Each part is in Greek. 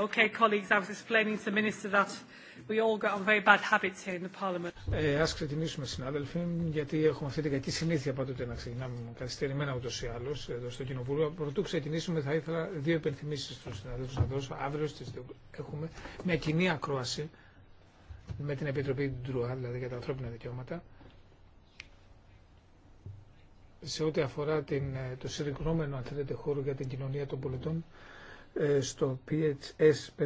Okay, ας ξεκινήσουμε, συνάδελφοι, γιατί έχουμε αυτή την κακή συνήθεια πάντοτε να ξεκινάμε καθυστερημένα ούτω ή άλλω εδώ στο Κοινοβούλιο. Πρωτού ξεκινήσουμε, θα ήθελα δύο υπενθυμίσει στου συναδέλφου να δώσω. Αύριο έχουμε μια κοινή ακρόαση με την Επιτροπή του Ντρουά, δηλαδή για τα ανθρώπινα δικαιώματα, σε ό,τι αφορά την, ε, το συγκεκριμένο αν θέλετε, χώρο για την κοινωνία των πολιτών ε, στο PHS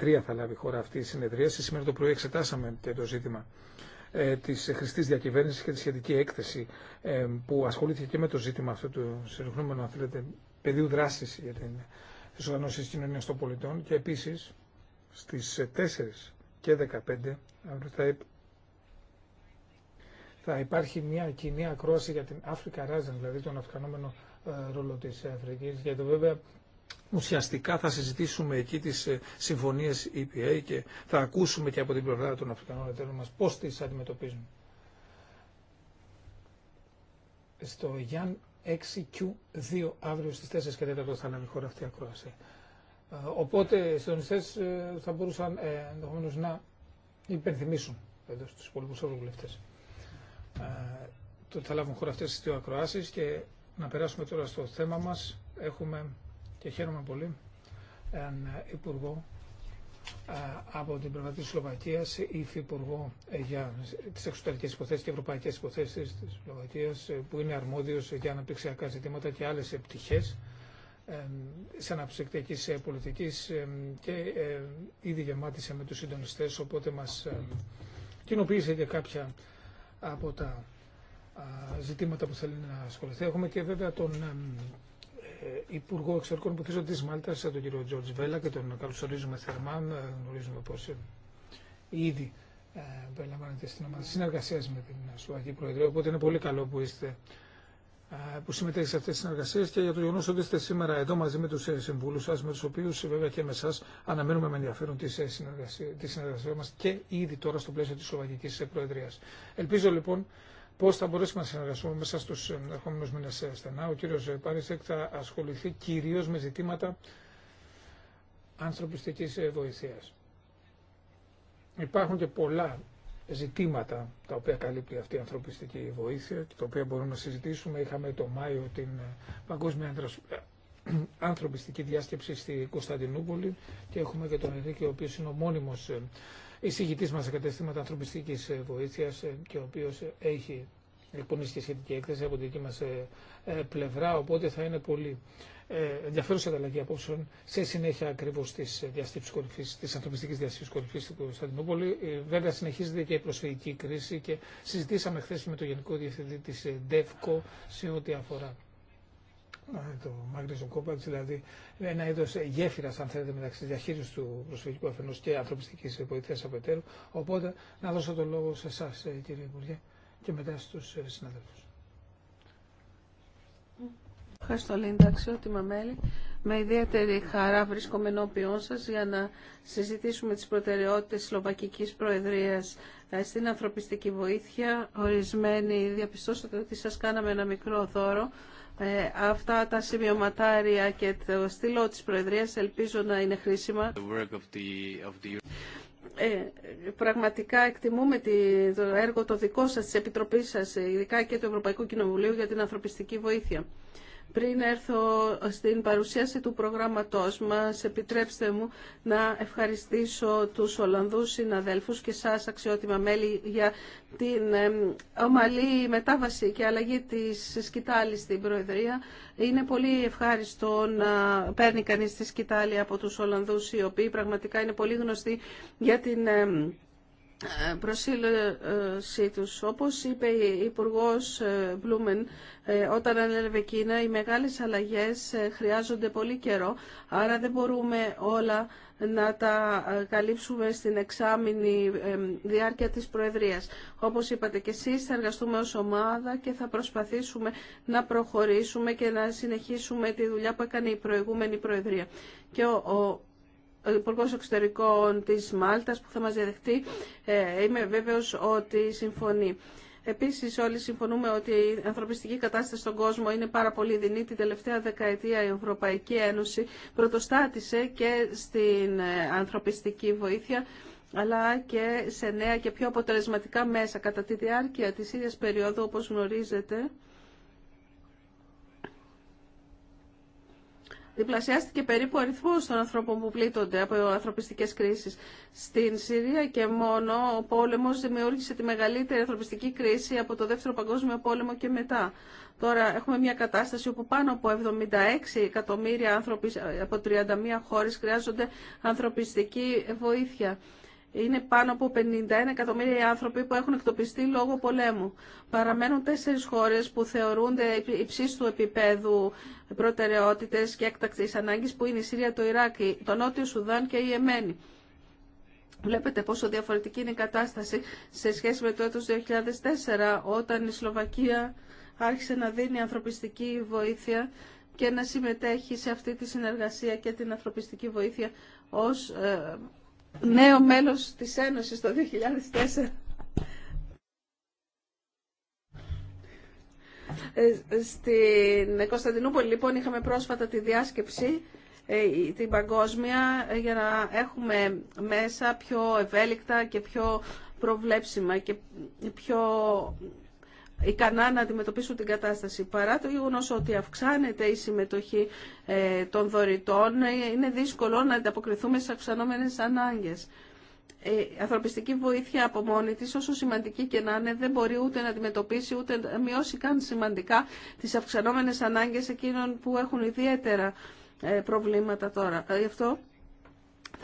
5003 θα λάβει χώρα αυτή η συνεδρίαση. Σήμερα το πρωί εξετάσαμε και το ζήτημα ε, τη χρηστή διακυβέρνηση και τη σχετική έκθεση ε, που ασχολήθηκε και με το ζήτημα αυτό του συνεχνούμενου αν θέλετε, πεδίου δράση για την τις οργανώσεις κοινωνίας των πολιτών και επίση στι 4 και 15 αύριο θα, υπάρχει μια κοινή ακρόαση για την Africa Rising, δηλαδή τον αυξανόμενο ρόλο της Αφρικής, γιατί βέβαια ουσιαστικά θα συζητήσουμε εκεί τις ε, συμφωνίες EPA και θα ακούσουμε και από την πλευρά των Αφρικανών εταίρων μας πώς τις αντιμετωπίζουν. Στο Γιάν 6Q2 αύριο στις 4 και 4 θα λάβει χώρα αυτή η ακρόαση. Ε, οπότε οι συντονιστές ε, θα μπορούσαν ενδεχομένω να υπενθυμίσουν εδώ στους υπόλοιπους ευρωβουλευτές. Το θα λάβουν χώρα αυτέ τι δύο ακροάσεις και να περάσουμε τώρα στο θέμα μας. Έχουμε και χαίρομαι πολύ έναν ε, υπουργό ε, από την πλευρά της Σλοβακίας, υφυπουργό ε, για τις εξωτερικές υποθέσεις και ευρωπαϊκές υποθέσεις της Σλοβακίας, που είναι αρμόδιος για αναπτυξιακά ζητήματα και άλλες επιτυχές σε αναπτυξιακής πολιτικής και ήδη γεμάτησε με τους συντονιστές, οπότε μας κοινοποίησε και κάποια από τα ζητήματα που θέλει να ασχοληθεί. Έχουμε και βέβαια τον ε, Υπουργό Εξωτερικών Υποθέσεων τη Μάλτα, τον κύριο Τζορτζ Βέλα και τον καλωσορίζουμε θερμά, ε, γνωρίζουμε πώ ε, ήδη περιλαμβάνεται στην ομάδα συνεργασία με την Σλοβακή Προεδρία. Οπότε είναι πολύ καλό που είστε που συμμετέχει σε αυτέ τι συνεργασίε και για το γεγονό ότι είστε σήμερα εδώ μαζί με του συμβούλου σα, με του οποίου βέβαια και με εσά αναμένουμε με ενδιαφέρον τη συνεργασία, τη συνεργασία μα και ήδη τώρα στο πλαίσιο τη Σλοβακική Προεδρία. Ελπίζω λοιπόν πώ θα μπορέσουμε να συνεργαστούμε μέσα στου ερχόμενου μήνε ε, στενά. Ο κύριο ε, Πάρισεκ θα ασχοληθεί κυρίω με ζητήματα ανθρωπιστική ε, βοηθεία. Υπάρχουν και πολλά ζητήματα τα οποία καλύπτει αυτή η ανθρωπιστική βοήθεια και τα οποία μπορούμε να συζητήσουμε. Είχαμε το Μάιο την Παγκόσμια Ανθρωπιστική Διάσκεψη στη Κωνσταντινούπολη και έχουμε και τον Ενρίκη ο οποίο είναι ο μόνιμος εισηγητή μα σε καταστήματα ανθρωπιστική ε, βοήθεια, ε, και ο οποίο ε, έχει εκπονήσει λοιπόν, και σχετική έκθεση από την δική μα πλευρά, οπότε θα είναι πολύ ενδιαφέρουσα ανταλλαγή απόψεων σε συνέχεια ακριβώ τη διαστήψη τη ανθρωπιστική διαστήψη κορυφή στην Κωνσταντινούπολη. Βέβαια, συνεχίζεται και η προσφυγική κρίση και συζητήσαμε χθε με τον Γενικό Διευθυντή τη ΔΕΦΚΟ σε ό,τι αφορά το Migration Compact, δηλαδή ένα είδο γέφυρα, αν θέλετε, μεταξύ διαχείριση του προσφυγικού αφενό και ανθρωπιστική βοήθεια εταίρου. Οπότε, να δώσω το λόγο σε εσά, ε, κύριε Υπουργέ, και μετά στου ε, συναδέλφου. Ευχαριστώ, Λίντα, αξιότιμα μέλη. Με ιδιαίτερη χαρά βρίσκομαι ενώπιόν σα για να συζητήσουμε τι προτεραιότητε τη Σλοβακική Προεδρία ε, στην ανθρωπιστική βοήθεια. Ορισμένοι διαπιστώσατε ότι σα κάναμε ένα μικρό δώρο ε, αυτά τα σημειωματάρια και το στήλο της Προεδρίας ελπίζω να είναι χρήσιμα. Ε, πραγματικά εκτιμούμε το έργο το δικό σας, της Επιτροπής σας, ειδικά και του Ευρωπαϊκού Κοινοβουλίου για την ανθρωπιστική βοήθεια. Πριν έρθω στην παρουσίαση του προγράμματός μας, επιτρέψτε μου να ευχαριστήσω τους Ολλανδούς συναδέλφους και σας αξιότιμα μέλη για την ομαλή μετάβαση και αλλαγή της σκητάλης στην Προεδρία. Είναι πολύ ευχάριστο να παίρνει κανείς τη σκητάλη από τους Ολλανδούς, οι οποίοι πραγματικά είναι πολύ γνωστοί για την προσήλωσή τους. Όπως είπε η Υπουργός Μπλούμεν, ε, όταν ανέλαβε Κίνα, οι μεγάλες αλλαγές ε, χρειάζονται πολύ καιρό, άρα δεν μπορούμε όλα να τα ε, καλύψουμε στην εξάμηνη διάρκεια της Προεδρίας. Όπως είπατε και εσείς, θα εργαστούμε ως ομάδα και θα προσπαθήσουμε να προχωρήσουμε και να συνεχίσουμε τη δουλειά που έκανε η προηγούμενη Προεδρία. Και ο Υπουργό Εξωτερικών της Μάλτας που θα μας διαδεχτεί. Ε, είμαι βέβαιο ότι συμφωνεί. Επίσης όλοι συμφωνούμε ότι η ανθρωπιστική κατάσταση στον κόσμο είναι πάρα πολύ δεινή. Την τελευταία δεκαετία η Ευρωπαϊκή Ένωση πρωτοστάτησε και στην ε, ανθρωπιστική βοήθεια αλλά και σε νέα και πιο αποτελεσματικά μέσα κατά τη διάρκεια της ίδιας περίοδου όπως γνωρίζετε. Διπλασιάστηκε περίπου ο αριθμός των ανθρώπων που πλήττονται από ανθρωπιστικές κρίσεις. Στην Συρία και μόνο ο πόλεμος δημιούργησε τη μεγαλύτερη ανθρωπιστική κρίση από το Δεύτερο Παγκόσμιο Πόλεμο και μετά. Τώρα έχουμε μια κατάσταση όπου πάνω από 76 εκατομμύρια άνθρωποι από 31 χώρες χρειάζονται ανθρωπιστική βοήθεια. Είναι πάνω από 51 εκατομμύρια άνθρωποι που έχουν εκτοπιστεί λόγω πολέμου. Παραμένουν τέσσερι χώρε που θεωρούνται υψίστου επίπεδου προτεραιότητε και έκτακτη ανάγκη που είναι η Συρία, το Ιράκ, το Νότιο Σουδάν και η Εμένη. Βλέπετε πόσο διαφορετική είναι η κατάσταση σε σχέση με το έτος 2004 όταν η Σλοβακία άρχισε να δίνει ανθρωπιστική βοήθεια και να συμμετέχει σε αυτή τη συνεργασία και την ανθρωπιστική βοήθεια ως ε, νέο μέλος της Ένωσης το 2004. Ε, στην Κωνσταντινούπολη λοιπόν είχαμε πρόσφατα τη διάσκεψη ε, την παγκόσμια ε, για να έχουμε μέσα πιο ευέλικτα και πιο προβλέψιμα και πιο ικανά να αντιμετωπίσουν την κατάσταση. Παρά το γεγονό ότι αυξάνεται η συμμετοχή ε, των δωρητών, ε, είναι δύσκολο να ανταποκριθούμε στι αυξανόμενε ανάγκε. Ε, η ανθρωπιστική βοήθεια από μόνη τη, όσο σημαντική και να είναι, δεν μπορεί ούτε να αντιμετωπίσει ούτε να μειώσει καν σημαντικά τι αυξανόμενε ανάγκε εκείνων που έχουν ιδιαίτερα προβλήματα τώρα. Γι' αυτό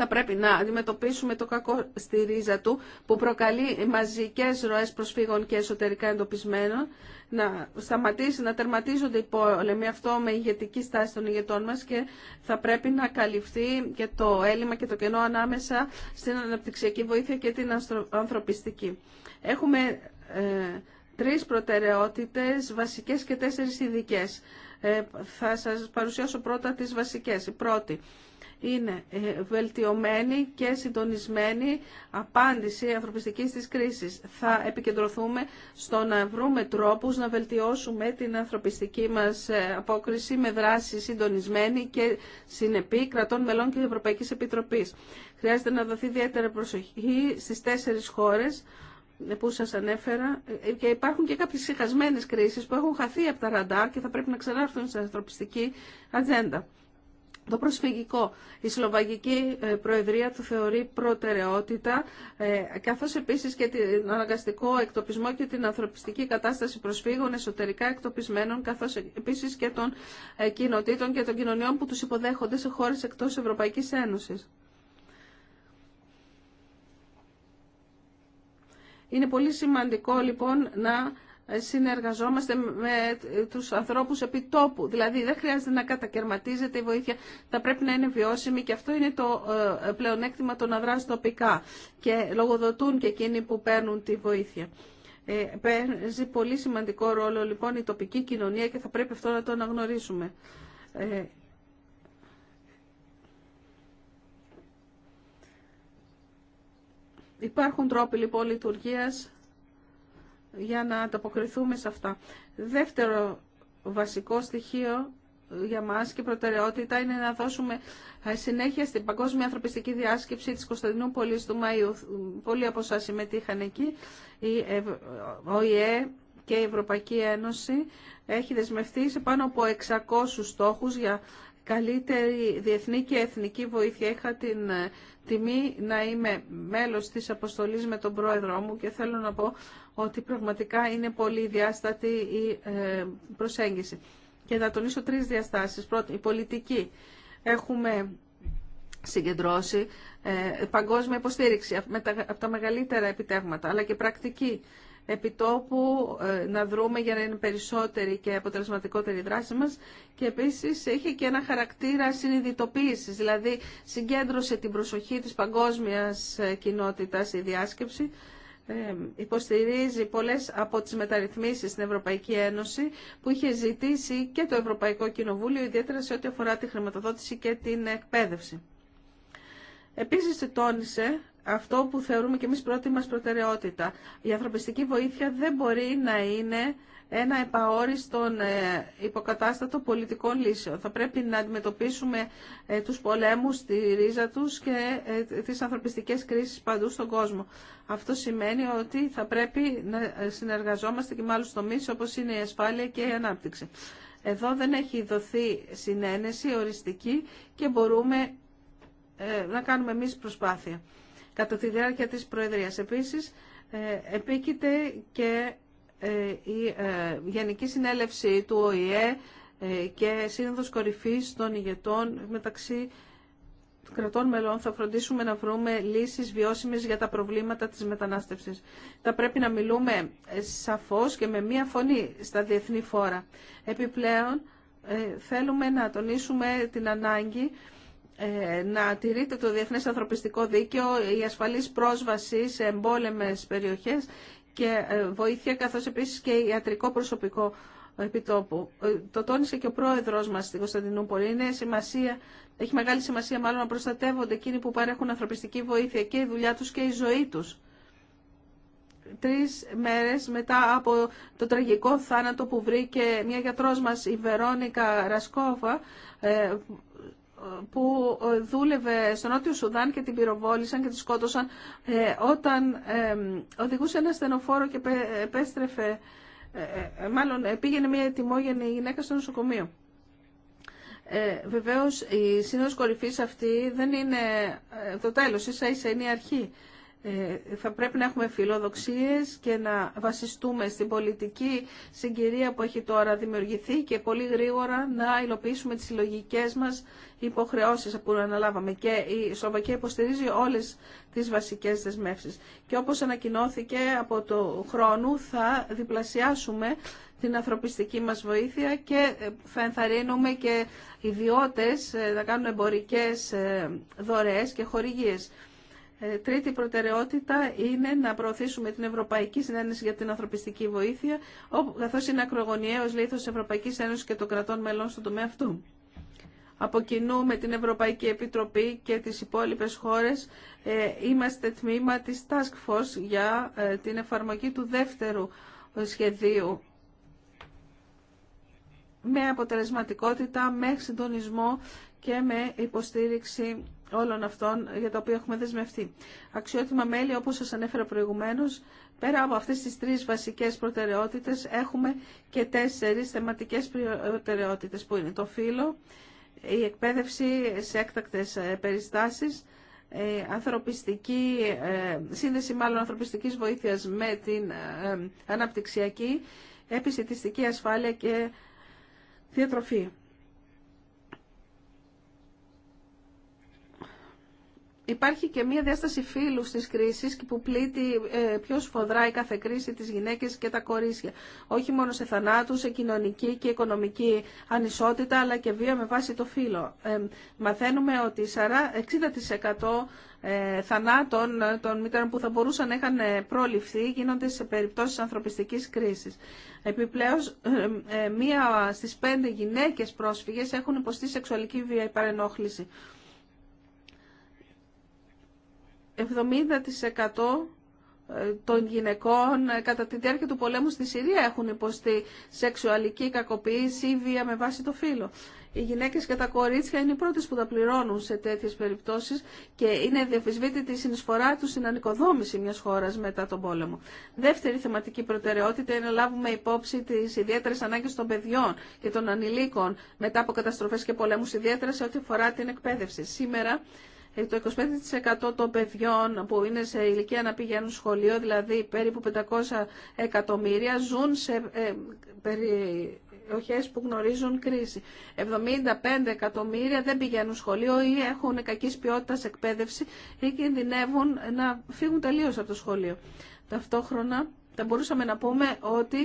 θα πρέπει να αντιμετωπίσουμε το κακό στη ρίζα του που προκαλεί μαζικές ροές προσφύγων και εσωτερικά εντοπισμένων, να σταματήσει να τερματίζονται οι πόλεμοι, αυτό με ηγετική στάση των ηγετών μας και θα πρέπει να καλυφθεί και το έλλειμμα και το κενό ανάμεσα στην αναπτυξιακή βοήθεια και την ανθρωπιστική. Έχουμε ε, τρεις προτεραιότητες βασικές και τέσσερις ειδικέ. Ε, θα σας παρουσιάσω πρώτα τις βασικές. Η πρώτη είναι ε, βελτιωμένη και συντονισμένη απάντηση ανθρωπιστικής της κρίσης. Θα επικεντρωθούμε στο να βρούμε τρόπους να βελτιώσουμε την ανθρωπιστική μας ε, απόκριση με δράση συντονισμένη και συνεπή κρατών μελών και Ευρωπαϊκής Επιτροπής. Χρειάζεται να δοθεί ιδιαίτερη προσοχή στις τέσσερις χώρες που σας ανέφερα ε, και υπάρχουν και κάποιες συχασμένες κρίσεις που έχουν χαθεί από τα ραντάρ και θα πρέπει να ξανάρθουν στην ανθρωπιστική ατζέντα. Το προσφυγικό. Η Σλοβαγική ε, Προεδρία το θεωρεί προτεραιότητα, ε, καθώς επίσης και την αναγκαστικό εκτοπισμό και την ανθρωπιστική κατάσταση προσφύγων εσωτερικά εκτοπισμένων, καθώς επίσης και των κοινοτήτων και των κοινωνιών που τους υποδέχονται σε χώρες εκτός Ευρωπαϊκής Ένωσης. Είναι πολύ σημαντικό λοιπόν να συνεργαζόμαστε με τους ανθρώπους επιτόπου. Δηλαδή δεν χρειάζεται να κατακαιρματίζεται η βοήθεια, θα πρέπει να είναι βιώσιμη και αυτό είναι το ε, πλεονέκτημα των αδράς τοπικά και λογοδοτούν και εκείνοι που παίρνουν τη βοήθεια. Ε, παίζει πολύ σημαντικό ρόλο λοιπόν η τοπική κοινωνία και θα πρέπει αυτό να το αναγνωρίσουμε. Ε, Υπάρχουν τρόποι λοιπόν λειτουργία για να ανταποκριθούμε σε αυτά. Δεύτερο βασικό στοιχείο για μας και προτεραιότητα είναι να δώσουμε ε, συνέχεια στην Παγκόσμια Ανθρωπιστική Διάσκεψη της Κωνσταντινούπολης του Μαΐου. Πολλοί από εσάς συμμετείχαν εκεί. Η ΟΗΕ και η Ευρωπαϊκή Ένωση έχει δεσμευτεί σε πάνω από 600 στόχους για καλύτερη διεθνή και εθνική βοήθεια. Είχα την ε, τιμή να είμαι μέλος της αποστολής με τον πρόεδρό μου και θέλω να πω ότι πραγματικά είναι πολύ διάστατη η ε, προσέγγιση. Και να τονίσω τρεις διαστάσεις. Πρώτη, η πολιτική. Έχουμε συγκεντρώσει ε, παγκόσμια υποστήριξη από τα μεγαλύτερα επιτεύγματα, αλλά και πρακτική επιτόπου ε, να δρούμε για να είναι περισσότερη και αποτελεσματικότερη η δράση μας και επίσης έχει και ένα χαρακτήρα συνειδητοποίησης, δηλαδή συγκέντρωσε την προσοχή της παγκόσμιας ε, κοινότητας η διάσκεψη ε, υποστηρίζει πολλές από τις μεταρρυθμίσεις στην Ευρωπαϊκή Ένωση που είχε ζητήσει και το Ευρωπαϊκό Κοινοβούλιο, ιδιαίτερα σε ό,τι αφορά τη χρηματοδότηση και την εκπαίδευση. Επίσης, τόνισε αυτό που θεωρούμε και εμείς πρώτη μας προτεραιότητα. Η ανθρωπιστική βοήθεια δεν μπορεί να είναι ένα επαόριστον ε, υποκατάστατο πολιτικών λύσεων. Θα πρέπει να αντιμετωπίσουμε ε, τους πολέμους στη ρίζα τους και ε, τις ανθρωπιστικές κρίσεις παντού στον κόσμο. Αυτό σημαίνει ότι θα πρέπει να συνεργαζόμαστε και με άλλους τομείς όπως είναι η ασφάλεια και η ανάπτυξη. Εδώ δεν έχει δοθεί συνένεση οριστική και μπορούμε να κάνουμε εμείς προσπάθεια κατά τη διάρκεια της Προεδρίας. Επίσης, ε, επίκειται και ε, η ε, Γενική Συνέλευση του ΟΗΕ και Σύνοδος Κορυφής των ηγετών μεταξύ κρατών μελών θα φροντίσουμε να βρούμε λύσεις βιώσιμες για τα προβλήματα της μετανάστευσης. Θα πρέπει να μιλούμε σαφώς και με μία φωνή στα διεθνή φόρα. Επιπλέον, θέλουμε να τονίσουμε την ανάγκη ε, να τηρείται το διεθνές ανθρωπιστικό δίκαιο, η ασφαλής πρόσβαση σε εμπόλεμες περιοχές και ε, βοήθεια καθώς επίσης και ιατρικό προσωπικό επιτόπου. Ε, το τόνισε και ο πρόεδρος μας στην Κωνσταντινούπολη. Είναι σημασία, έχει μεγάλη σημασία μάλλον να προστατεύονται εκείνοι που παρέχουν ανθρωπιστική βοήθεια και η δουλειά τους και η ζωή τους. Τρεις μέρες μετά από το τραγικό θάνατο που βρήκε μια γιατρός μας η Βερόνικα Ρασκόβα που ε, δούλευε στο Νότιο Σουδάν και την πυροβόλησαν και τη σκότωσαν ε, όταν οδηγούσε ένα στενοφόρο και επέστρεφε, ε, μάλλον πήγαινε μια ετοιμόγενη γυναίκα στο νοσοκομείο. Ε, βεβαίως η σύνοδος κορυφής αυτή δεν είναι το τέλος, ίσα ίσα είναι η αρχή. Ε, θα πρέπει να έχουμε φιλοδοξίες και να βασιστούμε στην πολιτική συγκυρία που έχει τώρα δημιουργηθεί και πολύ γρήγορα να υλοποιήσουμε τις συλλογικέ μας υποχρεώσεις που αναλάβαμε. Και η Σλοβακία υποστηρίζει όλες τις βασικές δεσμεύσεις. Και όπως ανακοινώθηκε από το χρόνο θα διπλασιάσουμε την ανθρωπιστική μας βοήθεια και ε, θα ενθαρρύνουμε και ιδιώτες ε, να κάνουν εμπορικές δωρεές και χορηγίες. Ε, τρίτη προτεραιότητα είναι να προωθήσουμε την Ευρωπαϊκή Συνένεση για την Ανθρωπιστική Βοήθεια, καθώς είναι ακρογωνιαίος λήθος της Ευρωπαϊκής Ένωσης και των κρατών μελών στον τομέα αυτού. Από κοινού με την Ευρωπαϊκή Επιτροπή και τις υπόλοιπες χώρες ε, είμαστε τμήμα της Task Force για ε, την εφαρμογή του δεύτερου σχεδίου με αποτελεσματικότητα, με συντονισμό και με υποστήριξη όλων αυτών για τα οποία έχουμε δεσμευτεί. Αξιότιμα μέλη, όπως σας ανέφερα προηγουμένως, πέρα από αυτές τις τρεις βασικές προτεραιότητες, έχουμε και τέσσερις θεματικές προτεραιότητες, που είναι το φύλλο, η εκπαίδευση σε έκτακτες ε, περιστάσεις, ε, ανθρωπιστική, ε, σύνδεση μάλλον ανθρωπιστικής βοήθειας με την αναπτυξιακή, επισητιστική ασφάλεια και διατροφή. Υπάρχει και μία διάσταση φύλου στις κρίσεις που πλήττει ε, πιο σφοδρά η κάθε κρίση τις γυναίκες και τα κορίτσια. Όχι μόνο σε θανάτους, σε κοινωνική και οικονομική ανισότητα, αλλά και βία με βάση το φύλο. Ε, μαθαίνουμε ότι 60% ε, θανάτων των μητέρων που θα μπορούσαν να είχαν πρόληφθει γίνονται σε περιπτώσεις ανθρωπιστικής κρίσης. Επιπλέον, μία στις πέντε γυναίκες πρόσφυγες έχουν υποστεί σεξουαλική βία ή παρενόχληση. 70% ε, των γυναικών ε, κατά τη διάρκεια του πολέμου στη Συρία έχουν υποστεί σεξουαλική κακοποίηση ή βία με βάση το φύλλο. Οι γυναίκες και τα κορίτσια είναι οι πρώτες που τα πληρώνουν σε τέτοιες περιπτώσεις και είναι διαφυσβήτητη η συνεισφορά τους στην ανοικοδόμηση μιας χώρας μετά τον πόλεμο. Δεύτερη θεματική προτεραιότητα είναι να λάβουμε υπόψη τις ιδιαίτερες ανάγκες των παιδιών και των ανηλίκων μετά από καταστροφές και πολέμους, ιδιαίτερα σε ό,τι αφορά την εκπαίδευση. Σήμερα ε, το 25% των παιδιών που είναι σε ηλικία να πηγαίνουν σχολείο, δηλαδή περίπου 500 εκατομμύρια, ζουν σε ε, περιοχές που γνωρίζουν κρίση. 75 εκατομμύρια δεν πηγαίνουν σχολείο ή έχουν κακής ποιότητας εκπαίδευση ή κινδυνεύουν να φύγουν τελείως από το σχολείο. Ταυτόχρονα θα μπορούσαμε να πούμε ότι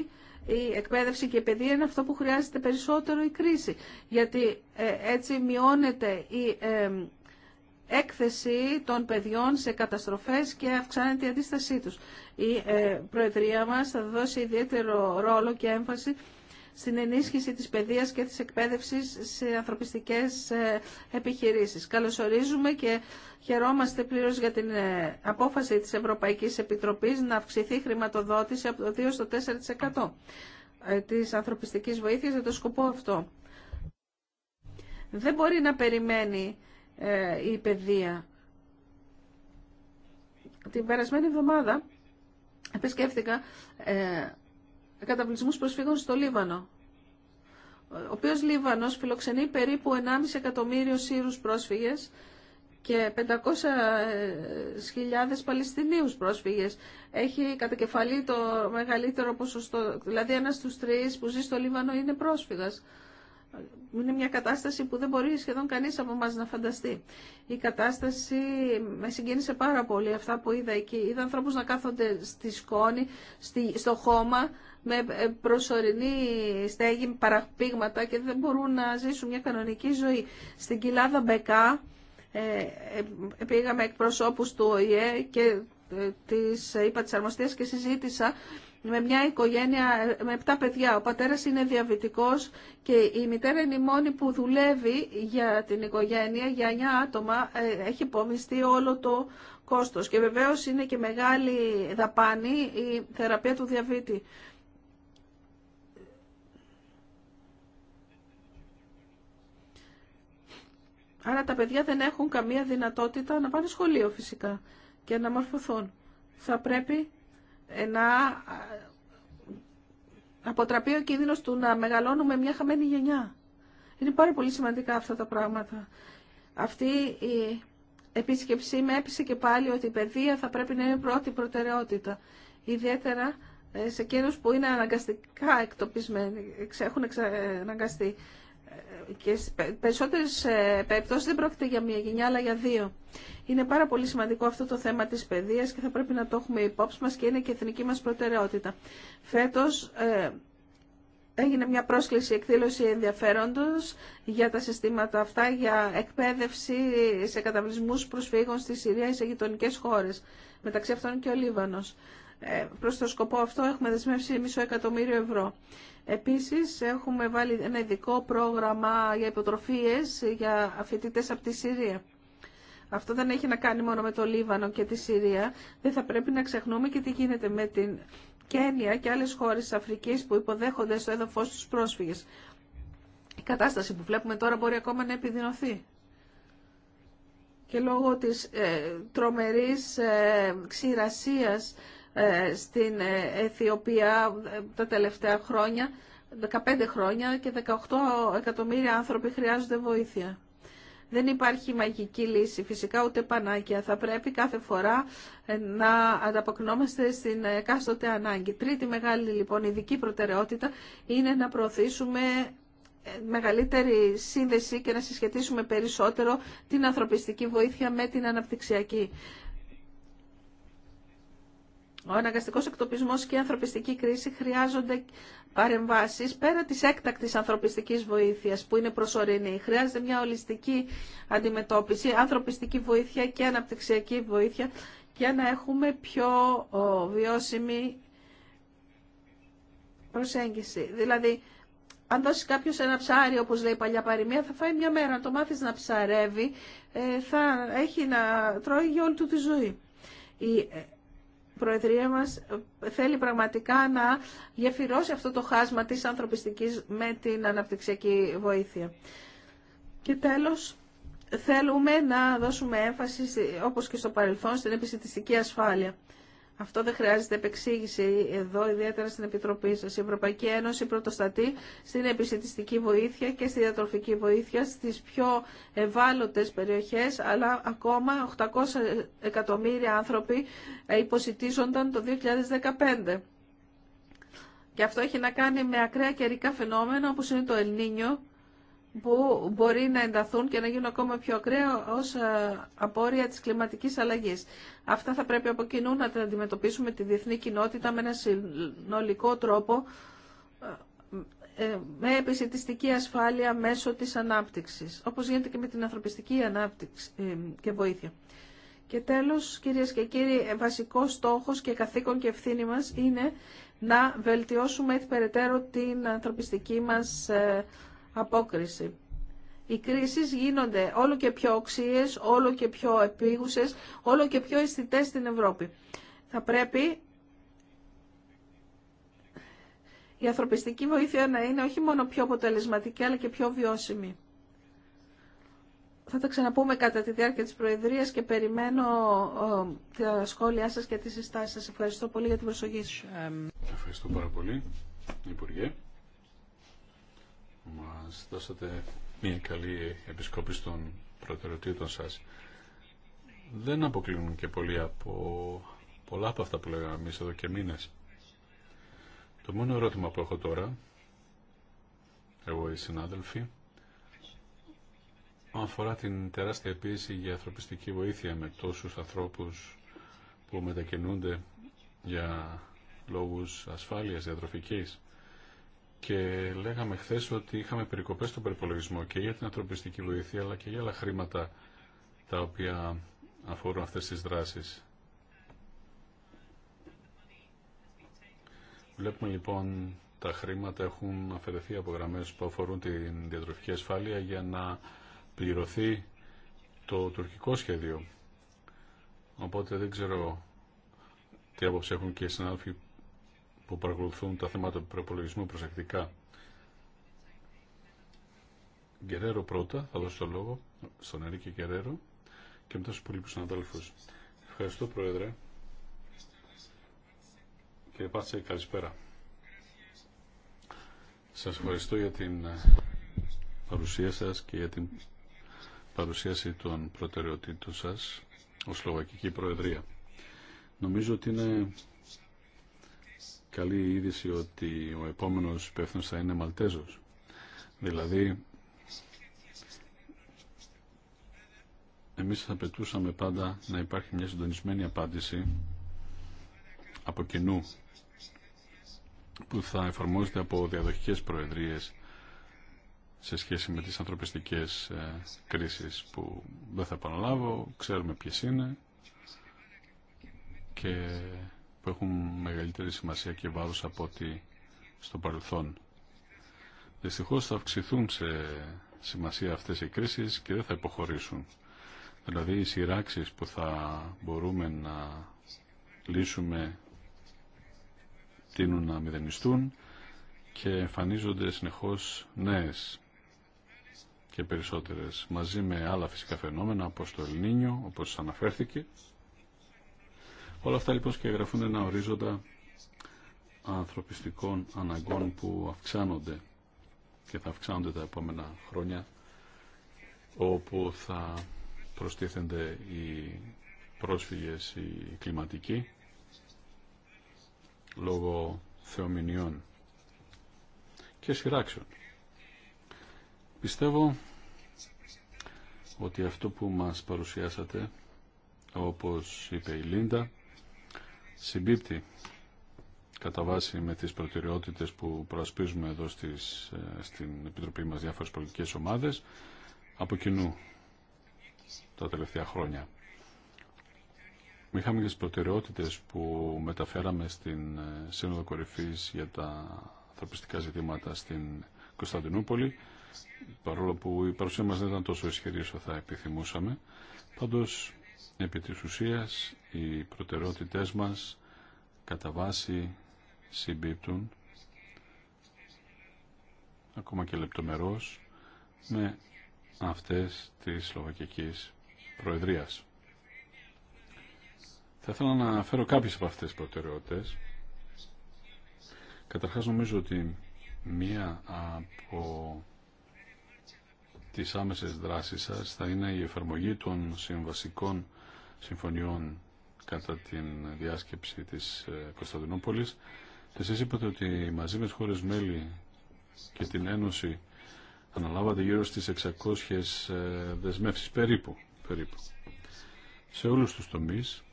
η εκπαίδευση και η παιδεία είναι αυτό που χρειάζεται περισσότερο η κρίση. Γιατί ε, έτσι μειώνεται η έκθεση των παιδιών σε καταστροφές και αυξάνεται η αντίστασή τους. Η ε, Προεδρία μας θα δώσει ιδιαίτερο ρόλο και έμφαση στην ενίσχυση της παιδείας και της εκπαίδευσης σε ανθρωπιστικές ε, επιχειρήσεις. Καλωσορίζουμε και χαιρόμαστε πλήρως για την ε, απόφαση της Ευρωπαϊκής Επιτροπής να αυξηθεί η χρηματοδότηση από το 2% στο 4% της ανθρωπιστικής βοήθειας για το σκοπό αυτό. Δεν μπορεί να περιμένει ε, η παιδεία. Την περασμένη εβδομάδα επισκέφθηκα ε, προσφύγων στο Λίβανο, ο οποίος Λίβανος φιλοξενεί περίπου 1,5 εκατομμύριο Σύρους πρόσφυγες και 500.000 Παλαιστινίους πρόσφυγες. Έχει κατακεφαλή το μεγαλύτερο ποσοστό, δηλαδή ένας στους τρεις που ζει στο Λίβανο είναι πρόσφυγας είναι μια κατάσταση που δεν μπορεί σχεδόν κανείς από μας να φανταστεί. Η κατάσταση με συγκίνησε πάρα πολύ αυτά που είδα εκεί. Είδα ανθρώπους να κάθονται στη σκόνη, στο χώμα, με ε, προσωρινή στέγη, παραπήγματα και δεν μπορούν να ζήσουν μια κανονική ζωή. Στην κοιλάδα Μπεκά, ε, ε, πήγαμε εκπροσώπους του ΟΗΕ και της ε, είπα της αρμοστίας και συζήτησα με μια οικογένεια με 7 παιδιά. Ο πατέρας είναι διαβητικός και η μητέρα είναι η μόνη που δουλεύει για την οικογένεια, για 9 άτομα. Ε, έχει υπομειστεί όλο το κόστος και βεβαίως είναι και μεγάλη δαπάνη η θεραπεία του διαβήτη. Άρα τα παιδιά δεν έχουν καμία δυνατότητα να πάνε σχολείο φυσικά και να μορφωθούν. Θα πρέπει ε, να αποτραπεί ο κίνδυνος του να μεγαλώνουμε μια χαμένη γενιά. Είναι πάρα πολύ σημαντικά αυτά τα πράγματα. Αυτή η επίσκεψή με έπεισε και πάλι ότι η παιδεία θα πρέπει να είναι πρώτη προτεραιότητα. Ιδιαίτερα ε, σε εκείνους που είναι αναγκαστικά εκτοπισμένοι, έχουν εξαναγκαστεί. Ε, και περισσότερε περιπτώσει δεν πρόκειται για μία γενιά, αλλά για δύο. Είναι πάρα πολύ σημαντικό αυτό το θέμα τη παιδεία και θα πρέπει να το έχουμε υπόψη μα και είναι και εθνική μα προτεραιότητα. Φέτο ε, έγινε μια πρόσκληση εκδήλωση ενδιαφέροντος για τα συστήματα αυτά, για εκπαίδευση σε καταβλισμούς προσφύγων στη Συρία ή σε γειτονικέ χώρες, μεταξύ αυτών και ο Λίβανος. Ε, προς το σκοπό αυτό έχουμε δεσμεύσει μισό εκατομμύριο ευρώ. Επίσης έχουμε βάλει ένα ειδικό πρόγραμμα για υποτροφίες για φοιτητέ από τη Συρία. Αυτό δεν έχει να κάνει μόνο με το Λίβανο και τη Συρία. Δεν θα πρέπει να ξεχνούμε και τι γίνεται με την Κένια και άλλες χώρες της Αφρικής που υποδέχονται στο έδαφος τους πρόσφυγες. Η κατάσταση που βλέπουμε τώρα μπορεί ακόμα να επιδεινωθεί. Και λόγω της ε, τρομερής ε, ξηρασίας ε, στην ε, Αιθιοπία ε, τα τελευταία χρόνια, 15 χρόνια και 18 εκατομμύρια άνθρωποι χρειάζονται βοήθεια. Δεν υπάρχει μαγική λύση φυσικά ούτε πανάκια. Θα πρέπει κάθε φορά να ανταποκρινόμαστε στην εκάστοτε ανάγκη. Τρίτη μεγάλη λοιπόν ειδική προτεραιότητα είναι να προωθήσουμε μεγαλύτερη σύνδεση και να συσχετίσουμε περισσότερο την ανθρωπιστική βοήθεια με την αναπτυξιακή. Ο αναγκαστικό εκτοπισμός και η ανθρωπιστική κρίση χρειάζονται παρεμβάσει πέρα της έκτακτης ανθρωπιστικής βοήθειας που είναι προσωρινή. Χρειάζεται μια ολιστική αντιμετώπιση, ανθρωπιστική βοήθεια και αναπτυξιακή βοήθεια για να έχουμε πιο βιώσιμη προσέγγιση. Δηλαδή, αν δώσει κάποιο ένα ψάρι, όπω λέει η παλιά παροιμία, θα φάει μια μέρα. Αν το μάθει να ψαρεύει, ε, θα έχει να τρώει για όλη του τη ζωή. Η ε, Προεδρία μας θέλει πραγματικά να γεφυρώσει αυτό το χάσμα της ανθρωπιστικής με την αναπτυξιακή βοήθεια. Και τέλος, θέλουμε να δώσουμε έμφαση, όπως και στο παρελθόν, στην επιστημιστική ασφάλεια. Αυτό δεν χρειάζεται επεξήγηση εδώ, ιδιαίτερα στην Επιτροπή σα. Η Ευρωπαϊκή Ένωση πρωτοστατεί στην επιστημιστική βοήθεια και στη διατροφική βοήθεια στι πιο ευάλωτε περιοχέ, αλλά ακόμα 800 εκατομμύρια άνθρωποι υποσυτίζονταν το 2015. Και αυτό έχει να κάνει με ακραία καιρικά φαινόμενα όπως είναι το Ελνίνιο που μπορεί να ενταθούν και να γίνουν ακόμα πιο ακραία ως ε, απόρρια της κλιματικής αλλαγής. Αυτά θα πρέπει από κοινού να τα αντιμετωπίσουμε τη διεθνή κοινότητα με ένα συνολικό τρόπο, ε, ε, με επισητιστική ασφάλεια μέσω της ανάπτυξης, όπως γίνεται και με την ανθρωπιστική ανάπτυξη και βοήθεια. Και τέλος, κυρίες και κύριοι, βασικός στόχος και καθήκον και ευθύνη μας είναι να βελτιώσουμε περαιτέρω την ανθρωπιστική μας απόκριση. Οι κρίσεις γίνονται όλο και πιο οξύες, όλο και πιο επίγουσες, όλο και πιο αισθητέ στην Ευρώπη. Θα πρέπει η ανθρωπιστική βοήθεια να είναι όχι μόνο πιο αποτελεσματική, αλλά και πιο βιώσιμη. Θα τα ξαναπούμε κατά τη διάρκεια της Προεδρίας και περιμένω ε, τα σχόλιά σας και τις συστάσεις σας. Ευχαριστώ πολύ για την προσοχή σας μας δώσατε μια καλή επισκόπηση των προτεραιοτήτων σας. Δεν αποκλίνουν και από πολλά από αυτά που λέγαμε εμείς εδώ και μήνες. Το μόνο ερώτημα που έχω τώρα, εγώ οι συνάδελφοι, αφορά την τεράστια επίση για ανθρωπιστική βοήθεια με τόσους ανθρώπους που μετακινούνται για λόγους ασφάλειας διατροφικής και λέγαμε χθε ότι είχαμε περικοπές στον περιπολογισμό και για την ανθρωπιστική βοήθεια αλλά και για άλλα χρήματα τα οποία αφορούν αυτές τις δράσεις. Βλέπουμε λοιπόν τα χρήματα έχουν αφαιρεθεί από γραμμές που αφορούν την διατροφική ασφάλεια για να πληρωθεί το τουρκικό σχέδιο. Οπότε δεν ξέρω τι άποψη έχουν και οι συνάδελφοι που παρακολουθούν τα θέματα του προπολογισμού προσεκτικά. Γκερέρο πρώτα, θα δώσω το λόγο στον Ερίκη Γκερέρο και μετά στους υπολείπους συναδέλφους. Ευχαριστώ Πρόεδρε. Κύριε Πάτσε, καλησπέρα. Σας ευχαριστώ για την ε, παρουσία σας και για την παρουσίαση των προτεραιοτήτων σας ως Σλοβακική Προεδρία. Νομίζω ότι είναι καλή είδηση ότι ο επόμενος υπεύθυνος θα είναι Μαλτέζος. Δηλαδή, εμείς θα πετούσαμε πάντα να υπάρχει μια συντονισμένη απάντηση από κοινού που θα εφαρμόζεται από διαδοχικές προεδρίες σε σχέση με τις ανθρωπιστικές ε, κρίσεις που δεν θα επαναλάβω, ξέρουμε ποιες είναι και που έχουν μεγαλύτερη σημασία και βάρος από ό,τι στο παρελθόν. Δυστυχώ θα αυξηθούν σε σημασία αυτές οι κρίσεις και δεν θα υποχωρήσουν. Δηλαδή οι σειράξεις που θα μπορούμε να λύσουμε τίνουν να μηδενιστούν και εμφανίζονται συνεχώς νέες και περισσότερες μαζί με άλλα φυσικά φαινόμενα όπως το Ελληνίνιο όπως αναφέρθηκε Όλα αυτά λοιπόν σκεγγραφούν ένα ορίζοντα ανθρωπιστικών αναγκών που αυξάνονται και θα αυξάνονται τα επόμενα χρόνια όπου θα προστίθενται οι πρόσφυγες, οι κλιματικοί λόγω θεομηνιών και σειράξεων. Πιστεύω ότι αυτό που μας παρουσιάσατε όπως είπε η Λίντα συμπίπτει κατά βάση με τις προτεραιότητες που προασπίζουμε εδώ στις, ε, στην Επιτροπή μας διάφορες πολιτικές ομάδες από κοινού τα τελευταία χρόνια. Είχαμε και τις προτεραιότητες που μεταφέραμε στην ε, Σύνοδο Κορυφής για τα ανθρωπιστικά ζητήματα στην Κωνσταντινούπολη παρόλο που η παρουσία μας δεν ήταν τόσο ισχυρή όσο θα επιθυμούσαμε. Πάντως Επί της ουσίας, οι προτεραιότητές μας κατά βάση συμπίπτουν ακόμα και λεπτομερώς με αυτές της Σλοβακικής Προεδρίας. Θα ήθελα να αναφέρω κάποιες από αυτές τις προτεραιότητες. Καταρχάς νομίζω ότι μία από τις άμεσες δράσεις σας θα είναι η εφαρμογή των συμβασικών συμφωνιών κατά την διάσκεψη της ε, Κωνσταντινούπολης. Εσείς είπατε ότι μαζί με τις χώρες μέλη και την Ένωση αναλάβατε γύρω στις 600 ε, δεσμεύσεις περίπου. περίπου. Σε όλους τους τομείς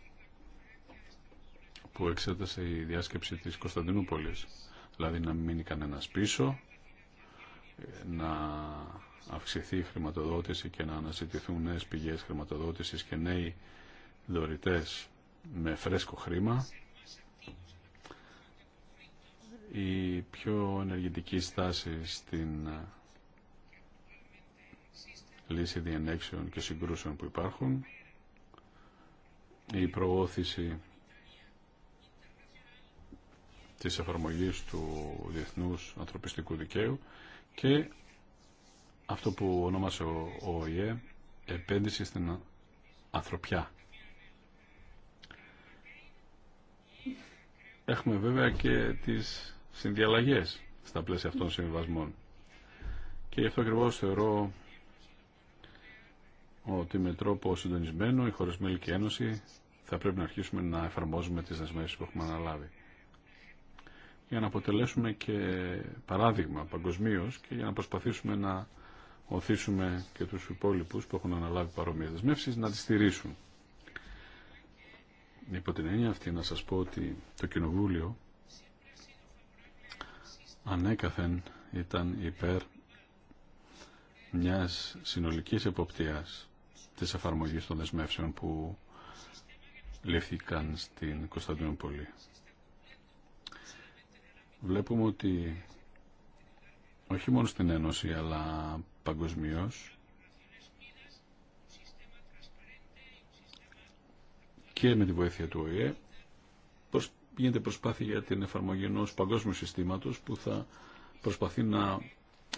που εξέτασε η διάσκεψη της Κωνσταντινούπολης, δηλαδή να μην μείνει κανένας πίσω, ε, να αυξηθεί η χρηματοδότηση και να αναζητηθούν νέες πηγές χρηματοδότησης και νέοι δωρητές με φρέσκο χρήμα. Η πιο ενεργητική στάση στην ε, λύση διενέξεων και συγκρούσεων που υπάρχουν. Η προώθηση της εφαρμογής του Διεθνούς Ανθρωπιστικού Δικαίου και αυτό που ονόμασε ο ΟΗΕ επένδυση στην ανθρωπιά. Έχουμε βέβαια και τις συνδιαλλαγές στα πλαίσια αυτών των συμβιβασμών. Και γι' αυτό ακριβώ θεωρώ ότι με τρόπο συντονισμένο η χωρισμένη και ένωση θα πρέπει να αρχίσουμε να εφαρμόζουμε τις δεσμεύσεις που έχουμε αναλάβει. Για να αποτελέσουμε και παράδειγμα παγκοσμίω και για να προσπαθήσουμε να οθήσουμε και τους υπόλοιπους που έχουν αναλάβει παρόμοιες δεσμεύσεις να τις στηρίσουν. Υπό την έννοια αυτή να σας πω ότι το Κοινοβούλιο ανέκαθεν ήταν υπέρ μιας συνολικής εποπτείας της εφαρμογής των δεσμεύσεων που ληφθήκαν στην Κωνσταντινούπολη. Βλέπουμε ότι όχι μόνο στην Ένωση αλλά παγκοσμίω. και με τη βοήθεια του ΟΗΕ γίνεται προσπάθεια για την εφαρμογή ενό παγκόσμιου συστήματος που θα προσπαθεί να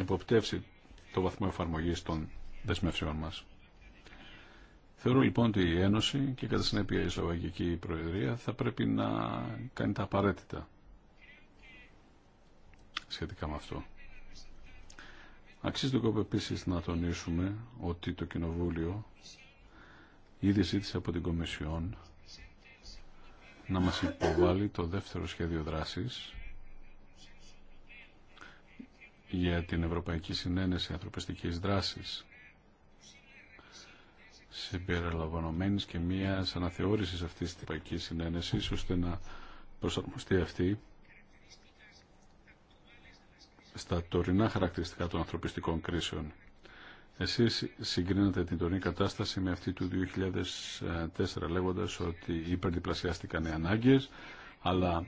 εποπτεύσει το βαθμό εφαρμογής των δεσμεύσεων μας. Θεωρώ λοιπόν ότι η Ένωση και κατά συνέπεια η Σλοβακική Προεδρία θα πρέπει να κάνει τα απαραίτητα σχετικά με αυτό. Αξίζει τον κόπο να τονίσουμε ότι το Κοινοβούλιο ήδη ζήτησε από την Κομισιόν να μας υποβάλει το δεύτερο σχέδιο δράσης για την Ευρωπαϊκή Συνένεση Ανθρωπιστικής Δράσης συμπεριλαμβανομένης και μίας αναθεώρησης αυτής της Ευρωπαϊκής Συνένεσης ώστε να προσαρμοστεί αυτή στα τωρινά χαρακτηριστικά των ανθρωπιστικών κρίσεων. Εσείς συγκρίνατε την τωρινή κατάσταση με αυτή του 2004 λέγοντας ότι υπερδιπλασιάστηκαν οι ανάγκες αλλά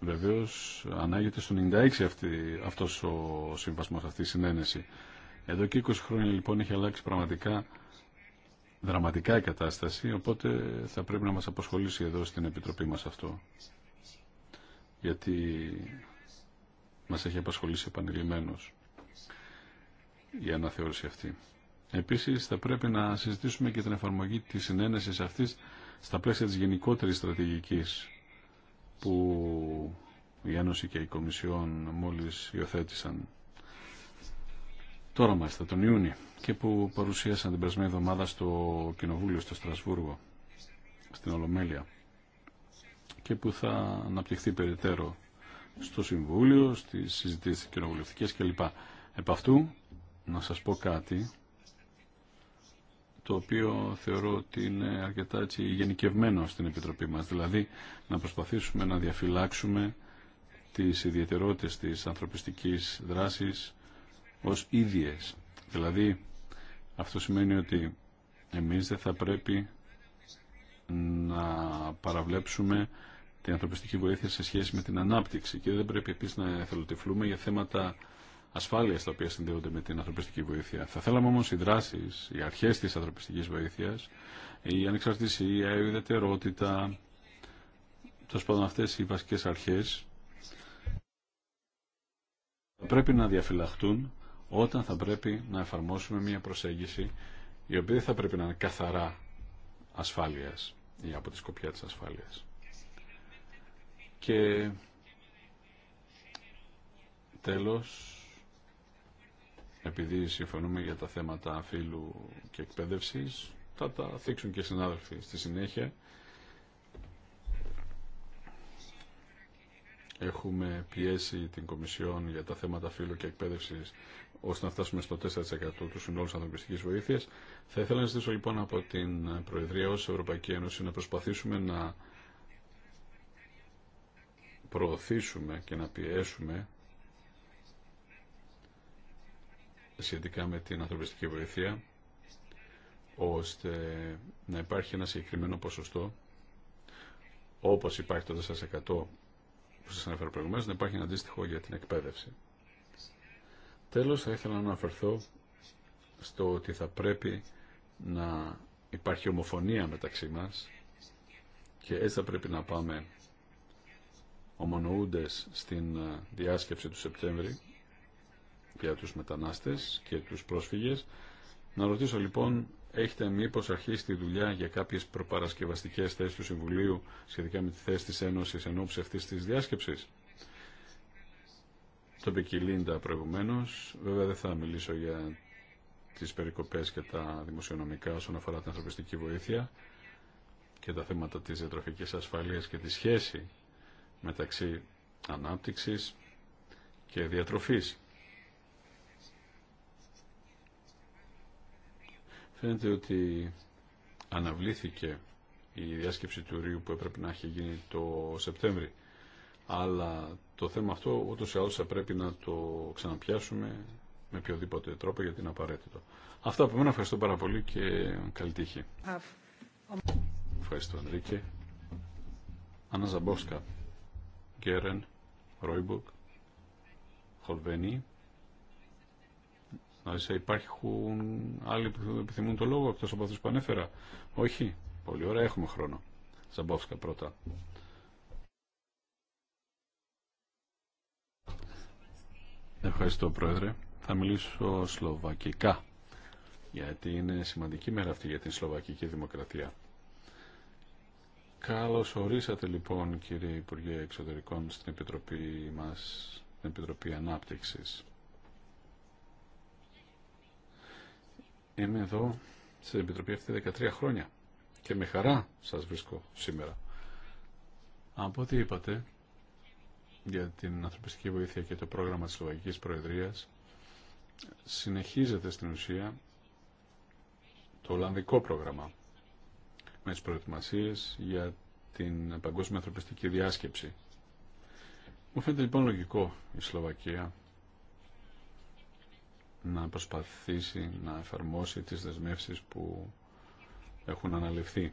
βεβαίως ανάγεται στο 96 αυτή, αυτός ο συμβασμός, αυτή η συνένεση. Εδώ και 20 χρόνια λοιπόν έχει αλλάξει πραγματικά δραματικά η κατάσταση οπότε θα πρέπει να μας απασχολήσει εδώ στην Επιτροπή μας αυτό. Γιατί μας έχει απασχολήσει επανειλημμένως η αναθεώρηση αυτή. Επίσης θα πρέπει να συζητήσουμε και την εφαρμογή της συνένεσης αυτής στα πλαίσια της γενικότερης στρατηγικής που η Ένωση και η Κομισιόν μόλις υιοθέτησαν τώρα μάλιστα τον Ιούνιο και που παρουσίασαν την περασμένη εβδομάδα στο Κοινοβούλιο στο Στρασβούργο στην Ολομέλεια και που θα αναπτυχθεί περιττέρω στο Συμβούλιο, στις συζητήσεις κοινοβουλευτικές κλπ. Επ' αυτού να σας πω κάτι το οποίο θεωρώ ότι είναι αρκετά έτσι γενικευμένο στην Επιτροπή μας. Δηλαδή να προσπαθήσουμε να διαφυλάξουμε τις ιδιαιτερότητες της ανθρωπιστικής δράσης ως ίδιες. Δηλαδή αυτό σημαίνει ότι εμείς δεν θα πρέπει να παραβλέψουμε την ανθρωπιστική βοήθεια σε σχέση με την ανάπτυξη και δεν πρέπει επίση να εθελοτυφλούμε για θέματα ασφάλεια τα οποία συνδέονται με την ανθρωπιστική βοήθεια. Θα θέλαμε όμω οι δράσει, οι αρχέ τη ανθρωπιστική βοήθεια, η ανεξαρτησία, η ιδιαιτερότητα, τόσο πάντων αυτέ οι βασικέ αρχέ, θα πρέπει να διαφυλαχτούν όταν θα πρέπει να εφαρμόσουμε μια προσέγγιση η οποία θα πρέπει να είναι καθαρά ασφάλειας ή από τη σκοπιά της ασφάλειας. Και τέλος, επειδή συμφωνούμε για τα θέματα φύλου και εκπαίδευσης, θα τα θίξουν και συνάδελφοι στη συνέχεια. Έχουμε πιέσει την Κομισιόν για τα θέματα φύλου και εκπαίδευσης ώστε να φτάσουμε στο 4% του συνόλου ανθρωπιστική βοήθεια. Θα ήθελα να ζητήσω λοιπόν από την Προεδρία ω Ευρωπαϊκή Ένωση να προσπαθήσουμε να προωθήσουμε και να πιέσουμε σχετικά με την ανθρωπιστική βοήθεια ώστε να υπάρχει ένα συγκεκριμένο ποσοστό όπως υπάρχει το 4% που σας αναφέρω προηγουμένως να υπάρχει ένα αντίστοιχο για την εκπαίδευση. Τέλος θα ήθελα να αναφερθώ στο ότι θα πρέπει να υπάρχει ομοφωνία μεταξύ μας και έτσι θα πρέπει να πάμε ομονοούντες στην ε, διάσκεψη του Σεπτέμβρη για τους μετανάστες και τους πρόσφυγες. Να ρωτήσω λοιπόν, έχετε μήπως αρχίσει τη δουλειά για κάποιες προπαρασκευαστικές θέσεις του Συμβουλίου σχετικά με τη θέση της Ένωσης εν αυτής της διάσκεψης. Το είπε προηγουμένω, προηγουμένως. Βέβαια δεν θα μιλήσω για τις περικοπές και τα δημοσιονομικά όσον αφορά την ανθρωπιστική βοήθεια και τα θέματα της διατροφικής ασφαλείας και τη σχέση μεταξύ ανάπτυξης και διατροφής. Φαίνεται ότι αναβλήθηκε η διάσκεψη του Ρίου που έπρεπε να έχει γίνει το Σεπτέμβρη. Αλλά το θέμα αυτό ούτως ή άλλως θα πρέπει να το ξαναπιάσουμε με οποιοδήποτε τρόπο γιατί είναι απαραίτητο. Αυτά από μένα ευχαριστώ πάρα πολύ και καλή τύχη. Ευχαριστώ Ανδρίκη. Αναζαμπόσκα. Γκέρεν, Ρόιμπουργκ, Χολβένι. Άρα υπάρχουν άλλοι που επιθυμούν το λόγο εκτός από αυτούς που ανέφερα. Όχι. Πολύ ωραία. Έχουμε χρόνο. Ζαμπόφσκα πρώτα. Ευχαριστώ Πρόεδρε. Θα μιλήσω σλοβακικά γιατί είναι σημαντική μέρα αυτή για την σλοβακική δημοκρατία. Καλώς ορίσατε λοιπόν κύριε Υπουργέ Εξωτερικών στην Επιτροπή μας, την Επιτροπή Ανάπτυξης. Είμαι εδώ στην Επιτροπή αυτή 13 χρόνια και με χαρά σας βρίσκω σήμερα. Από ό,τι είπατε για την ανθρωπιστική βοήθεια και το πρόγραμμα της Λογικής Προεδρίας συνεχίζεται στην ουσία το Ολλανδικό πρόγραμμα με τις για την παγκόσμια ανθρωπιστική διάσκεψη. Μου φαίνεται λοιπόν λογικό η Σλοβακία να προσπαθήσει να εφαρμόσει τις δεσμεύσεις που έχουν αναλυφθεί.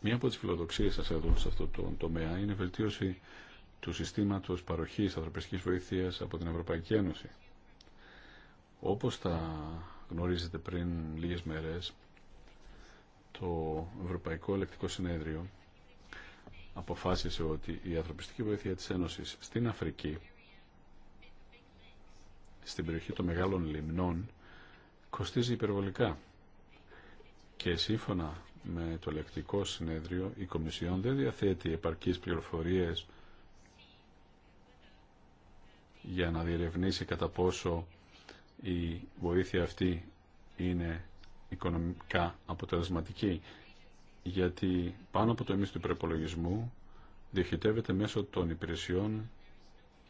Μία από τις φιλοδοξίες σας εδώ σε αυτό το τομέα είναι η βελτίωση του συστήματος παροχής ανθρωπιστικής βοήθειας από την Ευρωπαϊκή Ένωση. Όπως τα γνωρίζετε πριν λίγες μέρες, το Ευρωπαϊκό Ελεκτικό Συνέδριο αποφάσισε ότι η ανθρωπιστική βοήθεια της Ένωσης στην Αφρική, στην περιοχή των μεγάλων λιμνών, κοστίζει υπερβολικά. Και σύμφωνα με το Ελεκτικό Συνέδριο, η Κομισιόν δεν διαθέτει επαρκείς πληροφορίες για να διερευνήσει κατά πόσο η βοήθεια αυτή είναι οικονομικά αποτελεσματική γιατί πάνω από το εμείς του προπολογισμού διοχετεύεται μέσω των υπηρεσιών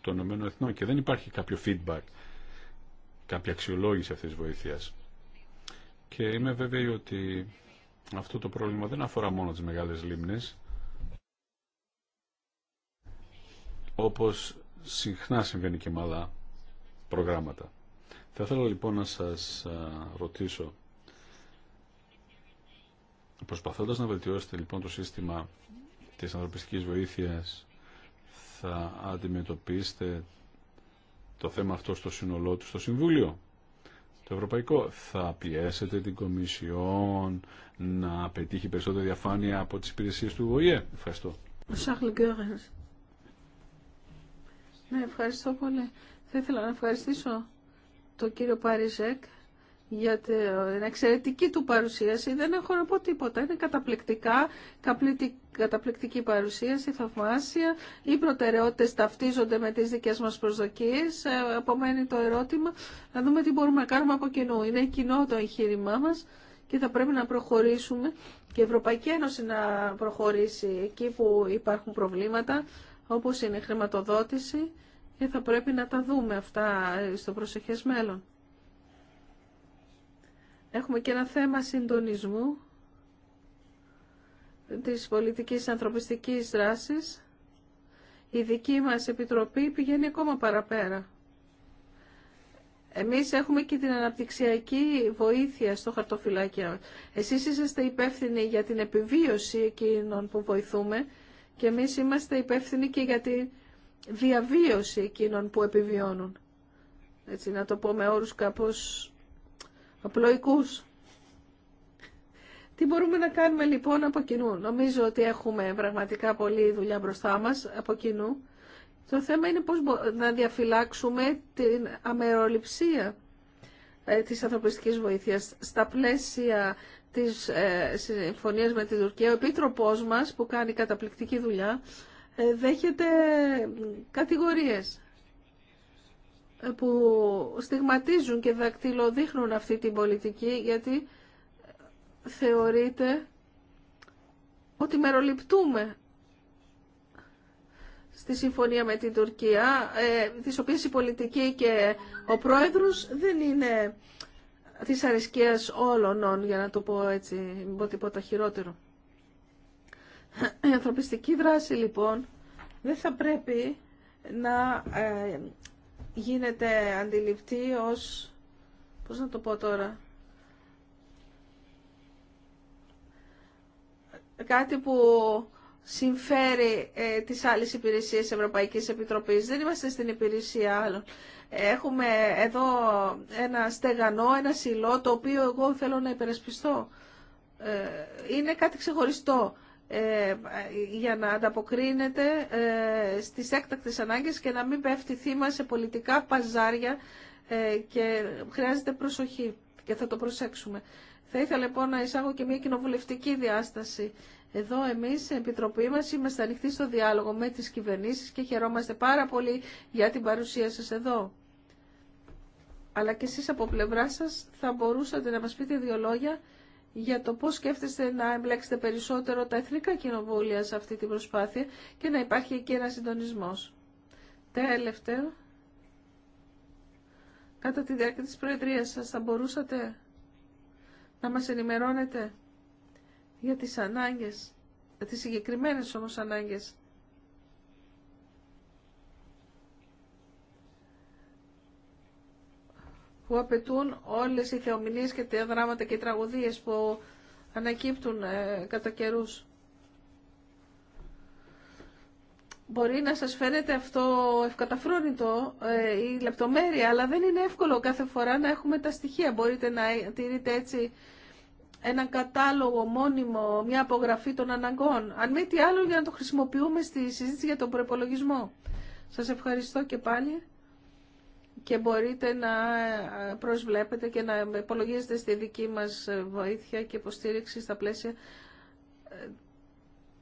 των ΗΕ και δεν υπάρχει κάποιο feedback, κάποια αξιολόγηση αυτής της βοήθειας. Και είμαι βέβαιη ότι αυτό το πρόβλημα δεν αφορά μόνο τις μεγάλες λίμνες, όπως συχνά συμβαίνει και με άλλα προγράμματα. Θα ήθελα λοιπόν να σας ρωτήσω Προσπαθώντας να βελτιώσετε λοιπόν το σύστημα της ανθρωπιστικής βοήθειας θα αντιμετωπίσετε το θέμα αυτό στο σύνολό του στο Συμβούλιο. Το Ευρωπαϊκό θα πιέσετε την Κομισιόν να πετύχει περισσότερη διαφάνεια από τις υπηρεσίες του ΟΗΕ. Ευχαριστώ. Ναι, ευχαριστώ πολύ. Θα ήθελα να ευχαριστήσω τον κύριο Παριζέκ για την εξαιρετική του παρουσίαση. Δεν έχω να πω τίποτα. Είναι καταπληκτικά, καταπληκτική παρουσίαση, θαυμάσια. Οι προτεραιότητε ταυτίζονται με τι δικές μας προσδοκίε. Ε, απομένει το ερώτημα να δούμε τι μπορούμε να κάνουμε από κοινού. Είναι κοινό το εγχείρημά μα και θα πρέπει να προχωρήσουμε και η Ευρωπαϊκή Ένωση να προχωρήσει εκεί που υπάρχουν προβλήματα, όπως είναι η χρηματοδότηση και θα πρέπει να τα δούμε αυτά στο προσεχές μέλλον. Έχουμε και ένα θέμα συντονισμού της πολιτικής ανθρωπιστικής δράσης. Η δική μας επιτροπή πηγαίνει ακόμα παραπέρα. Εμείς έχουμε και την αναπτυξιακή βοήθεια στο χαρτοφυλάκιο. Εσείς είσαστε υπεύθυνοι για την επιβίωση εκείνων που βοηθούμε και εμείς είμαστε υπεύθυνοι και για τη διαβίωση εκείνων που επιβιώνουν. Έτσι να το πω με όρους κάπως απλοϊκούς. Τι μπορούμε να κάνουμε λοιπόν από κοινού. Νομίζω ότι έχουμε πραγματικά πολλή δουλειά μπροστά μας από κοινού. Το θέμα είναι πώς να διαφυλάξουμε την αμεροληψία ε, της ανθρωπιστικής βοήθειας στα πλαίσια της ε, συμφωνίας με την Τουρκία. Ο Επίτροπός μας που κάνει καταπληκτική δουλειά ε, δέχεται κατηγορίες που στιγματίζουν και δακτυλοδείχνουν αυτή την πολιτική γιατί θεωρείται ότι μεροληπτούμε στη συμφωνία με την Τουρκία, ε, της οποίας η πολιτική και ο πρόεδρος δεν είναι της αρισκείας όλων, για να το πω έτσι, μην πω τίποτα χειρότερο. Η ανθρωπιστική δράση, λοιπόν, δεν θα πρέπει να ε, γίνεται αντιληπτή ως, πώς να το πω τώρα, κάτι που συμφέρει ε, τις άλλες υπηρεσίες Ευρωπαϊκής Επιτροπής. Δεν είμαστε στην υπηρεσία άλλων. Έχουμε εδώ ένα στεγανό, ένα σιλό, το οποίο εγώ θέλω να υπερασπιστώ. Ε, είναι κάτι ξεχωριστό. Ε, για να ανταποκρίνεται ε, στις έκτακτες ανάγκες και να μην πέφτει θύμα σε πολιτικά παζάρια ε, και χρειάζεται προσοχή και θα το προσέξουμε. Θα ήθελα λοιπόν να εισάγω και μια κοινοβουλευτική διάσταση. Εδώ εμείς, η Επιτροπή μας, είμαστε ανοιχτοί στο διάλογο με τις κυβερνήσεις και χαιρόμαστε πάρα πολύ για την παρουσία σας εδώ. Αλλά και εσείς από πλευρά σας θα μπορούσατε να μας πείτε δύο λόγια για το πώς σκέφτεστε να εμπλέξετε περισσότερο τα εθνικά κοινοβούλια σε αυτή την προσπάθεια και να υπάρχει εκεί ένα συντονισμός. Τελευταίο, κατά τη διάρκεια της Προεδρίας σας θα μπορούσατε να μας ενημερώνετε για τις ανάγκες, τις συγκεκριμένες όμως ανάγκες που απαιτούν όλες οι θεομηνίες και τα δράματα και οι τραγωδίες που ανακύπτουν ε, κατά καιρού. Μπορεί να σας φαίνεται αυτό ευκαταφρόνητο ε, η λεπτομέρεια, αλλά δεν είναι εύκολο κάθε φορά να έχουμε τα στοιχεία. Μπορείτε να τηρείτε έτσι έναν κατάλογο μόνιμο, μια απογραφή των αναγκών. Αν μη τι άλλο για να το χρησιμοποιούμε στη συζήτηση για τον προπολογισμό. Σας ευχαριστώ και πάλι και μπορείτε να ε, προσβλέπετε και να υπολογίζετε στη δική μας ε, βοήθεια και υποστήριξη στα πλαίσια ε,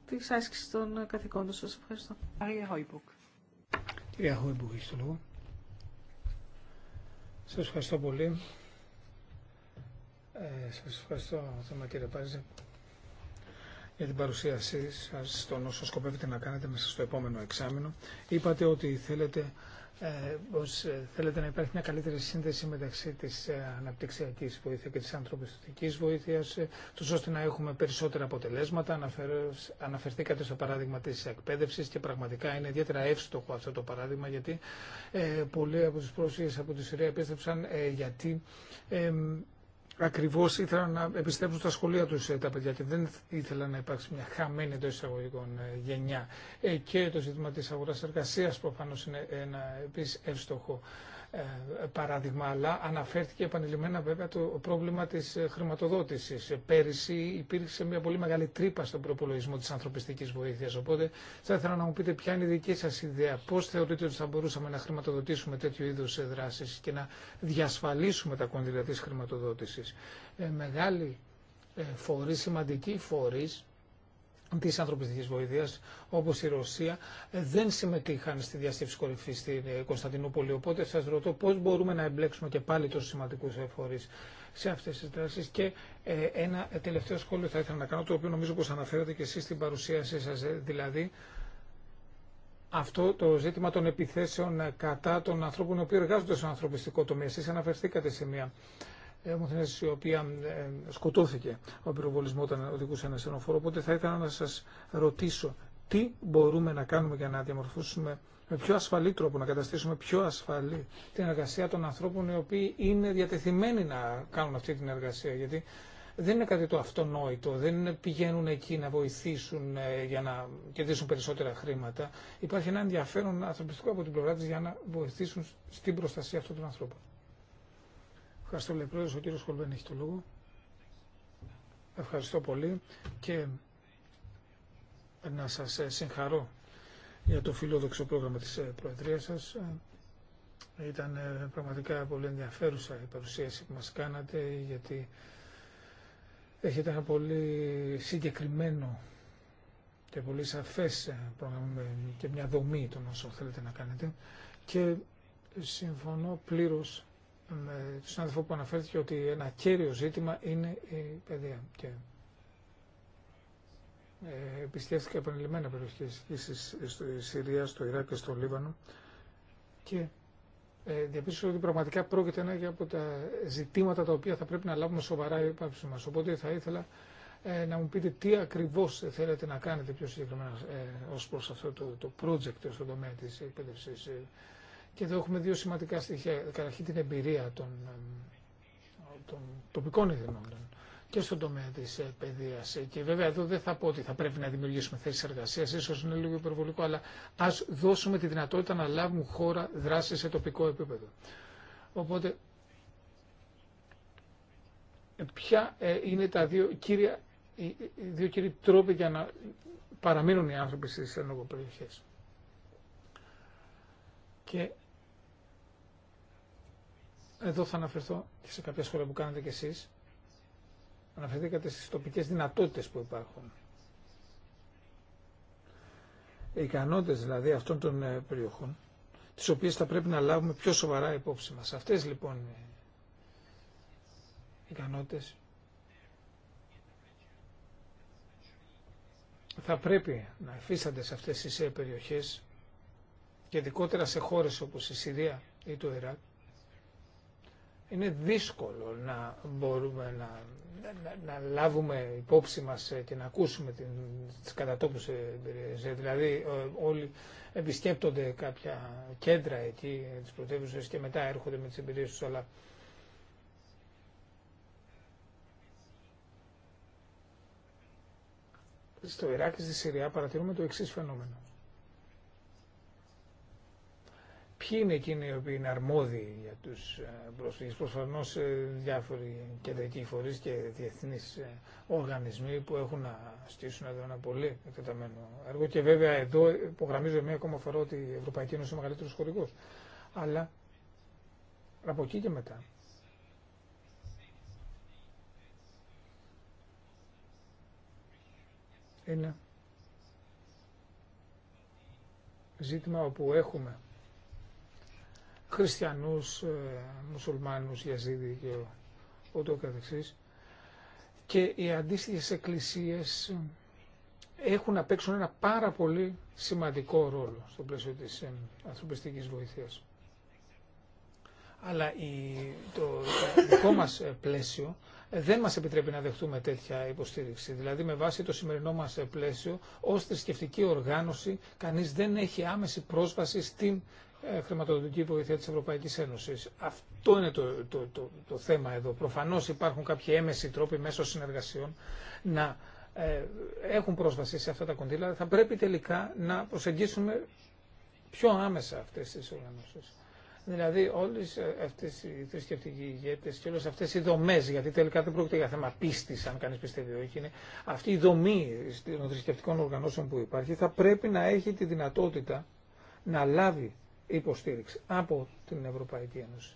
της άσκησης των καθηκόντων σας. Ευχαριστώ. Κυρία Κυρία Χόιμπουκ, είστε λόγο. Σας ευχαριστώ πολύ. Ε, σας ευχαριστώ, θέμα κύριε Πάζη, για την παρουσίασή σας στον όσο σκοπεύετε να κάνετε μέσα στο επόμενο εξάμεινο. Είπατε ότι θέλετε πως ε, ε, θέλετε να υπάρχει μια καλύτερη σύνδεση μεταξύ της ε, αναπτυξιακής βοήθειας και της ανθρωπιστικής βοήθειας, τους ώστε να έχουμε περισσότερα αποτελέσματα. Αναφερθήκατε στο παράδειγμα της εκπαίδευσης και πραγματικά είναι ιδιαίτερα εύστοχο αυτό το παράδειγμα, γιατί πολλοί από τους πρόσφυγες από τη Συρία επέστρεψαν γιατί ακριβώ ήθελαν να επιστρέψουν στα σχολεία του ε, τα παιδιά και δεν ήθελαν να υπάρξει μια χαμένη εντό εισαγωγικών ε, γενιά. Ε, και το ζήτημα τη αγορά εργασία προφανώ είναι ένα επίση εύστοχο ε, παράδειγμα, αλλά αναφέρθηκε επανειλημμένα βέβαια το πρόβλημα της ε, χρηματοδότησης. Ε, πέρυσι υπήρξε μια πολύ μεγάλη τρύπα στον προπολογισμό της ανθρωπιστικής βοήθειας, οπότε θα ήθελα να μου πείτε ποια είναι η δική σας ιδέα, πώς θεωρείτε ότι θα μπορούσαμε να χρηματοδοτήσουμε τέτοιου είδους δράσεις και να διασφαλίσουμε τα κονδύλια τη χρηματοδότηση. Ε, μεγάλοι φορη, σημαντική τη ανθρωπιστική βοήθεια, όπω η Ρωσία, δεν συμμετείχαν στη διάσκεψη κορυφή στην ε, Κωνσταντινούπολη. Οπότε σα ρωτώ πώ μπορούμε να εμπλέξουμε και πάλι τόσο σημαντικού φορεί σε αυτέ τι δράσει. Και ε, ένα τελευταίο σχόλιο θα ήθελα να κάνω, το οποίο νομίζω πω αναφέρατε και εσεί στην παρουσίασή σα, ε, δηλαδή αυτό το ζήτημα των επιθέσεων κατά των ανθρώπων οι οποίοι εργάζονται στον ανθρωπιστικό τομέα. Εσεί αναφερθήκατε σε μια η οποία ε, σκοτώθηκε ο πυροβολισμό όταν οδηγούσε ένα στενοφόρο. Οπότε θα ήθελα να σας ρωτήσω τι μπορούμε να κάνουμε για να διαμορφώσουμε με πιο ασφαλή τρόπο, να καταστήσουμε πιο ασφαλή την εργασία των ανθρώπων οι οποίοι είναι διατεθειμένοι να κάνουν αυτή την εργασία. Γιατί δεν είναι κάτι το αυτονόητο, δεν πηγαίνουν εκεί να βοηθήσουν ε, για να κερδίσουν περισσότερα χρήματα. Υπάρχει ένα ενδιαφέρον ανθρωπιστικό από την πλευρά τη για να βοηθήσουν στην προστασία αυτών των ανθρώπων. Ευχαριστώ, Λεπρόεδρος. Ο κύριος έχει το λόγο. Ευχαριστώ πολύ και να σας ε, συγχαρώ για το φιλόδοξο πρόγραμμα της ε, Προεδρίας σας. Ε, ήταν πραγματικά πολύ ενδιαφέρουσα η παρουσίαση που μας κάνατε γιατί έχετε ένα πολύ συγκεκριμένο και πολύ σαφές πρόγραμμα και μια δομή των όσων θέλετε να κάνετε και συμφωνώ πλήρω με τον συνάδελφο που αναφέρθηκε ότι ένα κέριο ζήτημα είναι η παιδεία. Και ε, επισκέφθηκα επανειλημμένα περιοχές της Συρία στο Ιράκ και στο Λίβανο και ε, διαπίστωσα ότι πραγματικά πρόκειται ένα από τα ζητήματα τα οποία θα πρέπει να λάβουμε σοβαρά υπόψη μας. Οπότε θα ήθελα ε, να μου πείτε τι ακριβώς θέλετε να κάνετε πιο συγκεκριμένα ω ε, ως αυτό το, project στον τομέα τη εκπαίδευση. Ε, και εδώ έχουμε δύο σημαντικά στοιχεία. Καταρχήν την εμπειρία των, τοπικών εθνών και στον τομέα τη ε, παιδεία. Ε, και βέβαια εδώ δεν θα πω ότι θα πρέπει να δημιουργήσουμε θέσει εργασία, ίσω είναι λίγο υπερβολικό, αλλά α δώσουμε τη δυνατότητα να λάβουν χώρα δράση σε τοπικό επίπεδο. Οπότε, ποια ε, είναι τα δύο κύρια, δύο κύριοι τρόποι για να παραμείνουν οι άνθρωποι στι ενεργοπεριοχέ. Και εδώ θα αναφερθώ και σε κάποια σχόλια που κάνετε κι εσείς. Αναφερθήκατε στις τοπικές δυνατότητες που υπάρχουν. Οι ικανότητε δηλαδή αυτών των ε, περιοχών, τις οποίες θα πρέπει να λάβουμε πιο σοβαρά υπόψη μας. Αυτές λοιπόν οι ικανότητες θα πρέπει να εφίστανται σε αυτές τις ε, περιοχές και ειδικότερα σε χώρες όπως η Συρία ή το Ιράκ είναι δύσκολο να μπορούμε να, να, λάβουμε υπόψη μας ε, και να ακούσουμε την, τις κατατόπους ε, εμπειρίες. Ε, δηλαδή όλοι επισκέπτονται κάποια κέντρα εκεί, τις πρωτεύουσες και μετά έρχονται με τις εμπειρίες τους, αλλά στο Ιράκ και στη Συρία παρατηρούμε το εξή φαινόμενο. ποιοι είναι εκείνοι οι οποίοι είναι αρμόδιοι για τους ε, πρόσφυγες. Προφανώς ε, διάφοροι κεντρικοί φορείς και διεθνείς ε, οργανισμοί που έχουν να στήσουν εδώ ένα πολύ εκτεταμένο έργο και βέβαια εδώ υπογραμμίζω μια ακόμα φορά ότι η Ευρωπαϊκή Ένωση είναι ο μεγαλύτερος Αλλά από εκεί και μετά είναι ζήτημα όπου έχουμε χριστιανούς, ε, μουσουλμάνους, γιαζίδι και ούτω καθεξής. Και οι αντίστοιχες εκκλησίες έχουν να παίξουν ένα πάρα πολύ σημαντικό ρόλο στο πλαίσιο της ε, ανθρωπιστικής βοήθειας. Αλλά η, το, το δικό μας ε, πλαίσιο δεν μας επιτρέπει να δεχτούμε τέτοια υποστήριξη. Δηλαδή με βάση το σημερινό μας πλαίσιο ως θρησκευτική οργάνωση κανείς δεν έχει άμεση πρόσβαση στην ε, χρηματοδοτική βοήθεια της Ευρωπαϊκής Ένωσης. Αυτό είναι το, το, το, το θέμα εδώ. Προφανώς υπάρχουν κάποιοι έμεσοι τρόποι μέσω συνεργασιών να ε, έχουν πρόσβαση σε αυτά τα κοντήλα. θα πρέπει τελικά να προσεγγίσουμε πιο άμεσα αυτές τις οργανώσεις. Δηλαδή όλες αυτές οι θρησκευτικοί ηγέτες και όλες αυτές οι δομές, γιατί τελικά δεν πρόκειται για θέμα πίστης, αν κανείς πιστεύει όχι, είναι αυτή η δομή των θρησκευτικών οργανώσεων που υπάρχει, θα πρέπει να έχει τη δυνατότητα να λάβει υποστήριξη από την Ευρωπαϊκή Ένωση.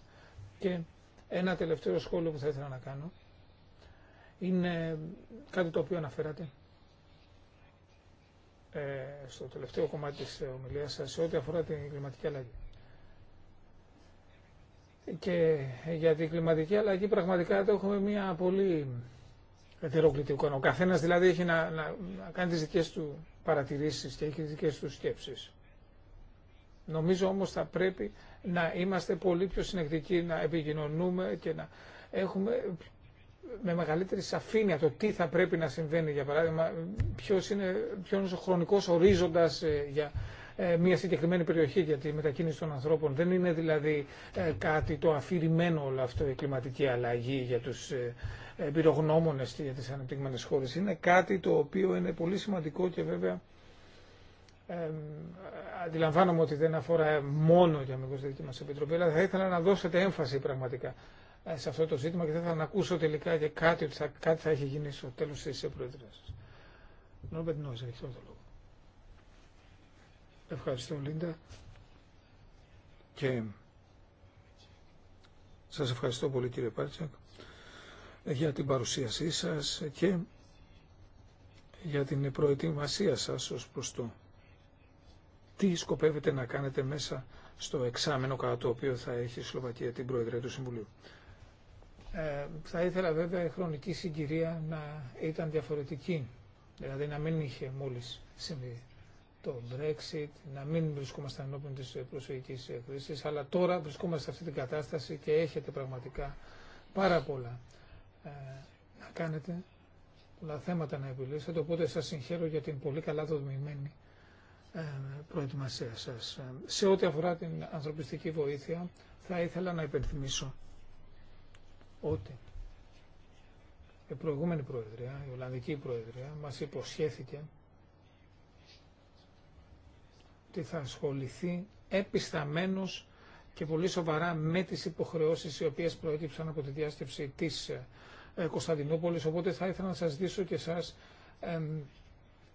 Και ένα τελευταίο σχόλιο που θα ήθελα να κάνω είναι κάτι το οποίο αναφέρατε ε, στο τελευταίο κομμάτι της ομιλίας σας σε ό,τι αφορά την κλιματική αλλαγή. Και για την κλιματική αλλαγή πραγματικά το έχουμε μια πολύ ετερόκλητη εικόνα. Ο καθένας δηλαδή έχει να, να, να κάνει τις δικές του παρατηρήσεις και έχει τις δικές του σκέψεις. Νομίζω όμως θα πρέπει να είμαστε πολύ πιο συνεκτικοί, να επικοινωνούμε και να έχουμε με μεγαλύτερη σαφήνεια το τι θα πρέπει να συμβαίνει, για παράδειγμα, ποιος είναι, ποιος είναι ο χρονικός ορίζοντας ε, για ε, μια συγκεκριμένη περιοχή για τη μετακίνηση των ανθρώπων. Δεν είναι δηλαδή ε, κάτι το αφηρημένο όλο αυτό η κλιματική αλλαγή για τους εμπειρογνώμονες και για τις αναπτυγμένες χώρες. Είναι κάτι το οποίο είναι πολύ σημαντικό και βέβαια ε, αντιλαμβάνομαι ότι δεν αφορά μόνο για μήκος τη μας Επιτροπή, αλλά θα ήθελα να δώσετε έμφαση πραγματικά ε, σε αυτό το ζήτημα και θα ήθελα ακούσω τελικά και κάτι, ότι θα, κάτι θα έχει γίνει στο τέλος της Πρόεδρας. σα. Νόης, έχει το λόγο. Ευχαριστώ, Λίντα. Και σας ευχαριστώ πολύ, κύριε Πάρτσακ, για την παρουσίασή σας και για την προετοιμασία σας ως προς το τι σκοπεύετε να κάνετε μέσα στο εξάμενο κατά το οποίο θα έχει η Σλοβακία την Προεδρία του Συμβουλίου. Ε, θα ήθελα βέβαια η χρονική συγκυρία να ήταν διαφορετική, δηλαδή να μην είχε μόλις συμβεί το Brexit, να μην βρισκόμαστε ενώπιον της προσφυγικής κρίση. αλλά τώρα βρισκόμαστε σε αυτή την κατάσταση και έχετε πραγματικά πάρα πολλά ε, να κάνετε, πολλά θέματα να επιλύσετε, οπότε σας συγχαίρω για την πολύ καλά δομημένη ε, προετοιμασία σας. Σε ό,τι αφορά την ανθρωπιστική βοήθεια, θα ήθελα να υπενθυμίσω ότι η προηγούμενη Προεδρία, η Ολλανδική Προεδρία, μας υποσχέθηκε ότι θα ασχοληθεί επισταμένος και πολύ σοβαρά με τις υποχρεώσεις οι οποίες προέκυψαν από τη διάσκεψη της ε, Κωνσταντινούπολης. Οπότε θα ήθελα να σας δείσω και εσά. Ε,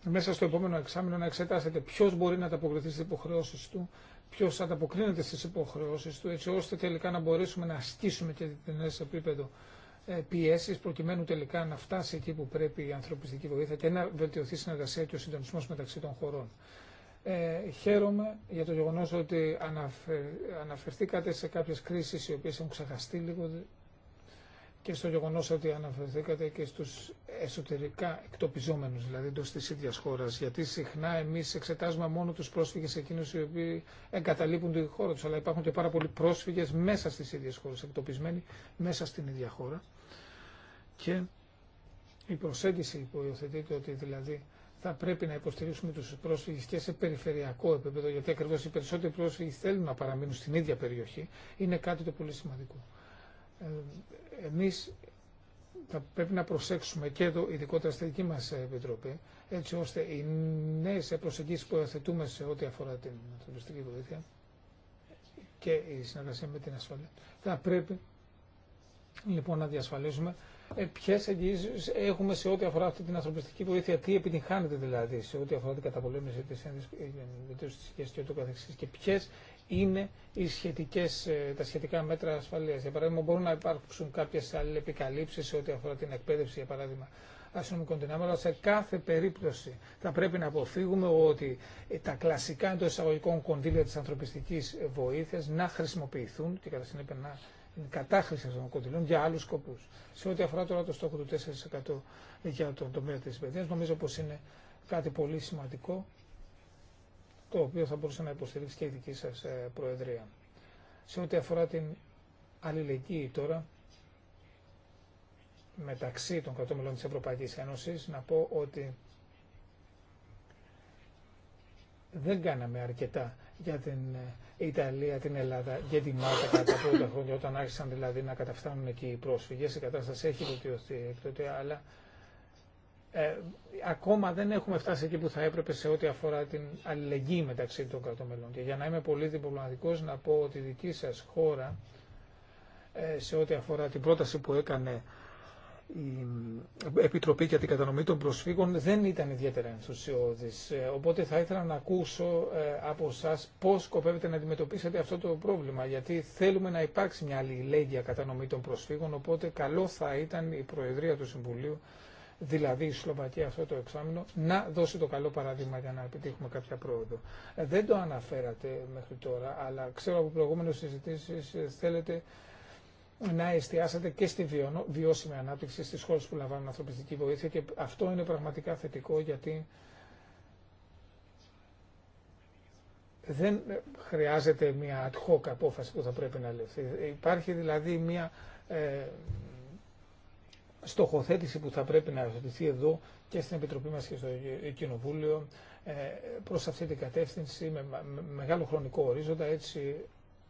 μέσα στο επόμενο εξάμεινο να εξετάσετε ποιο μπορεί να ανταποκριθεί στι υποχρεώσει του, ποιο ανταποκρίνεται στι υποχρεώσει του, έτσι ώστε τελικά να μπορέσουμε να ασκήσουμε και την σε επίπεδο ε, πιέσει, προκειμένου τελικά να φτάσει εκεί που πρέπει η ανθρωπιστική βοήθεια και να βελτιωθεί η συνεργασία και ο συντονισμό μεταξύ των χωρών. Ε, χαίρομαι για το γεγονό ότι αναφερθήκατε σε κάποιε κρίσει οι οποίε έχουν ξεχαστεί λίγο και στο γεγονός ότι αναφερθήκατε και στους εσωτερικά εκτοπιζόμενους, δηλαδή εντό της ίδιας χώρας, γιατί συχνά εμείς εξετάζουμε μόνο τους πρόσφυγες εκείνους οι οποίοι εγκαταλείπουν τη χώρα τους, αλλά υπάρχουν και πάρα πολλοί πρόσφυγες μέσα στις ίδιες χώρες, εκτοπισμένοι μέσα στην ίδια χώρα. Και η προσέγγιση που υιοθετείται ότι δηλαδή θα πρέπει να υποστηρίξουμε τους πρόσφυγες και σε περιφερειακό επίπεδο, γιατί ακριβώ οι περισσότεροι πρόσφυγε θέλουν να παραμείνουν στην ίδια περιοχή, είναι κάτι το πολύ σημαντικό. Ε, εμείς θα πρέπει να προσέξουμε και εδώ ειδικότερα στη δική μας Επιτροπή, έτσι ώστε οι νέες προσεγγίσεις που εθετούμε σε ό,τι αφορά την ανθρωπιστική βοήθεια και η συνεργασία με την ασφάλεια, θα πρέπει λοιπόν να διασφαλίσουμε ποιε εγγυήσει έχουμε σε ό,τι αφορά αυτή την ανθρωπιστική βοήθεια, τι επιτυγχάνεται δηλαδή σε ό,τι αφορά την καταπολέμηση τη ένδυση και ούτω καθεξή και ποιε είναι οι σχετικές, ε, τα σχετικά μέτρα ασφαλεία. Για παράδειγμα, μπορούν να υπάρξουν κάποιες αλληλεπικαλύψει σε ό,τι αφορά την εκπαίδευση, για παράδειγμα, αστυνομικών δυνάμεων, αλλά σε κάθε περίπτωση θα πρέπει να αποφύγουμε ότι ε, τα κλασικά εντό εισαγωγικών κονδύλια τη ανθρωπιστική βοήθεια να χρησιμοποιηθούν και κατά συνέπεια να είναι κατάχρηση των κονδυλίων για άλλου σκοπού. Σε ό,τι αφορά τώρα το στόχο του 4% για τον τομέα τη παιδεία, νομίζω πω είναι κάτι πολύ σημαντικό το οποίο θα μπορούσε να υποστηρίξει και η δική σας ε, Προεδρία. Σε ό,τι αφορά την αλληλεγγύη τώρα, μεταξύ των κρατών μελών της Ευρωπαϊκής Ένωσης, να πω ότι δεν κάναμε αρκετά για την ε, Ιταλία, την Ελλάδα και τη Μάλτα κατά τα πρώτα χρόνια, όταν άρχισαν δηλαδή να καταφθάνουν εκεί οι πρόσφυγες. Η κατάσταση έχει βελτιωθεί τότε αλλά ε, ακόμα δεν έχουμε φτάσει εκεί που θα έπρεπε σε ό,τι αφορά την αλληλεγγύη μεταξύ των κρατών μελών. Και για να είμαι πολύ διπλωματικός να πω ότι η δική σα χώρα ε, σε ό,τι αφορά την πρόταση που έκανε η Επιτροπή για την Κατανομή των Προσφύγων δεν ήταν ιδιαίτερα ενθουσιώδης. Ε, οπότε θα ήθελα να ακούσω ε, από εσά πώ σκοπεύετε να αντιμετωπίσετε αυτό το πρόβλημα. Γιατί θέλουμε να υπάρξει μια αλληλέγγυα κατανομή των προσφύγων, οπότε καλό θα ήταν η Προεδρία του Συμβουλίου δηλαδή η Σλοβακία αυτό το εξάμεινο, να δώσει το καλό παράδειγμα για να επιτύχουμε κάποια πρόοδο. Ε, δεν το αναφέρατε μέχρι τώρα, αλλά ξέρω από προηγούμενες συζητήσεις ε, θέλετε να εστιάσετε και στη βιώσιμη ανάπτυξη στις χώρες που λαμβάνουν ανθρωπιστική βοήθεια και αυτό είναι πραγματικά θετικό γιατί δεν ε, χρειάζεται μια ad hoc απόφαση που θα πρέπει να λεφθεί. Υπάρχει δηλαδή μια στοχοθέτηση που θα πρέπει να ερωτηθεί εδώ και στην Επιτροπή μας και στο Κοινοβούλιο ε, προς αυτή την κατεύθυνση με μεγάλο χρονικό ορίζοντα έτσι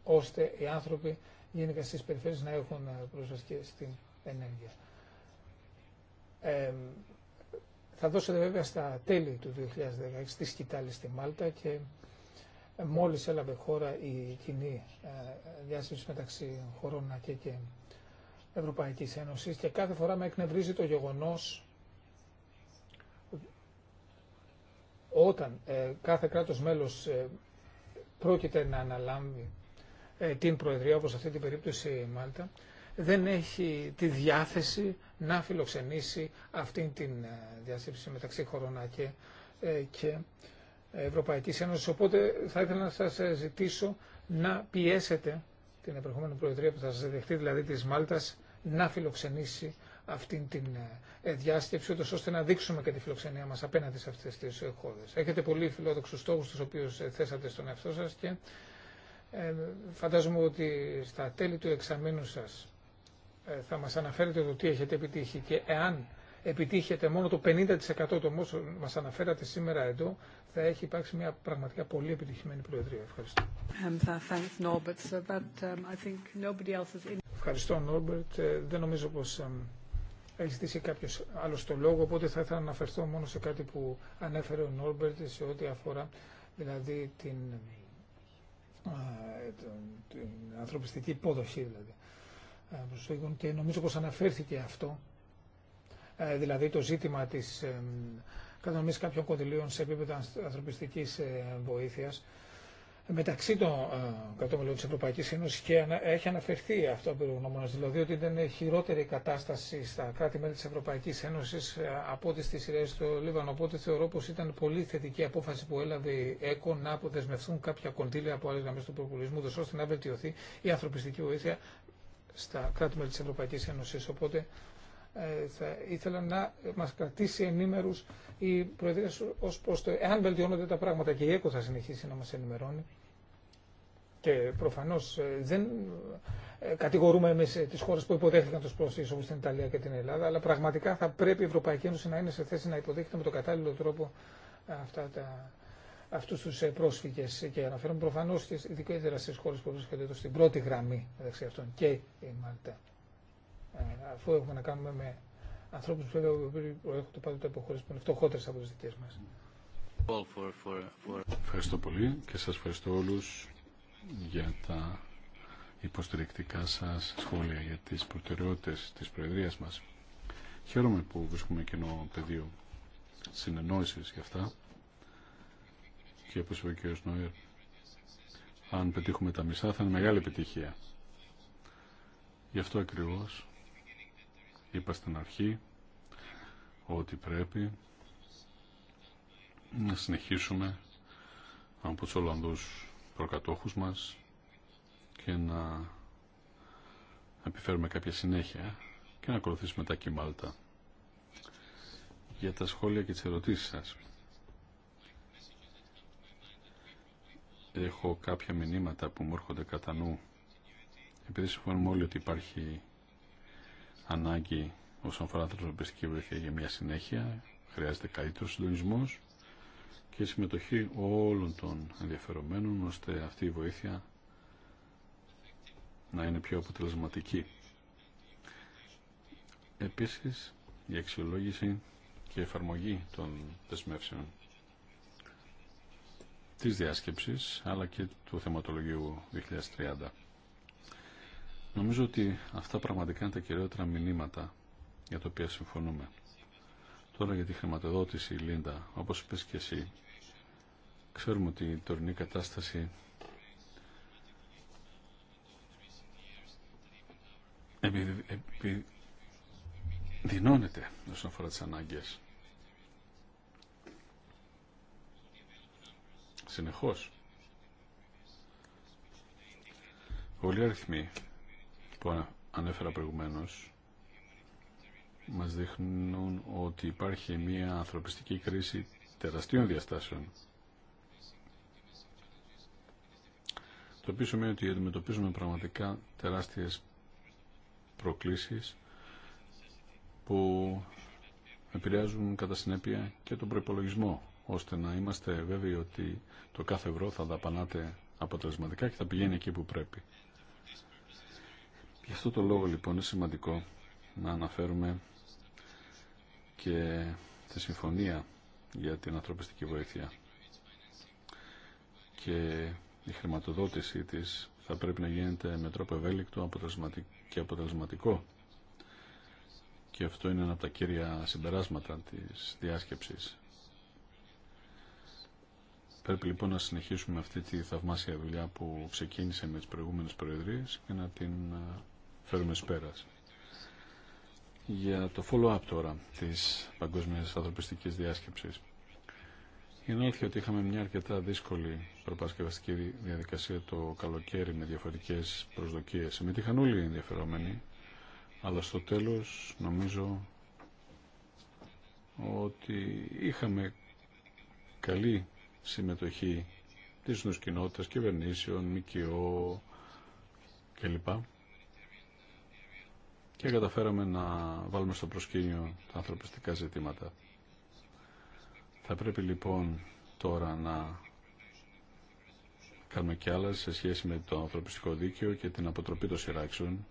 ώστε οι άνθρωποι γενικά στις περιφέρειες να έχουν πρόσβαση και στην ενέργεια. Ε, θα δώσετε βέβαια στα τέλη του 2016 τη σκητάλη στη Μάλτα και ε, μόλις έλαβε χώρα η κοινή ε, διάσταση μεταξύ χωρών και, και Ευρωπαϊκής Ένωσης και κάθε φορά με εκνευρίζει το γεγονός όταν ε, κάθε κράτος μέλος ε, πρόκειται να αναλάμβει ε, την Προεδρία, όπως αυτή την περίπτωση η Μάλτα, δεν έχει τη διάθεση να φιλοξενήσει αυτήν την διασύψη μεταξύ χωρών και, και Ευρωπαϊκής Ένωσης. Οπότε θα ήθελα να σας ζητήσω να πιέσετε την επερχόμενη Προεδρία που θα σας δεχτεί, δηλαδή της Μάλτας, να φιλοξενήσει αυτήν την ε, διάσκεψη, ούτως ώστε να δείξουμε και τη φιλοξενία μας απέναντι σε αυτές τις ε, χώρες. Έχετε πολύ φιλόδοξους στόχους, τους οποίους ε, θέσατε στον εαυτό σας και φαντάζομαι ότι στα τέλη του εξαμήνου σας θα μας αναφέρετε το τι έχετε επιτύχει και εάν επιτύχετε μόνο το 50% των όσων μας αναφέρατε σήμερα εδώ, θα έχει υπάρξει μια πραγματικά πολύ επιτυχημένη Προεδρία. Ευχαριστώ. Ευχαριστώ, Νόρμπερτ. Ε, δεν νομίζω πως έχει ζητήσει κάποιο άλλο το λόγο, οπότε θα ήθελα να αναφερθώ μόνο σε κάτι που ανέφερε ο Νόρμπερτ σε ό,τι αφορά δηλαδή την, ε, ανθρωπιστική υπόδοχη δηλαδή, ε, και νομίζω πως αναφέρθηκε αυτό, δηλαδή το ζήτημα της κατανομής κάποιων κονδυλίων σε επίπεδο ανθρωπιστικής βοήθειας μεταξύ των ε, κρατών μελών της Ευρωπαϊκής Ένωσης και έχει αναφερθεί αυτό ο τον δηλαδή ότι ήταν χειρότερη η κατάσταση στα κράτη-μέλη της Ευρωπαϊκής Ένωσης ε, από ό,τι στις σειρές του Λίβανο. Οπότε θεωρώ πως ήταν πολύ θετική απόφαση που έλαβε η ΕΚΟ να αποδεσμευθούν κάποια κονδύλια από άλλες γραμμές του προπολισμού, ώστε να βελτιωθεί η ανθρωπιστική βοήθεια στα κράτη-μέλη της Ευρωπαϊκής Ένωσης. Οπότε ε, θα ήθελα να μα κρατήσει ενήμερου η Προεδρία ω προ το εάν βελτιώνονται τα πράγματα και η ΕΚΟ θα συνεχίσει να μα ενημερώνει και προφανώ ε, δεν ε, κατηγορούμε εμεί τι χώρε που υποδέχθηκαν του πρόσφυγες όπω την Ιταλία και την Ελλάδα αλλά πραγματικά θα πρέπει η Ευρωπαϊκή Ένωση να είναι σε θέση να υποδέχεται με τον κατάλληλο τρόπο αυτά τα, αυτούς τους πρόσφυγες και αναφέρομαι προφανώς ειδικότερα στις χώρες που βρίσκονται στην πρώτη γραμμή μεταξύ αυτών και η Μάλτα. Ε, αφού έχουμε να κάνουμε με ανθρώπους που έχουν το πάντοτε υποχωρήσει που είναι φτωχότερες από τις δικές μας. Ευχαριστώ πολύ και σας ευχαριστώ όλους για τα υποστηρικτικά σας σχόλια για τις προτεραιότητες της Προεδρίας μας. Χαίρομαι που βρίσκουμε κοινό πεδίο συνεννόησης για αυτά και όπως είπε ο κ. αν πετύχουμε τα μισά θα είναι μεγάλη επιτυχία. Γι' αυτό ακριβώς Είπα στην αρχή ότι πρέπει να συνεχίσουμε από τους Ολλανδούς προκατόχους μας και να επιφέρουμε κάποια συνέχεια και να ακολουθήσουμε τα κοιμάλτα. για τα σχόλια και τις ερωτήσεις σας. Έχω κάποια μηνύματα που μου έρχονται κατά νου επειδή συμφωνούμε όλοι ότι υπάρχει ανάγκη όσον αφορά την ανθρωπιστική βοήθεια για μια συνέχεια. Χρειάζεται καλύτερο συντονισμό και συμμετοχή όλων των ενδιαφερομένων ώστε αυτή η βοήθεια να είναι πιο αποτελεσματική. Επίσης, η αξιολόγηση και εφαρμογή των δεσμεύσεων της διάσκεψης αλλά και του θεματολογίου 2030. Νομίζω ότι αυτά πραγματικά είναι τα κυριότερα μηνύματα για τα οποία συμφωνούμε. Τώρα για τη χρηματοδότηση, Λίντα, όπως είπες και εσύ, ξέρουμε ότι η τωρινή κατάσταση επιδεινώνεται όσον αφορά τις ανάγκες. Συνεχώς. Πολλοί αριθμοί που ανέφερα προηγουμένως μας δείχνουν ότι υπάρχει μια ανθρωπιστική κρίση τεραστίων διαστάσεων το οποίο σημαίνει ότι αντιμετωπίζουμε πραγματικά τεράστιες προκλήσεις που επηρεάζουν κατά συνέπεια και τον προπολογισμό ώστε να είμαστε βέβαιοι ότι το κάθε ευρώ θα δαπανάται αποτελεσματικά και θα πηγαίνει εκεί που πρέπει. Γι' αυτό το λόγο λοιπόν είναι σημαντικό να αναφέρουμε και τη συμφωνία για την ανθρωπιστική βοήθεια και η χρηματοδότησή της θα πρέπει να γίνεται με τρόπο ευέλικτο και αποτελεσματικό και αυτό είναι ένα από τα κύρια συμπεράσματα της διάσκεψης. Πρέπει λοιπόν να συνεχίσουμε αυτή τη θαυμάσια δουλειά που ξεκίνησε με τις προηγούμενες προεδρίες και να την φέρουμε σπέρα Για το follow-up τώρα τη παγκόσμια Ανθρωπιστική Διάσκεψης. Είναι αλήθεια ότι είχαμε μια αρκετά δύσκολη προπασκευαστική διαδικασία το καλοκαίρι με διαφορετικέ προσδοκίες. Συμμετείχαν όλοι οι ενδιαφερόμενοι, αλλά στο τέλο νομίζω ότι είχαμε καλή συμμετοχή της νους κυβερνήσεων, ΜΚΟ κλπ και καταφέραμε να βάλουμε στο προσκήνιο τα ανθρωπιστικά ζητήματα. Θα πρέπει λοιπόν τώρα να κάνουμε κι άλλα σε σχέση με το ανθρωπιστικό δίκαιο και την αποτροπή των σειράξεων,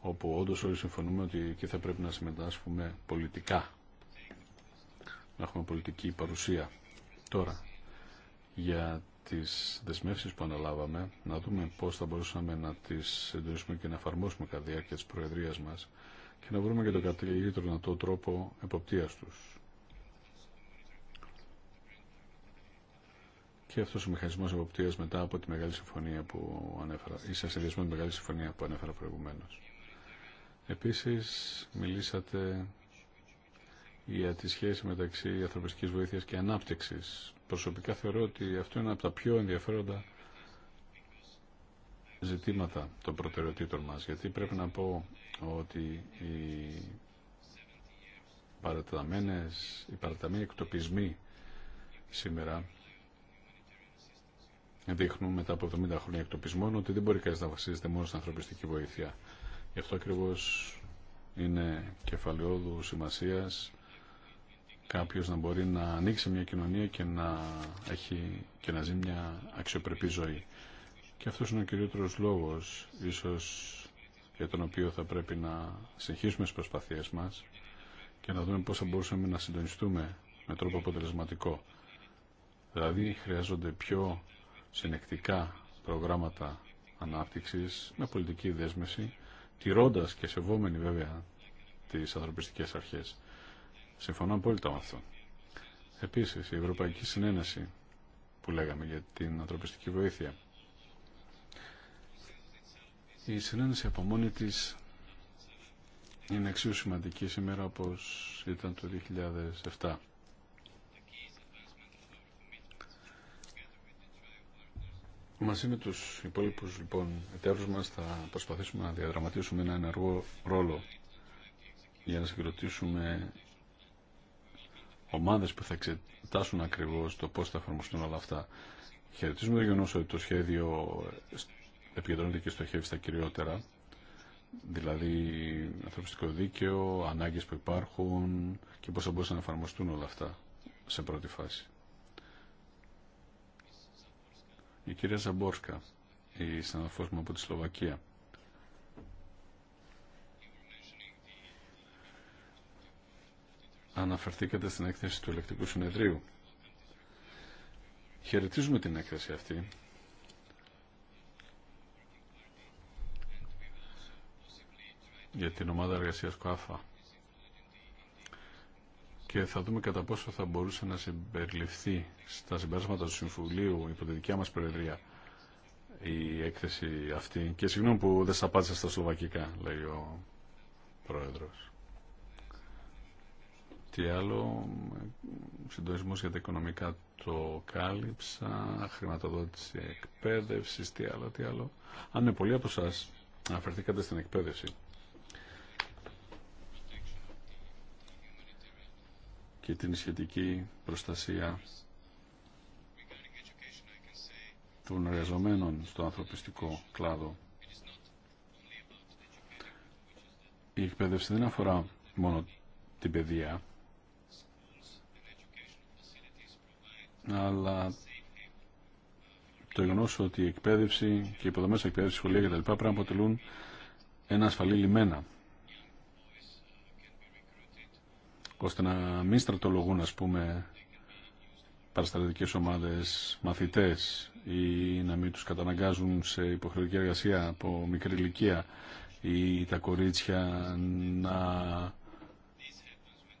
όπου όντως όλοι συμφωνούμε ότι εκεί θα πρέπει να συμμετάσχουμε πολιτικά, να έχουμε πολιτική παρουσία. Τώρα, για τις δεσμεύσεις που αναλάβαμε, να δούμε πώς θα μπορούσαμε να τις εντονίσουμε και να εφαρμόσουμε κατά διάρκεια της Προεδρίας μας και να βρούμε και τον να δυνατό τρόπο εποπτείας τους. Και αυτός ο μηχανισμός εποπτείας μετά από τη μεγάλη συμφωνία που ανέφερα, ή σε συνδυασμό με τη μεγάλη συμφωνία που ανέφερα προηγουμένως. Επίσης, μιλήσατε για τη σχέση μεταξύ ανθρωπιστικής βοήθειας και ανάπτυξης προσωπικά θεωρώ ότι αυτό είναι από τα πιο ενδιαφέροντα ζητήματα των προτεραιοτήτων μας, γιατί πρέπει να πω ότι οι παραταμένες, οι εκτοπισμοί σήμερα δείχνουν μετά από 70 χρόνια εκτοπισμών ότι δεν μπορεί κανείς να βασίζεται μόνο στην ανθρωπιστική βοήθεια. Γι' αυτό ακριβώ είναι κεφαλαιόδου σημασίας κάποιος να μπορεί να ανοίξει μια κοινωνία και να, έχει, και να ζει μια αξιοπρεπή ζωή. Και αυτός είναι ο κυριότερος λόγος, ίσως για τον οποίο θα πρέπει να συνεχίσουμε τις προσπαθίες μας και να δούμε πώς θα μπορούσαμε να συντονιστούμε με τρόπο αποτελεσματικό. Δηλαδή χρειάζονται πιο συνεκτικά προγράμματα ανάπτυξης με πολιτική δέσμευση, τηρώντας και σεβόμενοι βέβαια τις ανθρωπιστικές αρχές. Συμφωνώ απόλυτα με αυτό. Επίσης, η Ευρωπαϊκή Συνένεση που λέγαμε για την ανθρωπιστική βοήθεια. Η συνένεση από μόνη της είναι εξίσου σημαντική σήμερα όπως ήταν το 2007. Μαζί με τους υπόλοιπους λοιπόν εταίρους μας θα προσπαθήσουμε να διαδραματίσουμε ένα ενεργό ρόλο για να συγκροτήσουμε ομάδες που θα εξετάσουν ακριβώς το πώς θα εφαρμοστούν όλα αυτά. Χαιρετίζουμε το γεγονό ότι το σχέδιο επικεντρώνεται και στοχεύει στα κυριότερα, δηλαδή ανθρωπιστικό δίκαιο, ανάγκες που υπάρχουν και πώς θα μπορούσαν να εφαρμοστούν όλα αυτά σε πρώτη φάση. Η κυρία Ζαμπόρσκα, η συναδελφός μου από τη Σλοβακία. αναφερθήκατε στην έκθεση του Ελεκτικού Συνεδρίου. Χαιρετίζουμε την έκθεση αυτή. για την ομάδα εργασίας ΚΟΑΦΑ και θα δούμε κατά πόσο θα μπορούσε να συμπεριληφθεί στα συμπεράσματα του Συμφουλίου υπό τη δικιά μας Προεδρία η έκθεση αυτή. Και συγγνώμη που δεν σας στα Σλοβακικά, λέει ο Πρόεδρος τι άλλο, συντονισμός για τα οικονομικά το κάλυψα, χρηματοδότηση εκπαίδευσης, τι άλλο, τι άλλο. Αν είναι πολλοί από εσά αναφερθήκατε στην εκπαίδευση. και την σχετική προστασία των εργαζομένων στο ανθρωπιστικό κλάδο. Η εκπαίδευση δεν αφορά μόνο την παιδεία, αλλά το γεγονό ότι η εκπαίδευση και οι υποδομέ εκπαίδευση, σχολεία κτλ. πρέπει να αποτελούν ένα ασφαλή λιμένα. ώστε να μην στρατολογούν, ας πούμε, παραστρατικές ομάδες μαθητές ή να μην τους καταναγκάζουν σε υποχρεωτική εργασία από μικρή ηλικία ή τα κορίτσια να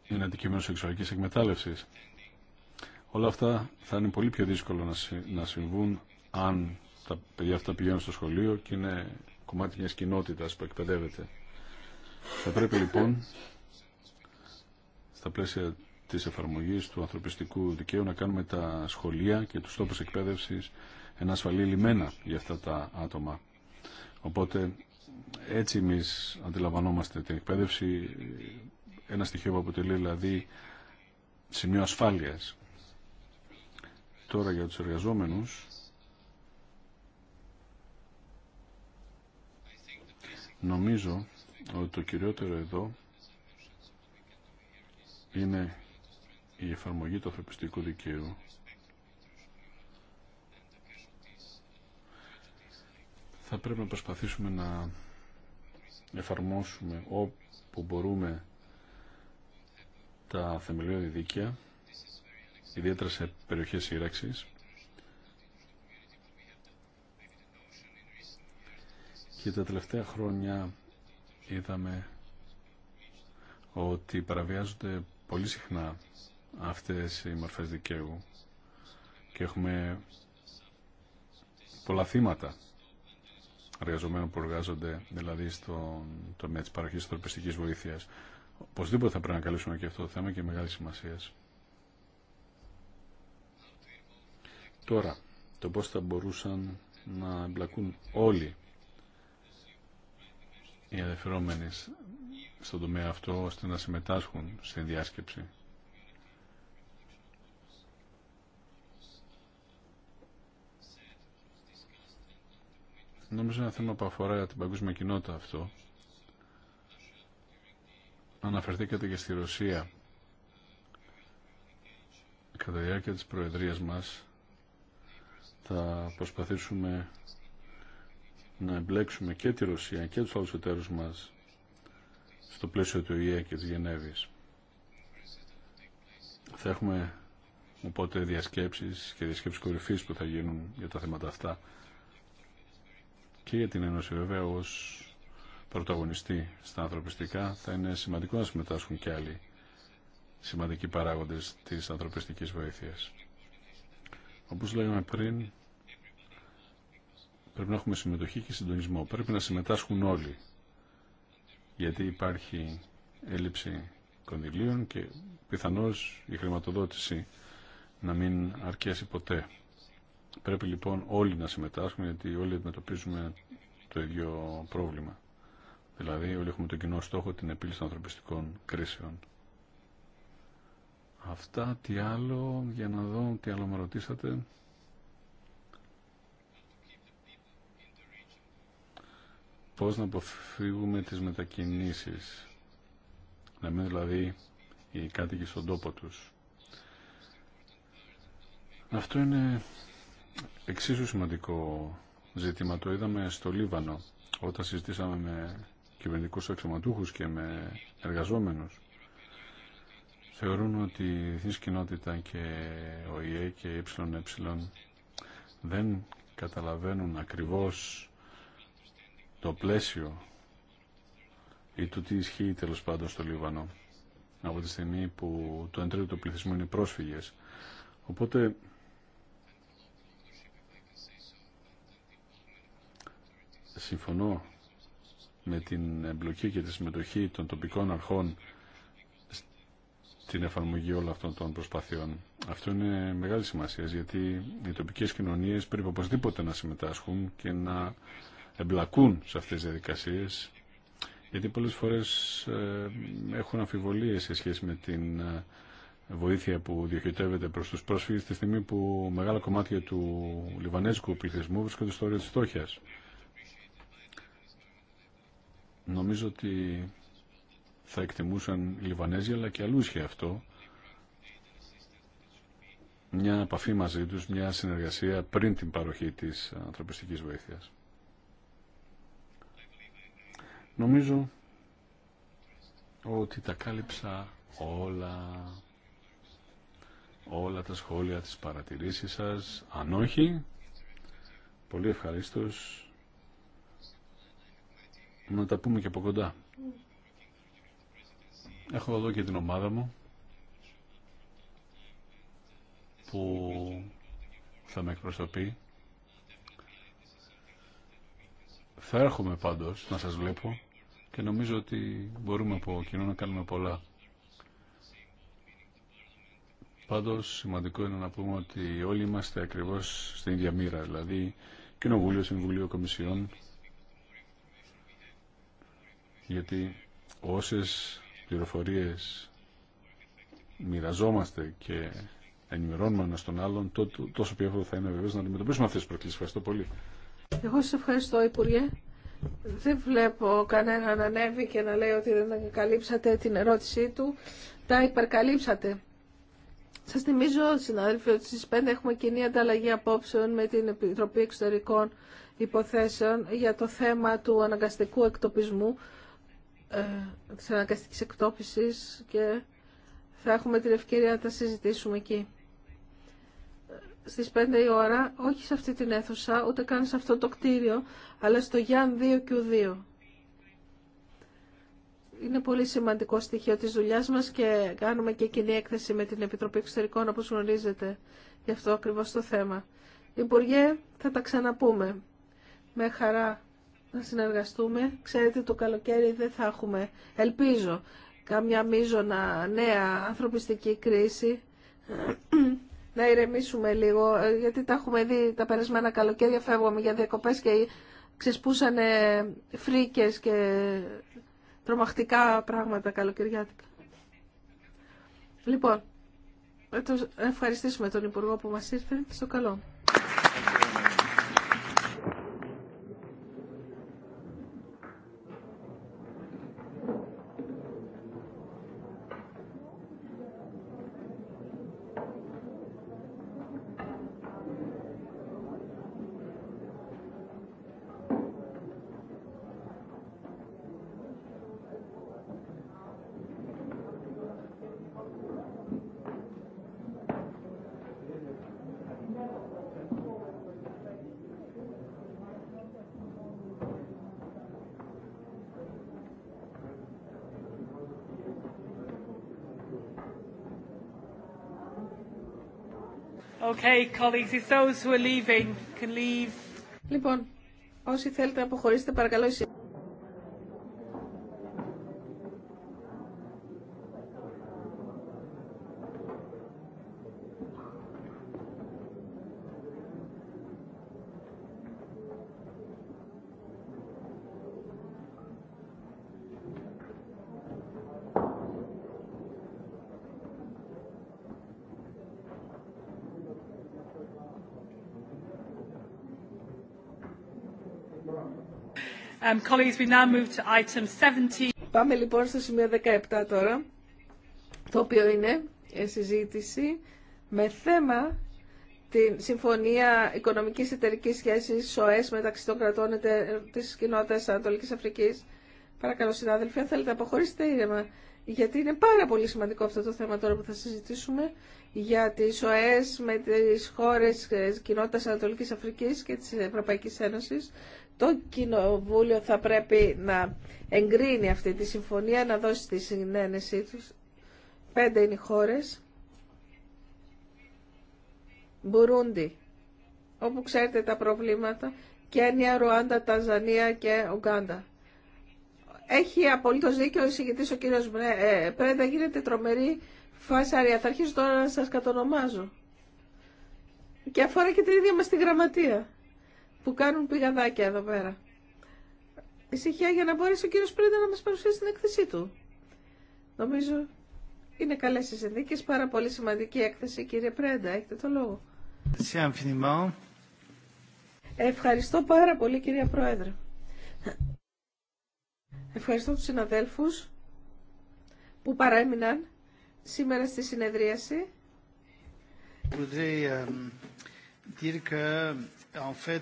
είναι αντικείμενο σεξουαλικής εκμετάλλευσης. Όλα αυτά θα είναι πολύ πιο δύσκολο να, να συμβούν αν τα παιδιά αυτά πηγαίνουν στο σχολείο και είναι κομμάτι μιας κοινότητας που εκπαιδεύεται. Θα πρέπει λοιπόν στα πλαίσια της εφαρμογής του ανθρωπιστικού δικαίου να κάνουμε τα σχολεία και τους τόπους εκπαίδευσης ένα ασφαλή λιμένα για αυτά τα άτομα. Οπότε έτσι εμεί αντιλαμβανόμαστε την εκπαίδευση, ένα στοιχείο που αποτελεί δηλαδή σημείο ασφάλειας τώρα για τους εργαζόμενους νομίζω ότι το κυριότερο εδώ είναι η εφαρμογή του ανθρωπιστικού δικαίου θα πρέπει να προσπαθήσουμε να εφαρμόσουμε όπου μπορούμε τα θεμελιώδη δίκαια ιδιαίτερα σε περιοχές σύραξης. Και τα τελευταία χρόνια είδαμε ότι παραβιάζονται πολύ συχνά αυτές οι μορφές δικαίου και έχουμε πολλά θύματα εργαζομένων που εργάζονται δηλαδή στον τομέα της παροχής βοήθειας. Οπωσδήποτε θα πρέπει να καλύψουμε και αυτό το θέμα και μεγάλη σημασία. Τώρα, το πώς θα μπορούσαν να εμπλακούν όλοι οι ενδιαφερόμενοι στον τομέα αυτό ώστε να συμμετάσχουν στην διάσκεψη. Νομίζω ένα θέμα που αφορά την παγκόσμια κοινότητα αυτό. Αναφερθήκατε και στη Ρωσία. Κατά τη διάρκεια της Προεδρίας μας θα προσπαθήσουμε να εμπλέξουμε και τη Ρωσία και τους άλλους εταίρους μας στο πλαίσιο του ΙΕ και της Γενέβης. Θα έχουμε οπότε διασκέψεις και διασκέψεις κορυφής που θα γίνουν για τα θέματα αυτά και για την Ένωση βέβαια ως πρωταγωνιστή στα ανθρωπιστικά θα είναι σημαντικό να συμμετάσχουν και άλλοι σημαντικοί παράγοντες της ανθρωπιστικής βοήθειας. Όπως λέγαμε πριν, Πρέπει να έχουμε συμμετοχή και συντονισμό. Πρέπει να συμμετάσχουν όλοι. Γιατί υπάρχει έλλειψη κονδυλίων και πιθανώς η χρηματοδότηση να μην αρκέσει ποτέ. Πρέπει λοιπόν όλοι να συμμετάσχουν γιατί όλοι αντιμετωπίζουμε το ίδιο πρόβλημα. Δηλαδή όλοι έχουμε τον κοινό στόχο την επίλυση των ανθρωπιστικών κρίσεων. Αυτά τι άλλο, για να δω τι άλλο με ρωτήσατε. πώς να αποφύγουμε τις μετακινήσεις. Να μην δηλαδή οι κάτοικοι στον τόπο τους. Αυτό είναι εξίσου σημαντικό ζήτημα. Το είδαμε στο Λίβανο όταν συζητήσαμε με κυβερνητικούς αξιωματούχους και με εργαζόμενους. Θεωρούν ότι η διεθνής κοινότητα και ο ΙΕ και η ΕΕ δεν καταλαβαίνουν ακριβώς το πλαίσιο ή το τι ισχύει τέλος πάντων στο Λίβανο από τη στιγμή που το εντρίο του πληθυσμού είναι πρόσφυγες. Οπότε συμφωνώ με την εμπλοκή και τη συμμετοχή των τοπικών αρχών στην εφαρμογή όλων αυτών των προσπαθειών. Αυτό είναι μεγάλη σημασία γιατί οι τοπικές κοινωνίες πρέπει οπωσδήποτε να συμμετάσχουν και να εμπλακούν σε αυτές τις διαδικασίες γιατί πολλές φορές ε, έχουν αμφιβολίες σε σχέση με την ε, βοήθεια που διοικητεύεται προς τους πρόσφυγες τη στιγμή που μεγάλα κομμάτια του λιβανέζικου πληθυσμού βρίσκονται στο όριο της φτώχειας. Νομίζω ότι θα εκτιμούσαν οι Λιβανέζοι αλλά και αλλού αυτό μια επαφή μαζί τους, μια συνεργασία πριν την παροχή της ανθρωπιστικής βοήθειας. Νομίζω ότι τα κάλυψα όλα, όλα τα σχόλια, της παρατηρήσεις σας. Αν όχι, πολύ ευχαρίστως να τα πούμε και από κοντά. Έχω εδώ και την ομάδα μου που θα με εκπροσωπεί Θα έρχομαι πάντως να σας βλέπω και νομίζω ότι μπορούμε από κοινό να κάνουμε πολλά. Πάντως σημαντικό είναι να πούμε ότι όλοι είμαστε ακριβώς στην ίδια μοίρα, δηλαδή Κοινοβούλιο, Συμβουλίο, Κομισιόν, γιατί όσες πληροφορίες μοιραζόμαστε και ενημερώνουμε ένα τον άλλον, τόσο πιο εύκολο θα είναι βεβαίω να αντιμετωπίσουμε αυτέ τι προκλήσει. Ευχαριστώ πολύ. Εγώ σας ευχαριστώ, Υπουργέ. Δεν βλέπω κανέναν να ανέβει και να λέει ότι δεν καλύψατε την ερώτησή του. Τα υπερκαλύψατε. Σας θυμίζω, συναδέλφοι, ότι στι 5 έχουμε κοινή ανταλλαγή απόψεων με την Επιτροπή Εξωτερικών Υποθέσεων για το θέμα του αναγκαστικού εκτοπισμού, ε, της αναγκαστικής εκτόπισης και θα έχουμε την ευκαιρία να τα συζητήσουμε εκεί στις 5 η ώρα, όχι σε αυτή την αίθουσα, ούτε καν σε αυτό το κτίριο, αλλά στο Γιάν 2Q2. Είναι πολύ σημαντικό στοιχείο της δουλειάς μας και κάνουμε και κοινή έκθεση με την Επιτροπή Εξωτερικών, όπως γνωρίζετε, γι' αυτό ακριβώς το θέμα. Υπουργέ, θα τα ξαναπούμε. Με χαρά να συνεργαστούμε. Ξέρετε, το καλοκαίρι δεν θα έχουμε, ελπίζω, καμιά μείζωνα νέα ανθρωπιστική κρίση να ηρεμήσουμε λίγο, ε, γιατί τα έχουμε δει τα περασμένα καλοκαίρια, φεύγαμε για διακοπές και ξεσπούσαν φρίκες και τρομακτικά πράγματα καλοκαιριάτικα. Λοιπόν, ε, ε, ευχαριστήσουμε τον Υπουργό που μας ήρθε. Στο καλό. Okay, colleagues, if those who are leaving can leave. Λοιπόν, όσοι θέλετε να αποχωρήσετε, παρακαλώ, εσύ. Um, Πάμε λοιπόν στο σημείο 17 τώρα, το οποίο είναι ε, συζήτηση με θέμα τη Συμφωνία Οικονομικής Εταιρικής Σχέσης ΣΟΕΣ μεταξύ των κρατών της κοινότητας Ανατολικής Αφρικής. Παρακαλώ συνάδελφοι, αν θέλετε αποχωρήστε ήρεμα, γιατί είναι πάρα πολύ σημαντικό αυτό το θέμα τώρα που θα συζητήσουμε για τις ΣΟΕΣ με τις χώρες ε, της κοινότητας Ανατολικής Αφρικής και της Ευρωπαϊκής Ένωσης το Κοινοβούλιο θα πρέπει να εγκρίνει αυτή τη συμφωνία, να δώσει τη συνένεσή τους. Πέντε είναι οι χώρες. Μπουρούντι, όπου ξέρετε τα προβλήματα, Κένια, Ρουάντα, Ταζανία και Ουγγάντα. Έχει απολύτω δίκιο ο εισηγητή ο κύριο ε, Πρέντα. Γίνεται τρομερή φασαρία. Θα αρχίσω τώρα να σα κατονομάζω. Και αφορά και την ίδια μα τη γραμματεία που κάνουν πηγαδάκια εδώ πέρα. Ησυχία για να μπορέσει ο κύριο Πρίντα να μα παρουσιάσει την έκθεσή του. Νομίζω είναι καλέ οι συνθήκε. πάρα πολύ σημαντική έκθεση κύριε Πρέντα, έχετε το λόγο. Ευχαριστώ πάρα πολύ κυρία Πρόεδρε. Ευχαριστώ τους συναδέλφους που παρέμειναν σήμερα στη συνεδρίαση en fait...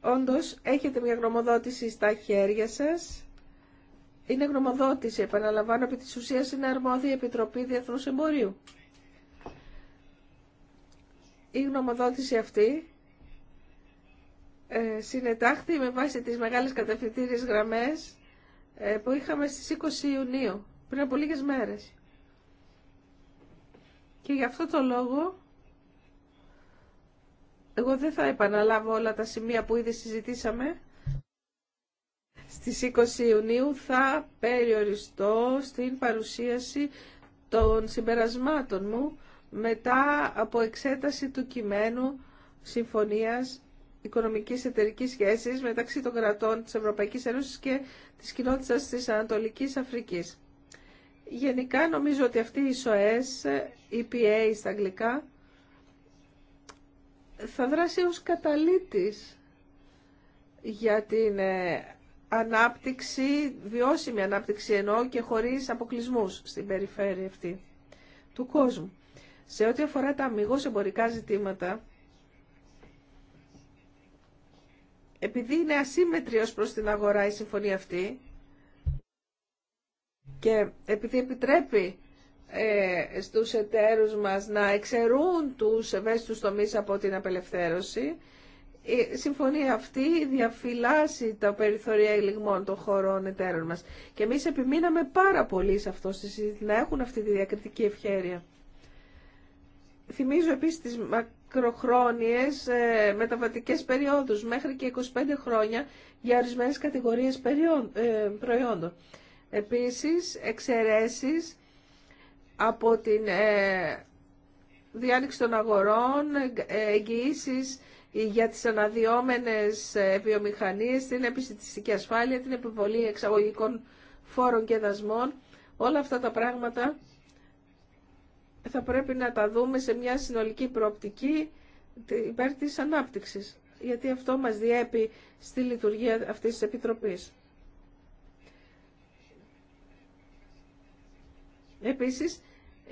Όντως, έχετε μια γνωμοδότηση στα χέρια σας. Είναι γνωμοδότηση, επαναλαμβάνω, επί της ουσίας είναι αρμόδια Επιτροπή Διεθνούς Εμπορίου. Η γνωμοδότηση αυτή ε, συνετάχθη με βάση τις μεγάλες κατευθυντήριες γραμμές ε, που είχαμε στις 20 Ιουνίου, πριν από λίγες μέρες. Και γι' αυτό το λόγο εγώ δεν θα επαναλάβω όλα τα σημεία που ήδη συζητήσαμε. Στις 20 Ιουνίου θα περιοριστώ στην παρουσίαση των συμπερασμάτων μου μετά από εξέταση του κειμένου συμφωνίας οικονομικής εταιρικής σχέσης μεταξύ των κρατών της Ευρωπαϊκής Ένωσης και της κοινότητας της Ανατολικής Αφρικής. Γενικά νομίζω ότι αυτή η ΣΟΕΣ, EPA στα αγγλικά, θα δράσει ως καταλήτης για την ε, ανάπτυξη, βιώσιμη ανάπτυξη ενώ και χωρίς αποκλεισμούς στην περιφέρεια αυτή του κόσμου. Σε ό,τι αφορά τα αμυγός εμπορικά ζητήματα, επειδή είναι ασύμμετρη προς την αγορά η συμφωνία αυτή και επειδή επιτρέπει ε, στους εταίρους μας να εξαιρούν τους ευαίσθητους τομείς από την απελευθέρωση. Η συμφωνία αυτή διαφυλάσσει τα περιθωρία ελιγμών των χωρών εταίρων μας. Και εμείς επιμείναμε πάρα πολύ σε αυτό, να έχουν αυτή τη διακριτική ευχέρεια. Θυμίζω επίσης τις μακροχρόνιες ε, μεταβατικές περιόδους, μέχρι και 25 χρόνια, για ορισμένες κατηγορίες ε, προϊόντων. Επίσης, εξαιρέσεις από την ε, διάνοιξη των αγορών, ε, εγγυήσεις για τις αναδυόμενες ε, βιομηχανίες, την επιστημιστική ασφάλεια, την επιβολή εξαγωγικών φόρων και δασμών. Όλα αυτά τα πράγματα θα πρέπει να τα δούμε σε μια συνολική προοπτική υπέρ της ανάπτυξης, γιατί αυτό μας διέπει στη λειτουργία αυτής της Επιτροπής. Επίσης,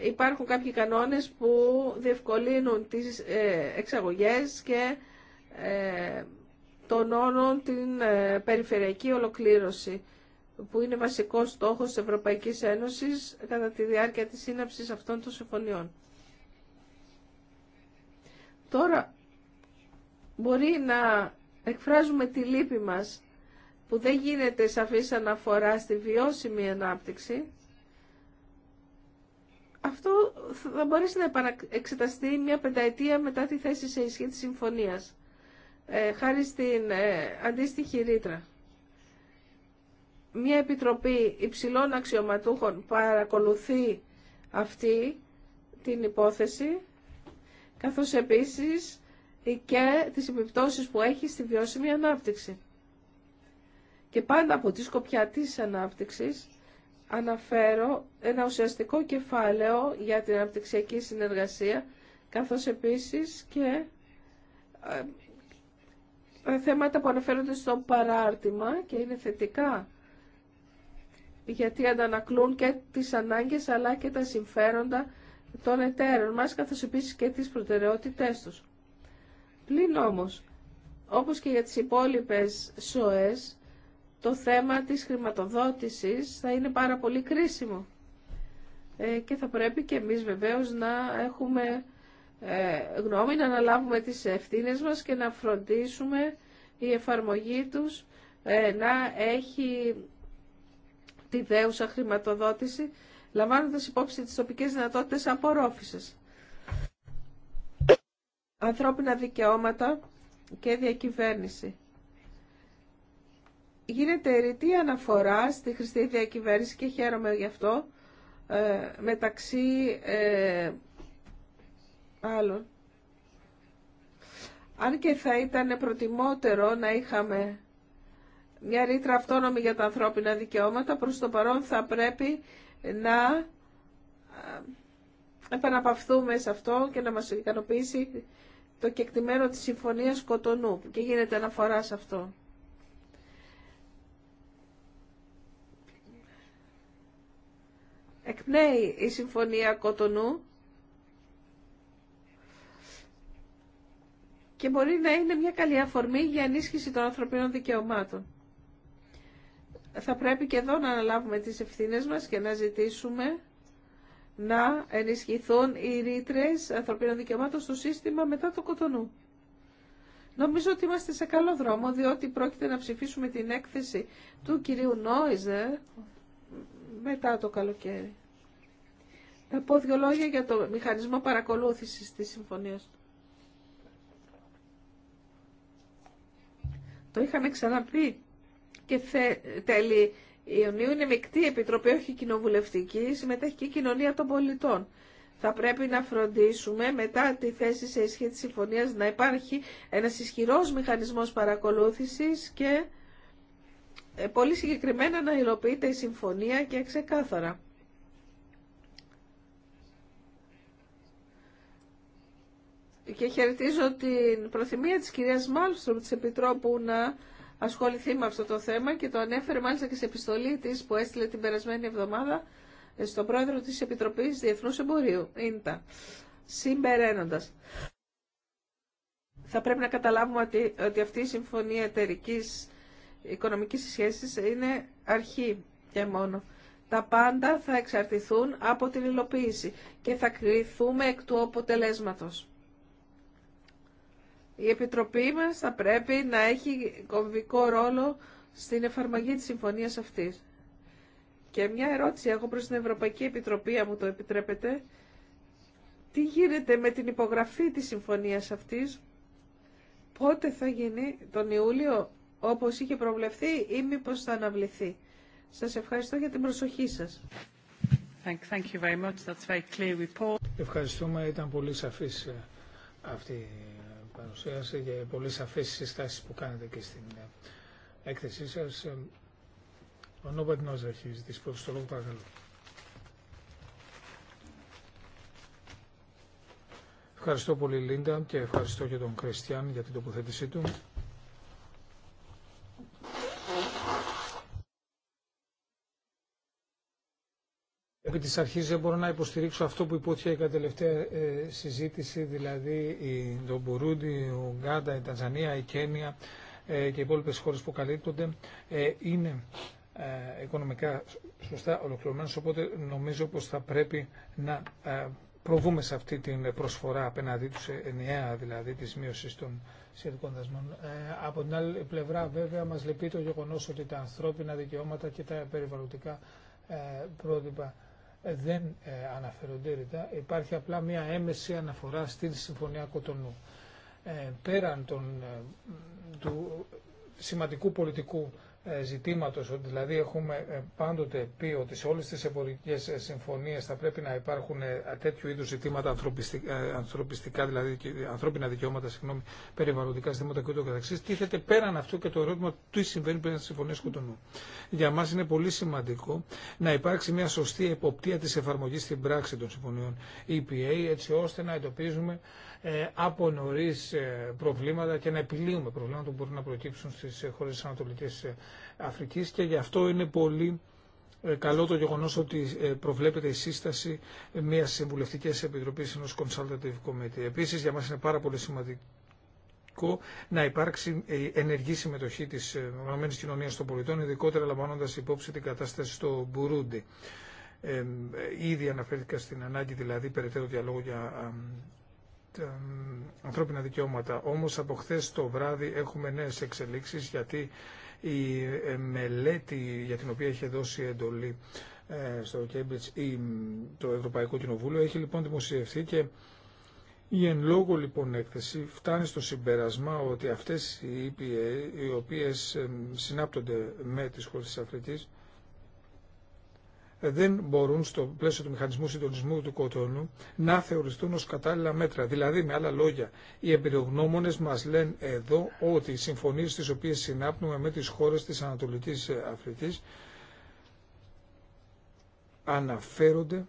υπάρχουν κάποιοι κανόνες που διευκολύνουν τις ε, εξαγωγές και ε, τονώνουν την ε, περιφερειακή ολοκλήρωση που είναι βασικός στόχος της Ευρωπαϊκής Ένωσης κατά τη διάρκεια της σύναψης αυτών των συμφωνιών. Τώρα μπορεί να εκφράζουμε τη λύπη μας που δεν γίνεται σαφής αναφορά στη βιώσιμη ανάπτυξη αυτό θα μπορέσει να επαναεξεταστεί μια πενταετία μετά τη θέση σε ισχύ της συμφωνίας, ε, χάρη στην ε, αντίστοιχη ρήτρα. Μια επιτροπή υψηλών αξιωματούχων παρακολουθεί αυτή την υπόθεση, καθώς επίσης και τις επιπτώσεις που έχει στη βιώσιμη ανάπτυξη. Και πάντα από τη σκοπιά της ανάπτυξης αναφέρω ένα ουσιαστικό κεφάλαιο για την αναπτυξιακή συνεργασία, καθώς επίσης και ε, ε, θέματα που αναφέρονται στο παράρτημα και είναι θετικά γιατί αντανακλούν και τις ανάγκες αλλά και τα συμφέροντα των εταίρων μας καθώς επίσης και τις προτεραιότητές τους. Πλην όμως, όπως και για τις υπόλοιπες ΣΟΕΣ, το θέμα της χρηματοδότησης θα είναι πάρα πολύ κρίσιμο. Ε, και θα πρέπει και εμείς βεβαίως να έχουμε ε, γνώμη, να αναλάβουμε τις ευθύνες μας και να φροντίσουμε η εφαρμογή τους ε, να έχει τη δέουσα χρηματοδότηση, λαμβάνοντας υπόψη τις τοπικές δυνατότητες απορρόφησης. Ανθρώπινα δικαιώματα και διακυβέρνηση γίνεται ρητή αναφορά στη χρηστή διακυβέρνηση και χαίρομαι γι' αυτό ε, μεταξύ ε, άλλων. Αν και θα ήταν προτιμότερο να είχαμε μια ρήτρα αυτόνομη για τα ανθρώπινα δικαιώματα, προς το παρόν θα πρέπει να ε, επαναπαυθούμε σε αυτό και να μας ικανοποιήσει το κεκτημένο της Συμφωνίας Κοτονού και γίνεται αναφορά σε αυτό. εκπνέει η Συμφωνία Κοτονού και μπορεί να είναι μια καλή αφορμή για ενίσχυση των ανθρωπίνων δικαιωμάτων. Θα πρέπει και εδώ να αναλάβουμε τις ευθύνες μας και να ζητήσουμε να ενισχυθούν οι ρήτρε ανθρωπίνων δικαιωμάτων στο σύστημα μετά το Κοτονού. Νομίζω ότι είμαστε σε καλό δρόμο, διότι πρόκειται να ψηφίσουμε την έκθεση του κυρίου Νόιζερ μετά το καλοκαίρι. Θα πω δύο λόγια για το μηχανισμό παρακολούθησης της συμφωνίας. Το είχαμε ξαναπεί και θε, τέλη Ιουνίου είναι μεικτή επιτροπή, όχι κοινοβουλευτική, συμμετέχει και η κοινωνία των πολιτών. Θα πρέπει να φροντίσουμε μετά τη θέση σε ισχύ της συμφωνίας να υπάρχει ένας ισχυρός μηχανισμός παρακολούθησης και ε, πολύ συγκεκριμένα να υλοποιείται η συμφωνία και ξεκάθαρα. Και χαιρετίζω την προθυμία της κυρίας Μάλστρομ της Επιτρόπου να ασχοληθεί με αυτό το θέμα και το ανέφερε μάλιστα και σε επιστολή της που έστειλε την περασμένη εβδομάδα ε, στον πρόεδρο της Επιτροπής Διεθνούς Εμπορίου, ίντα, συμπεραίνοντας. Θα πρέπει να καταλάβουμε ότι, ότι αυτή η συμφωνία εταιρικής οικονομικές σχέσεις είναι αρχή και μόνο. Τα πάντα θα εξαρτηθούν από την υλοποίηση και θα κρυθούμε εκ του αποτελέσματος. Η Επιτροπή μας θα πρέπει να έχει κομβικό ρόλο στην εφαρμογή της συμφωνίας αυτής. Και μια ερώτηση έχω προς την Ευρωπαϊκή Επιτροπή, αν μου το επιτρέπετε. Τι γίνεται με την υπογραφή της συμφωνίας αυτής, πότε θα γίνει, τον Ιούλιο, όπως είχε προβλεφθεί ή μήπως θα αναβληθεί. Σας ευχαριστώ για την προσοχή σας. Thank you very much. very clear report. Ευχαριστούμε. Ήταν πολύ σαφής ε, αυτή η παρουσίαση και πολύ οι συστάσεις που κάνετε και στην ε, έκθεσή σας. Ε, ο Νόμπαντ Νόζα έχει ζητήσει παρακαλώ. Ευχαριστώ πολύ Λίντα και ευχαριστώ και τον Κριστιαν για την τοποθέτησή του. επί της αρχής δεν μπορώ να υποστηρίξω αυτό που υπόθηκε η τελευταία ε, συζήτηση, δηλαδή το Μπουρούντι, η Ουγγάντα, η Τανζανία, η Κένια ε, και οι υπόλοιπε χώρε που καλύπτονται ε, είναι οικονομικά σωστά ολοκληρωμένες, οπότε νομίζω πως θα πρέπει να προβούμε σε αυτή την προσφορά απέναντί τους ενιαία δηλαδή της μείωσης των σχετικών δασμών. από την άλλη πλευρά βέβαια μας λυπεί το γεγονός ότι τα ανθρώπινα δικαιώματα και τα περιβαλλοντικά ε, πρότυπα δεν ε, αναφέρονται ρητά. Υπάρχει απλά μια έμεση αναφορά στη Συμφωνία Κοτονού. Ε, πέραν των, ε, του σημαντικού πολιτικού ε, ζητήματος, ότι δηλαδή έχουμε ε, πάντοτε πει ότι σε όλες τις εμπορικές ε, συμφωνίες θα πρέπει να υπάρχουν τέτοιου είδους ζητήματα ανθρωπιστικά, ανθρωπιστικά δηλαδή ανθρώπινα δικαιώματα, συγγνώμη, περιβαλλοντικά ζητήματα κ.ο.κ. ούτω τίθεται πέραν αυτού και το ερώτημα τι συμβαίνει πέραν τη συμφωνίες κοντονού. Για μας είναι πολύ σημαντικό να υπάρξει μια σωστή εποπτεία της εφαρμογής στην πράξη των συμφωνιών EPA, έτσι ώστε να εντοπίζουμε ε, από νωρί ε, προβλήματα και να επιλύουμε προβλήματα που μπορούν να προκύψουν στις ε, χώρες της Ανατολικής Αφρικής και γι' αυτό είναι πολύ καλό το γεγονό ότι προβλέπεται η σύσταση μια συμβουλευτική επιτροπή ενό consultative committee. Επίση για μα είναι πάρα πολύ σημαντικό να υπάρξει ενεργή συμμετοχή της Οργανωμένης Κοινωνίας των Πολιτών, ειδικότερα λαμβάνοντας υπόψη την κατάσταση στο Μπουρούντι. Ε, ήδη αναφέρθηκα στην ανάγκη δηλαδή περαιτέρω διαλόγου για ανθρώπινα δικαιώματα. Όμως από χθε το βράδυ έχουμε νέες εξελίξεις γιατί η ε, μελέτη για την οποία είχε δώσει εντολή ε, στο Κέμπριτς ή το Ευρωπαϊκό Κοινοβούλιο έχει λοιπόν δημοσιευθεί και η εν λόγω λοιπόν έκθεση φτάνει στο συμπέρασμα ότι αυτές οι EPA οι οποίες ε, συνάπτονται με τις χώρες της Αφρικής ε, δεν μπορούν στο πλαίσιο του μηχανισμού συντονισμού του κοτόνου να θεωρηθούν ως κατάλληλα μέτρα. Δηλαδή, με άλλα λόγια, οι εμπειρογνώμονες μας λένε εδώ ότι οι συμφωνίες τις οποίες συνάπνουμε με τις χώρες της Ανατολικής Αφρικής αναφέρονται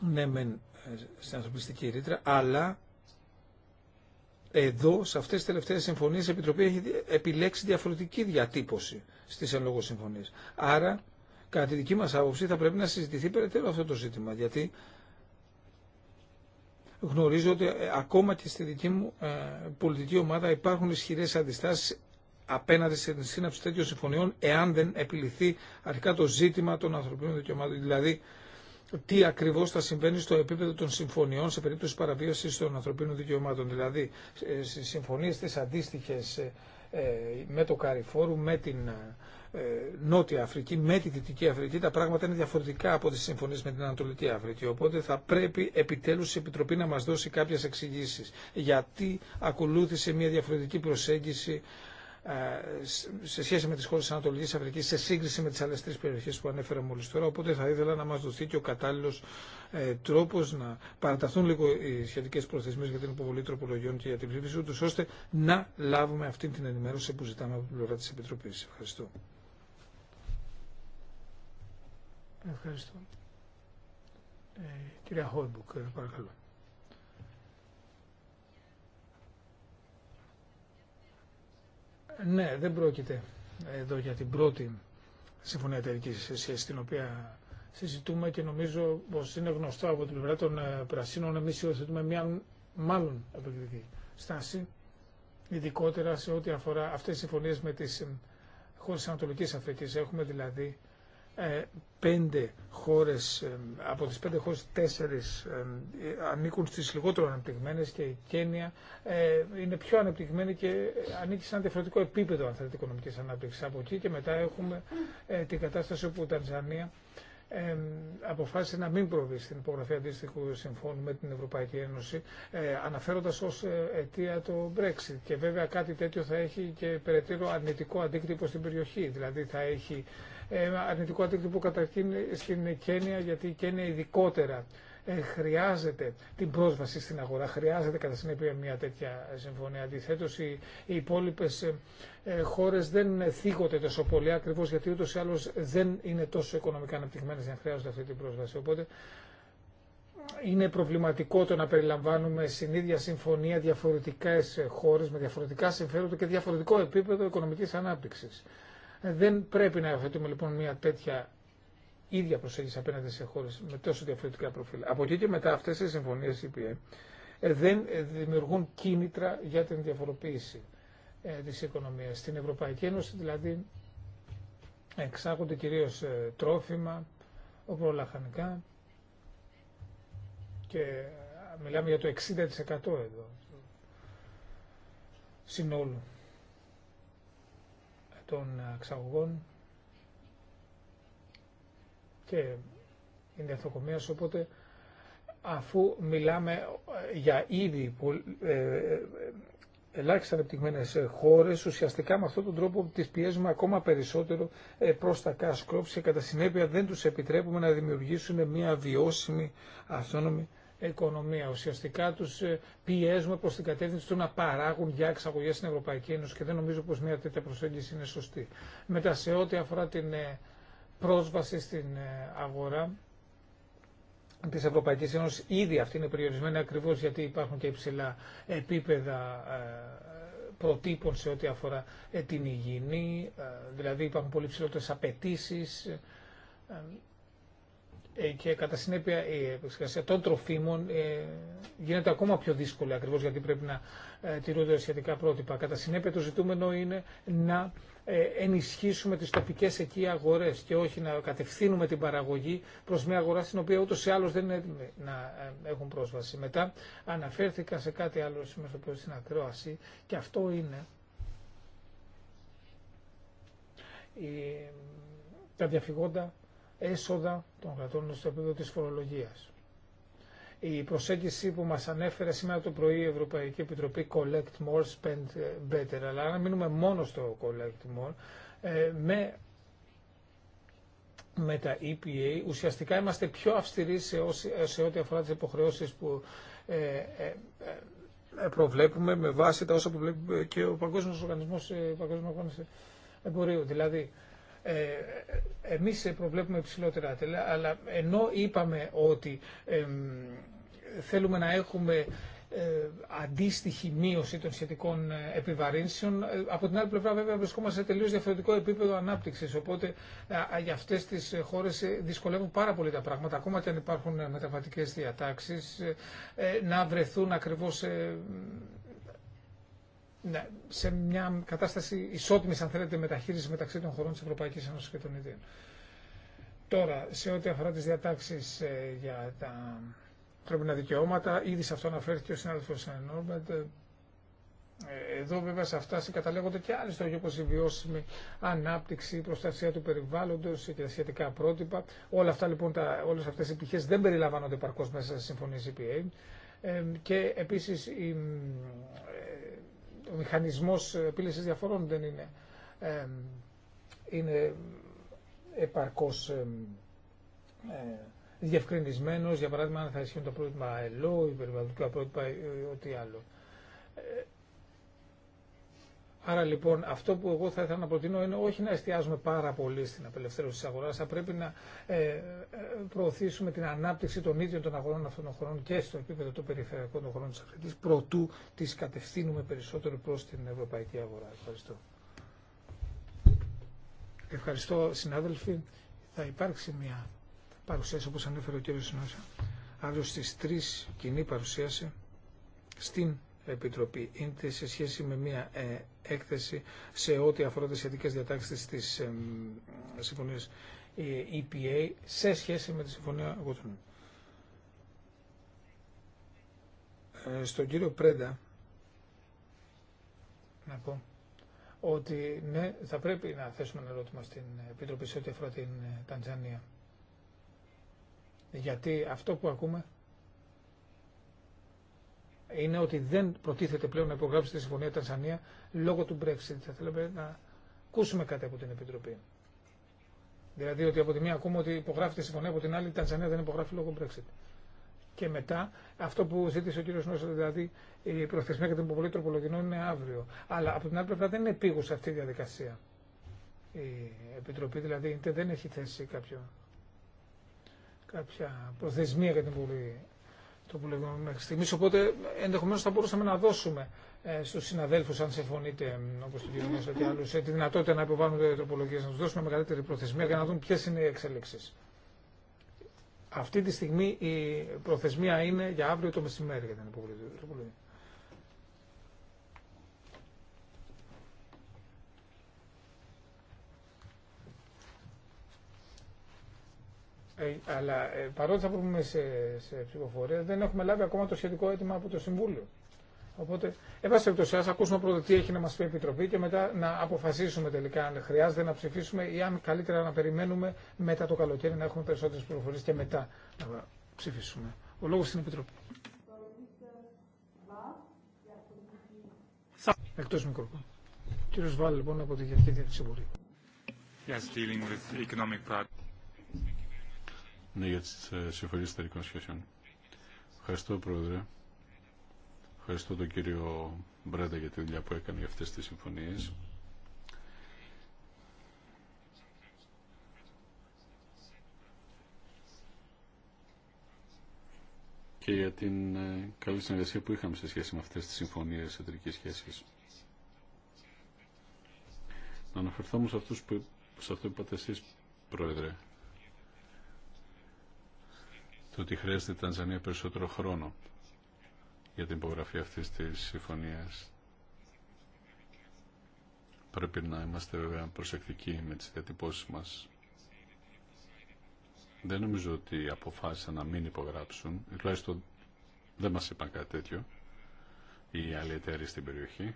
ναι μεν ε, στην ανθρωπιστική ρήτρα, αλλά εδώ, σε αυτές τις τελευταίες συμφωνίες, η Επιτροπή έχει επιλέξει διαφορετική διατύπωση στις εν συμφωνίες. Άρα, κατά τη δική μας άποψη θα πρέπει να συζητηθεί περαιτέρω αυτό το ζήτημα γιατί γνωρίζω ότι ε, ακόμα και στη δική μου ε, πολιτική ομάδα υπάρχουν ισχυρές αντιστάσεις απέναντι στην σύναψη τέτοιων συμφωνιών εάν δεν επιληθεί αρχικά το ζήτημα των ανθρωπίνων δικαιωμάτων. Δηλαδή τι ακριβώ θα συμβαίνει στο επίπεδο των συμφωνιών σε περίπτωση παραβίαση των ανθρωπίνων δικαιωμάτων. Δηλαδή, ε, στι συμφωνίε τι αντίστοιχε ε, ε, με το Καριφόρου, με την Νότια Αφρική, με τη Δυτική Αφρική, τα πράγματα είναι διαφορετικά από τι συμφωνίε με την Ανατολική Αφρική. Οπότε θα πρέπει επιτέλου η Επιτροπή να μα δώσει κάποιε εξηγήσει. Γιατί ακολούθησε μια διαφορετική προσέγγιση σε σχέση με τις χώρες της Ανατολικής Αφρικής σε σύγκριση με τις άλλες τρεις περιοχές που ανέφερα μόλις τώρα οπότε θα ήθελα να μας δοθεί και ο κατάλληλος ε, τρόπος να παραταθούν λίγο οι σχετικές προθεσμίες για την υποβολή τροπολογιών και για την ψήφιση ούτως ώστε να λάβουμε αυτή την ενημέρωση που ζητάμε από την πλευρά της Επιτροπής. Ευχαριστώ. Ευχαριστώ. Ε, κυρία Χόιμπουκ, παρακαλώ. Ναι, δεν πρόκειται εδώ για την πρώτη συμφωνία εταιρική σχέση την οποία συζητούμε και νομίζω πω είναι γνωστό από την πλευρά των ε, Πρασίνων εμεί υιοθετούμε μια μάλλον επικριτική στάση, ειδικότερα σε ό,τι αφορά αυτέ τι συμφωνίε με τι ε, χώρε τη Ανατολική Αφρική. Έχουμε δηλαδή ε, πέντε χώρες, ε, από τις πέντε χώρες τέσσερις ε, ανήκουν στις λιγότερο αναπτυγμένες και η Κένια είναι πιο αναπτυγμένη και ανήκει σε ένα διαφορετικό επίπεδο αν θέλετε οικονομικής ανάπτυξης. Από εκεί και μετά έχουμε την κατάσταση όπου η Τανζανία ε, αποφάσισε να μην προβεί στην υπογραφή αντίστοιχου συμφώνου με την Ευρωπαϊκή Ένωση, ε, αναφέροντα ω αιτία το Brexit. Και βέβαια κάτι τέτοιο θα έχει και περαιτέρω αρνητικό αντίκτυπο στην περιοχή. Δηλαδή θα έχει ε, αρνητικό αντίκτυπο καταρχήν στην Κένια, γιατί η Κένια ειδικότερα ε, χρειάζεται την πρόσβαση στην αγορά, χρειάζεται κατά συνέπεια μια τέτοια συμφωνία. Αντιθέτω, οι, υπόλοιπε ε, χώρε δεν θίγονται τόσο πολύ, ακριβώ γιατί ούτω ή άλλω δεν είναι τόσο οικονομικά αναπτυγμένε για να χρειάζονται αυτή την πρόσβαση. Οπότε, είναι προβληματικό το να περιλαμβάνουμε στην ίδια συμφωνία διαφορετικές χώρες με διαφορετικά συμφέροντα και διαφορετικό επίπεδο οικονομική ανάπτυξης. Δεν πρέπει να υιοθετούμε λοιπόν μια τέτοια ίδια προσέγγιση απέναντι σε χώρε με τόσο διαφορετικά προφίλ. Από εκεί και μετά αυτέ οι συμφωνίε ε, δεν ε, δημιουργούν κίνητρα για την διαφοροποίηση ε, της οικονομίας. Στην Ευρωπαϊκή Ένωση δηλαδή εξάγονται κυρίως τρόφιμα, οπρολαχανικά και μιλάμε για το 60% εδώ συνόλου των ε, εξαγωγών και είναι ενδιαθοκομείας, οπότε αφού μιλάμε ε, για ήδη ε, ελάχιστα ανεπτυγμένε χώρε, ουσιαστικά με αυτόν τον τρόπο τι πιέζουμε ακόμα περισσότερο προ τα cash crops και κατά συνέπεια δεν του επιτρέπουμε να δημιουργήσουν μια βιώσιμη, αυτόνομη οικονομία. Ουσιαστικά του ε, πιέζουμε προ την κατεύθυνση του να παράγουν για εξαγωγέ στην Ευρωπαϊκή Ένωση και δεν νομίζω πω μια τέτοια προσέγγιση είναι σωστή. Μετά σε ό,τι αφορά την ε, πρόσβαση στην ε, αγορά, της Ευρωπαϊκής Ένωσης ήδη αυτή είναι περιορισμένη ακριβώς γιατί υπάρχουν και υψηλά επίπεδα προτύπων σε ό,τι αφορά την υγιεινή, δηλαδή υπάρχουν πολύ ψηλότερε απαιτήσει ε, και κατά συνέπεια η επεξεργασία των τροφίμων ε, γίνεται ακόμα πιο δύσκολη ακριβώς γιατί πρέπει να ε, τηρούνται σχετικά πρότυπα. Κατά συνέπεια το ζητούμενο είναι να ενισχύσουμε τις τοπικές εκεί αγορές και όχι να κατευθύνουμε την παραγωγή προς μια αγορά στην οποία ούτως ή άλλως δεν είναι έτοιμοι να έχουν πρόσβαση. Μετά αναφέρθηκα σε κάτι άλλο σήμερα στο οποίο στην ακρόαση και αυτό είναι τα διαφυγόντα έσοδα των κρατών στο επίπεδο της φορολογίας. Η προσέγγιση που μας ανέφερε σήμερα το πρωί η Ευρωπαϊκή Επιτροπή Collect More, Spend Better, αλλά να μείνουμε μόνο στο Collect More, ε, με, με τα EPA ουσιαστικά είμαστε πιο αυστηροί σε, σε ό,τι αφορά τις υποχρεώσεις που ε, ε, ε, προβλέπουμε με βάση τα όσα προβλέπει και ο Παγκόσμιος Οργανισμός ε, Παγκόσμιο Εμπορίου. Δηλαδή, ε, εμείς προβλέπουμε υψηλότερα τέλα, αλλά ενώ είπαμε ότι θέλουμε να έχουμε ε, αντίστοιχη μείωση των σχετικών ε, επιβαρύνσεων. Από την άλλη πλευρά βέβαια βρισκόμαστε σε τελείως διαφορετικό επίπεδο ανάπτυξης, οπότε για αυτές τις χώρες δυσκολεύουν πάρα πολύ τα πράγματα, ακόμα και αν υπάρχουν μεταβατικές διατάξεις, να βρεθούν ακριβώς ναι, σε μια κατάσταση ισότιμης, αν θέλετε, μεταχείριση μεταξύ των χωρών τη Ευρωπαϊκή Ένωση και των ίδιων. Τώρα, σε ό,τι αφορά τις διατάξεις ε, για τα ανθρώπινα δικαιώματα, ήδη σε αυτό αναφέρθηκε ο συνάδελφος Νόρμπαντ, ε, εδώ βέβαια σε αυτά συγκαταλέγονται και άλλε στόχοι όπω η βιώσιμη ανάπτυξη, η προστασία του περιβάλλοντο και τα σχετικά πρότυπα. Όλα αυτά λοιπόν, όλες οι πτυχές δεν περιλαμβάνονται παρκώ μέσα στι συμφωνίε EPA. Ε, και επίση. η ο μηχανισμός επίλυσης διαφορών δεν είναι, ε, είναι επαρκώς ε, ε, για παράδειγμα αν θα ισχύουν τα πρότυπα ΕΛΟ, η περιβαλλοντικά πρότυπα ή ό,τι άλλο. Ε, Άρα λοιπόν αυτό που εγώ θα ήθελα να προτείνω είναι όχι να εστιάζουμε πάρα πολύ στην απελευθέρωση της αγοράς θα πρέπει να ε, ε, προωθήσουμε την ανάπτυξη των ίδιων των αγορών αυτών των χωρών και στο επίπεδο των περιφερειακών των χωρών τη Αφρικής, προτού τις κατευθύνουμε περισσότερο προς την ευρωπαϊκή αγορά. Ευχαριστώ. Ευχαριστώ συνάδελφοι. Θα υπάρξει μια παρουσίαση όπως ανέφερε ο κ. Συνόσα αύριο στις 3 κοινή παρουσίαση στην Επιτροπή. Είναι σε σχέση με μια ε, έκθεση σε ό,τι αφορά τις σχετικές διατάξεις της συμφωνίας ε, EPA σε σχέση με τη συμφωνία Ε, Στον κύριο Πρέντα να πω ότι ναι, θα πρέπει να θέσουμε ένα ερώτημα στην Επιτροπή σε ό,τι αφορά την ε, Τανζανία. Γιατί αυτό που ακούμε είναι ότι δεν προτίθεται πλέον να υπογράψει τη Συμφωνία Τανζανία λόγω του Brexit. Θα θέλαμε να ακούσουμε κάτι από την Επιτροπή. Δηλαδή ότι από τη μία ακούμε ότι υπογράφει τη συμφωνία, από την άλλη η Τανζανία δεν υπογράφει λόγω Brexit. Και μετά, αυτό που ζήτησε ο κύριο Νόσο, δηλαδή η προθεσμία για την υποβολή τροπολογινών είναι αύριο. Αλλά από την άλλη πλευρά δεν είναι επίγουσα αυτή η διαδικασία. Η Επιτροπή δηλαδή δεν έχει θέσει κάποιο, κάποια προθεσμία για την υποβολή το που λέμε μέχρι στιγμή, Οπότε ενδεχομένως θα μπορούσαμε να δώσουμε ε, στους συναδέλφου αν συμφωνείτε, όπως το κύριο Μέσο και άλλους, ε, τη δυνατότητα να υποβάλουν τροπολογίε, να τους δώσουμε μεγαλύτερη προθεσμία για να δουν ποιε είναι οι εξελίξεις. Αυτή τη στιγμή η προθεσμία είναι για αύριο το μεσημέρι για την υποβολή Ε, αλλά ε, παρότι θα βρούμε σε, σε ψηφοφορία, δεν έχουμε λάβει ακόμα το σχετικό αίτημα από το Συμβούλιο. Οπότε, εν πάση περιπτώσει, α ακούσουμε πρώτα τι έχει να μα πει η Επιτροπή και μετά να αποφασίσουμε τελικά αν χρειάζεται να ψηφίσουμε ή αν καλύτερα να περιμένουμε μετά το καλοκαίρι να έχουμε περισσότερε πληροφορίε και μετά να ψηφίσουμε. Ο λόγο στην Επιτροπή. Εκτό μικρόφωνο. Κύριο Βάλ, λοιπόν, από τη Γενική Yes, dealing with economic ναι, για τι ε, συμφωνίε εταιρικών σχέσεων. Ευχαριστώ, Πρόεδρε. Ευχαριστώ τον κύριο Μπρέντα για τη δουλειά που έκανε για αυτές τις συμφωνίες. και για την ε, καλή συνεργασία που είχαμε σε σχέση με αυτές τις συμφωνίες εταιρικής σχέσης. Να αναφερθώ όμως σε, που, σε αυτό που είπατε εσείς, Πρόεδρε, το ότι χρειάζεται η Τανζανία περισσότερο χρόνο για την υπογραφή αυτής της συμφωνίας. Πρέπει να είμαστε βέβαια προσεκτικοί με τις διατυπώσεις μας. Δεν νομίζω ότι αποφάσισαν να μην υπογράψουν, τουλάχιστον δεν μας είπαν κάτι τέτοιο, οι άλλοι στην περιοχή.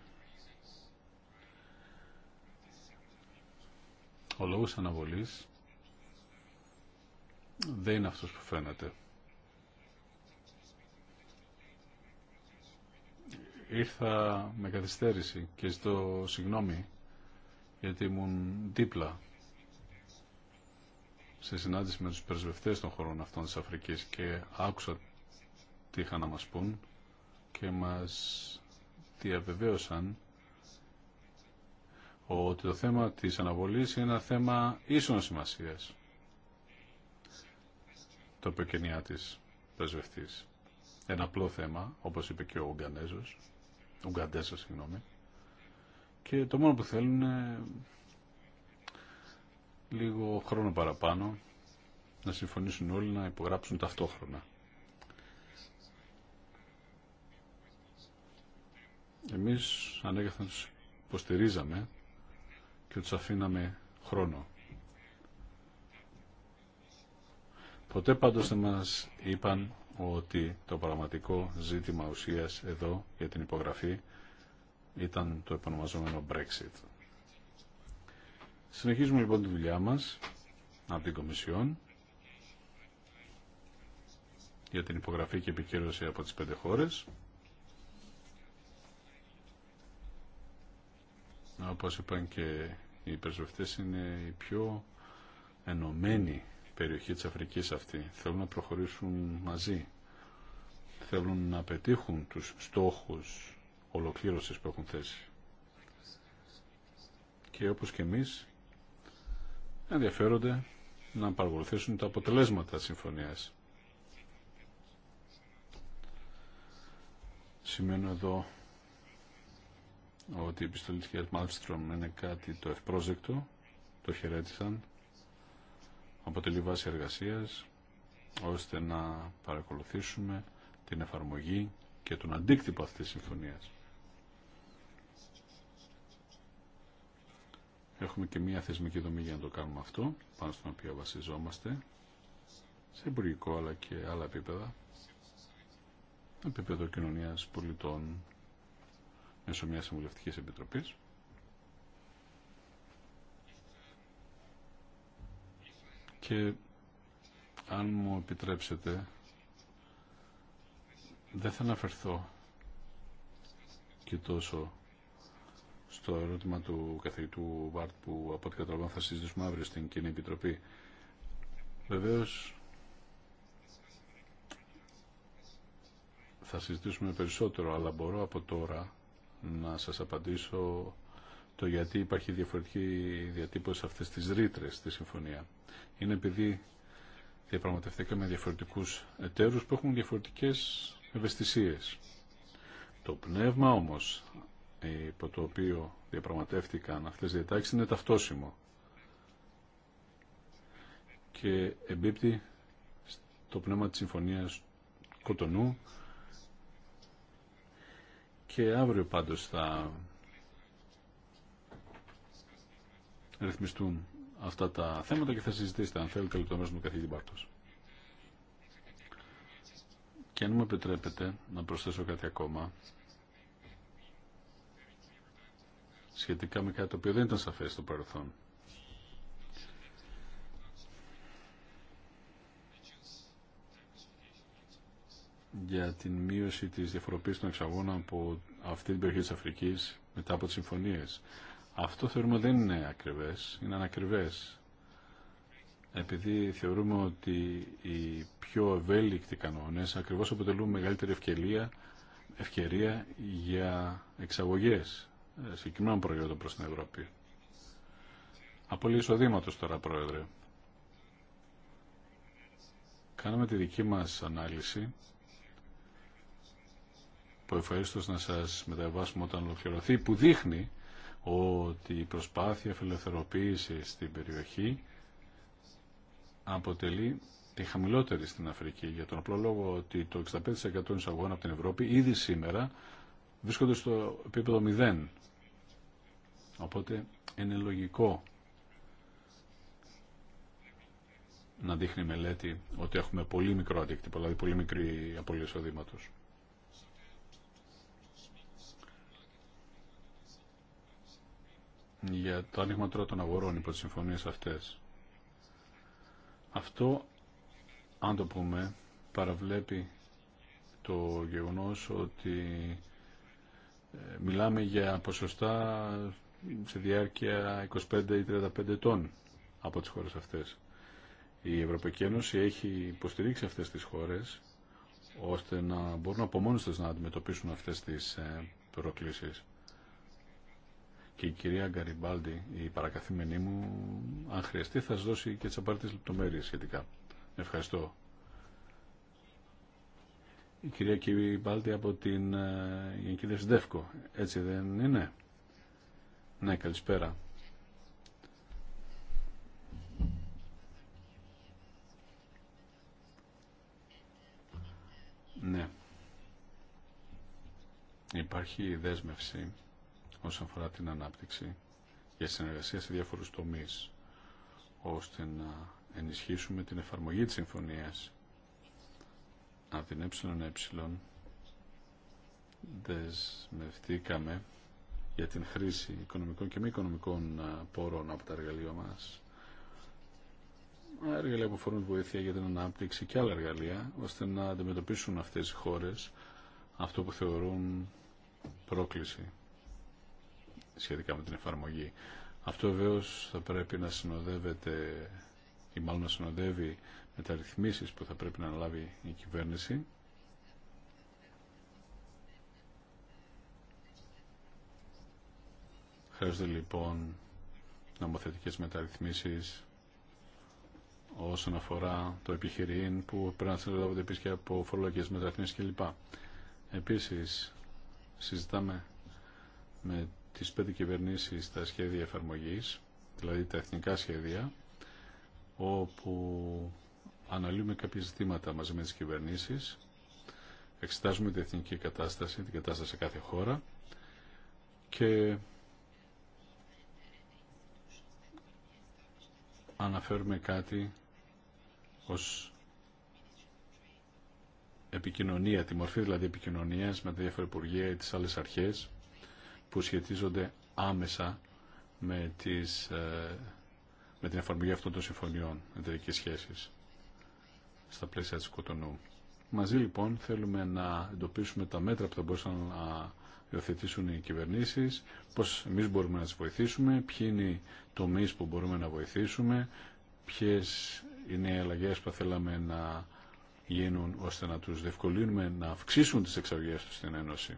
Ο λόγος αναβολής δεν είναι αυτός που φαίνεται. Ήρθα με καθυστέρηση και ζητώ συγγνώμη γιατί ήμουν δίπλα σε συνάντηση με τους περισβευτές των χωρών αυτών της Αφρικής και άκουσα τι είχαν να μας πούν και μας διαβεβαίωσαν ότι το θέμα της αναβολής είναι ένα θέμα ίσων σημασίας. Το οποίο και της Ένα απλό θέμα, όπως είπε και ο Ουγγανέζος, σα συγγνώμη. Και το μόνο που θέλουν είναι λίγο χρόνο παραπάνω να συμφωνήσουν όλοι να υπογράψουν ταυτόχρονα. Εμείς ανέκαθεν τους υποστηρίζαμε και τους αφήναμε χρόνο. Ποτέ πάντως δεν μας είπαν ότι το πραγματικό ζήτημα ουσίας εδώ για την υπογραφή ήταν το επανομαζόμενο Brexit. Συνεχίζουμε λοιπόν τη δουλειά μας από την Κομισιόν για την υπογραφή και επικύρωση από τις πέντε χώρες. Όπως είπαν και οι υπερσβευτές είναι οι πιο ενωμένοι περιοχή της Αφρικής αυτή. Θέλουν να προχωρήσουν μαζί. Θέλουν να πετύχουν τους στόχους ολοκλήρωσης που έχουν θέσει. Και όπως και εμείς ενδιαφέρονται να παρακολουθήσουν τα αποτελέσματα της συμφωνίας. Σημαίνω εδώ ότι η επιστολή της είναι κάτι το ευπρόσδεκτο, το χαιρέτησαν αποτελεί βάση εργασίας ώστε να παρακολουθήσουμε την εφαρμογή και τον αντίκτυπο αυτής της συμφωνίας. Έχουμε και μία θεσμική δομή για να το κάνουμε αυτό, πάνω στην οποία βασιζόμαστε, σε υπουργικό αλλά και άλλα επίπεδα, επίπεδο κοινωνίας πολιτών, μέσω μιας συμβουλευτικής επιτροπής. και αν μου επιτρέψετε δεν θα αναφερθώ και τόσο στο ερώτημα του καθηγητού Βάρτ που από ό,τι καταλαβαίνω θα συζητήσουμε αύριο στην Κοινή Επιτροπή. Βεβαίως θα συζητήσουμε περισσότερο αλλά μπορώ από τώρα να σας απαντήσω το γιατί υπάρχει διαφορετική διατύπωση αυτές τις ρήτρε στη συμφωνία. Είναι επειδή διαπραγματευτήκαμε διαφορετικούς εταίρους που έχουν διαφορετικές ευαισθησίες. Το πνεύμα όμως υπό το οποίο διαπραγματεύτηκαν αυτές οι διατάξεις είναι ταυτόσιμο και εμπίπτει στο πνεύμα της Συμφωνίας Κοτονού και αύριο πάντως θα ρυθμιστούν αυτά τα θέματα και θα συζητήσετε αν θέλετε λεπτομέρειες με καθηγητή Μπάρτος. Και αν μου επιτρέπετε να προσθέσω κάτι ακόμα σχετικά με κάτι το οποίο δεν ήταν σαφές στο παρελθόν. για την μείωση της διαφοροποίησης των εξαγών από αυτή την περιοχή της Αφρικής μετά από τις συμφωνίες. Αυτό θεωρούμε δεν είναι ακριβές, είναι ανακριβές. Επειδή θεωρούμε ότι οι πιο ευέλικτοι κανόνες ακριβώς αποτελούν μεγαλύτερη ευκαιρία, ευκαιρία για εξαγωγές συγκεκριμένων προϊόντων προς την Ευρώπη. Απόλυ εισοδήματος τώρα, Πρόεδρε. Κάναμε τη δική μας ανάλυση που ευχαριστώ να σας μεταβάσουμε όταν ολοκληρωθεί, που δείχνει ότι η προσπάθεια φιλελευθερωποίησης στην περιοχή αποτελεί τη χαμηλότερη στην Αφρική για τον απλό λόγο ότι το 65% εισαγωγών από την Ευρώπη ήδη σήμερα βρίσκονται στο επίπεδο 0. Οπότε είναι λογικό να δείχνει η μελέτη ότι έχουμε πολύ μικρό αντίκτυπο, δηλαδή πολύ μικρή απολύτω οδήματος. για το άνοιγμα τώρα των αγορών υπό τις συμφωνίες αυτές. Αυτό, αν το πούμε, παραβλέπει το γεγονός ότι ε, μιλάμε για ποσοστά σε διάρκεια 25 ή 35 ετών από τις χώρες αυτές. Η Ευρωπαϊκή Ένωση έχει υποστηρίξει αυτές τις χώρες ώστε να μπορούν από μόνες να αντιμετωπίσουν αυτές τις ε, προκλήσεις και η κυρία Γκαριμπάλντι, η παρακαθήμενή μου, αν χρειαστεί θα σας δώσει και τις απαραίτητες λεπτομέρειες σχετικά. Ευχαριστώ. Η κυρία Γκαριμπάλντι από την ε, Γενική Δευκό. έτσι δεν είναι. Ναι, καλησπέρα. Ναι. Υπάρχει δέσμευση όσον αφορά την ανάπτυξη για συνεργασία σε διάφορους τομείς ώστε να ενισχύσουμε την εφαρμογή της συμφωνίας από την ΕΕ δεσμευτήκαμε για την χρήση οικονομικών και μη οικονομικών πόρων από τα εργαλεία μας εργαλεία που αφορούν βοήθεια για την ανάπτυξη και άλλα εργαλεία ώστε να αντιμετωπίσουν αυτές οι χώρες αυτό που θεωρούν πρόκληση σχετικά με την εφαρμογή. Αυτό βεβαίω θα πρέπει να συνοδεύεται ή μάλλον να συνοδεύει μεταρρυθμίσεις που θα πρέπει να αναλάβει η κυβέρνηση Χρειάζονται λοιπόν νομοθετικές μεταρρυθμίσεις όσον αφορά το επιχειρήν που πρέπει να συνεργάζονται επίσης και από φορολογικές μεταρρυθμίσεις κλπ. Επίσης συζητάμε με τις πέντε κυβερνήσεις τα σχέδια εφαρμογή, δηλαδή τα εθνικά σχέδια εφαρμογής, δηλαδή τα εθνικά σχέδια, όπου αναλύουμε κάποια ζητήματα μαζί με τις κυβερνήσεις, εξετάζουμε την εθνική κατάσταση, την κατάσταση σε κάθε χώρα και αναφέρουμε κάτι ως επικοινωνία, τη μορφή δηλαδή επικοινωνίας με τα διάφορα υπουργεία ή τις άλλες αρχές που σχετίζονται άμεσα με, τις, ε, με την εφαρμογή αυτών των συμφωνιών εταιρικής σχέσης στα πλαίσια της Κοτονού. Μαζί λοιπόν θέλουμε να εντοπίσουμε τα μέτρα που θα μπορούσαν να υιοθετήσουν οι κυβερνήσεις, πώς εμείς μπορούμε να τις βοηθήσουμε, ποιοι είναι οι τομείς που μπορούμε να βοηθήσουμε, ποιες είναι οι αλλαγές που θέλαμε να γίνουν ώστε να τους διευκολύνουμε να αυξήσουν τις εξαγωγές τους στην Ένωση.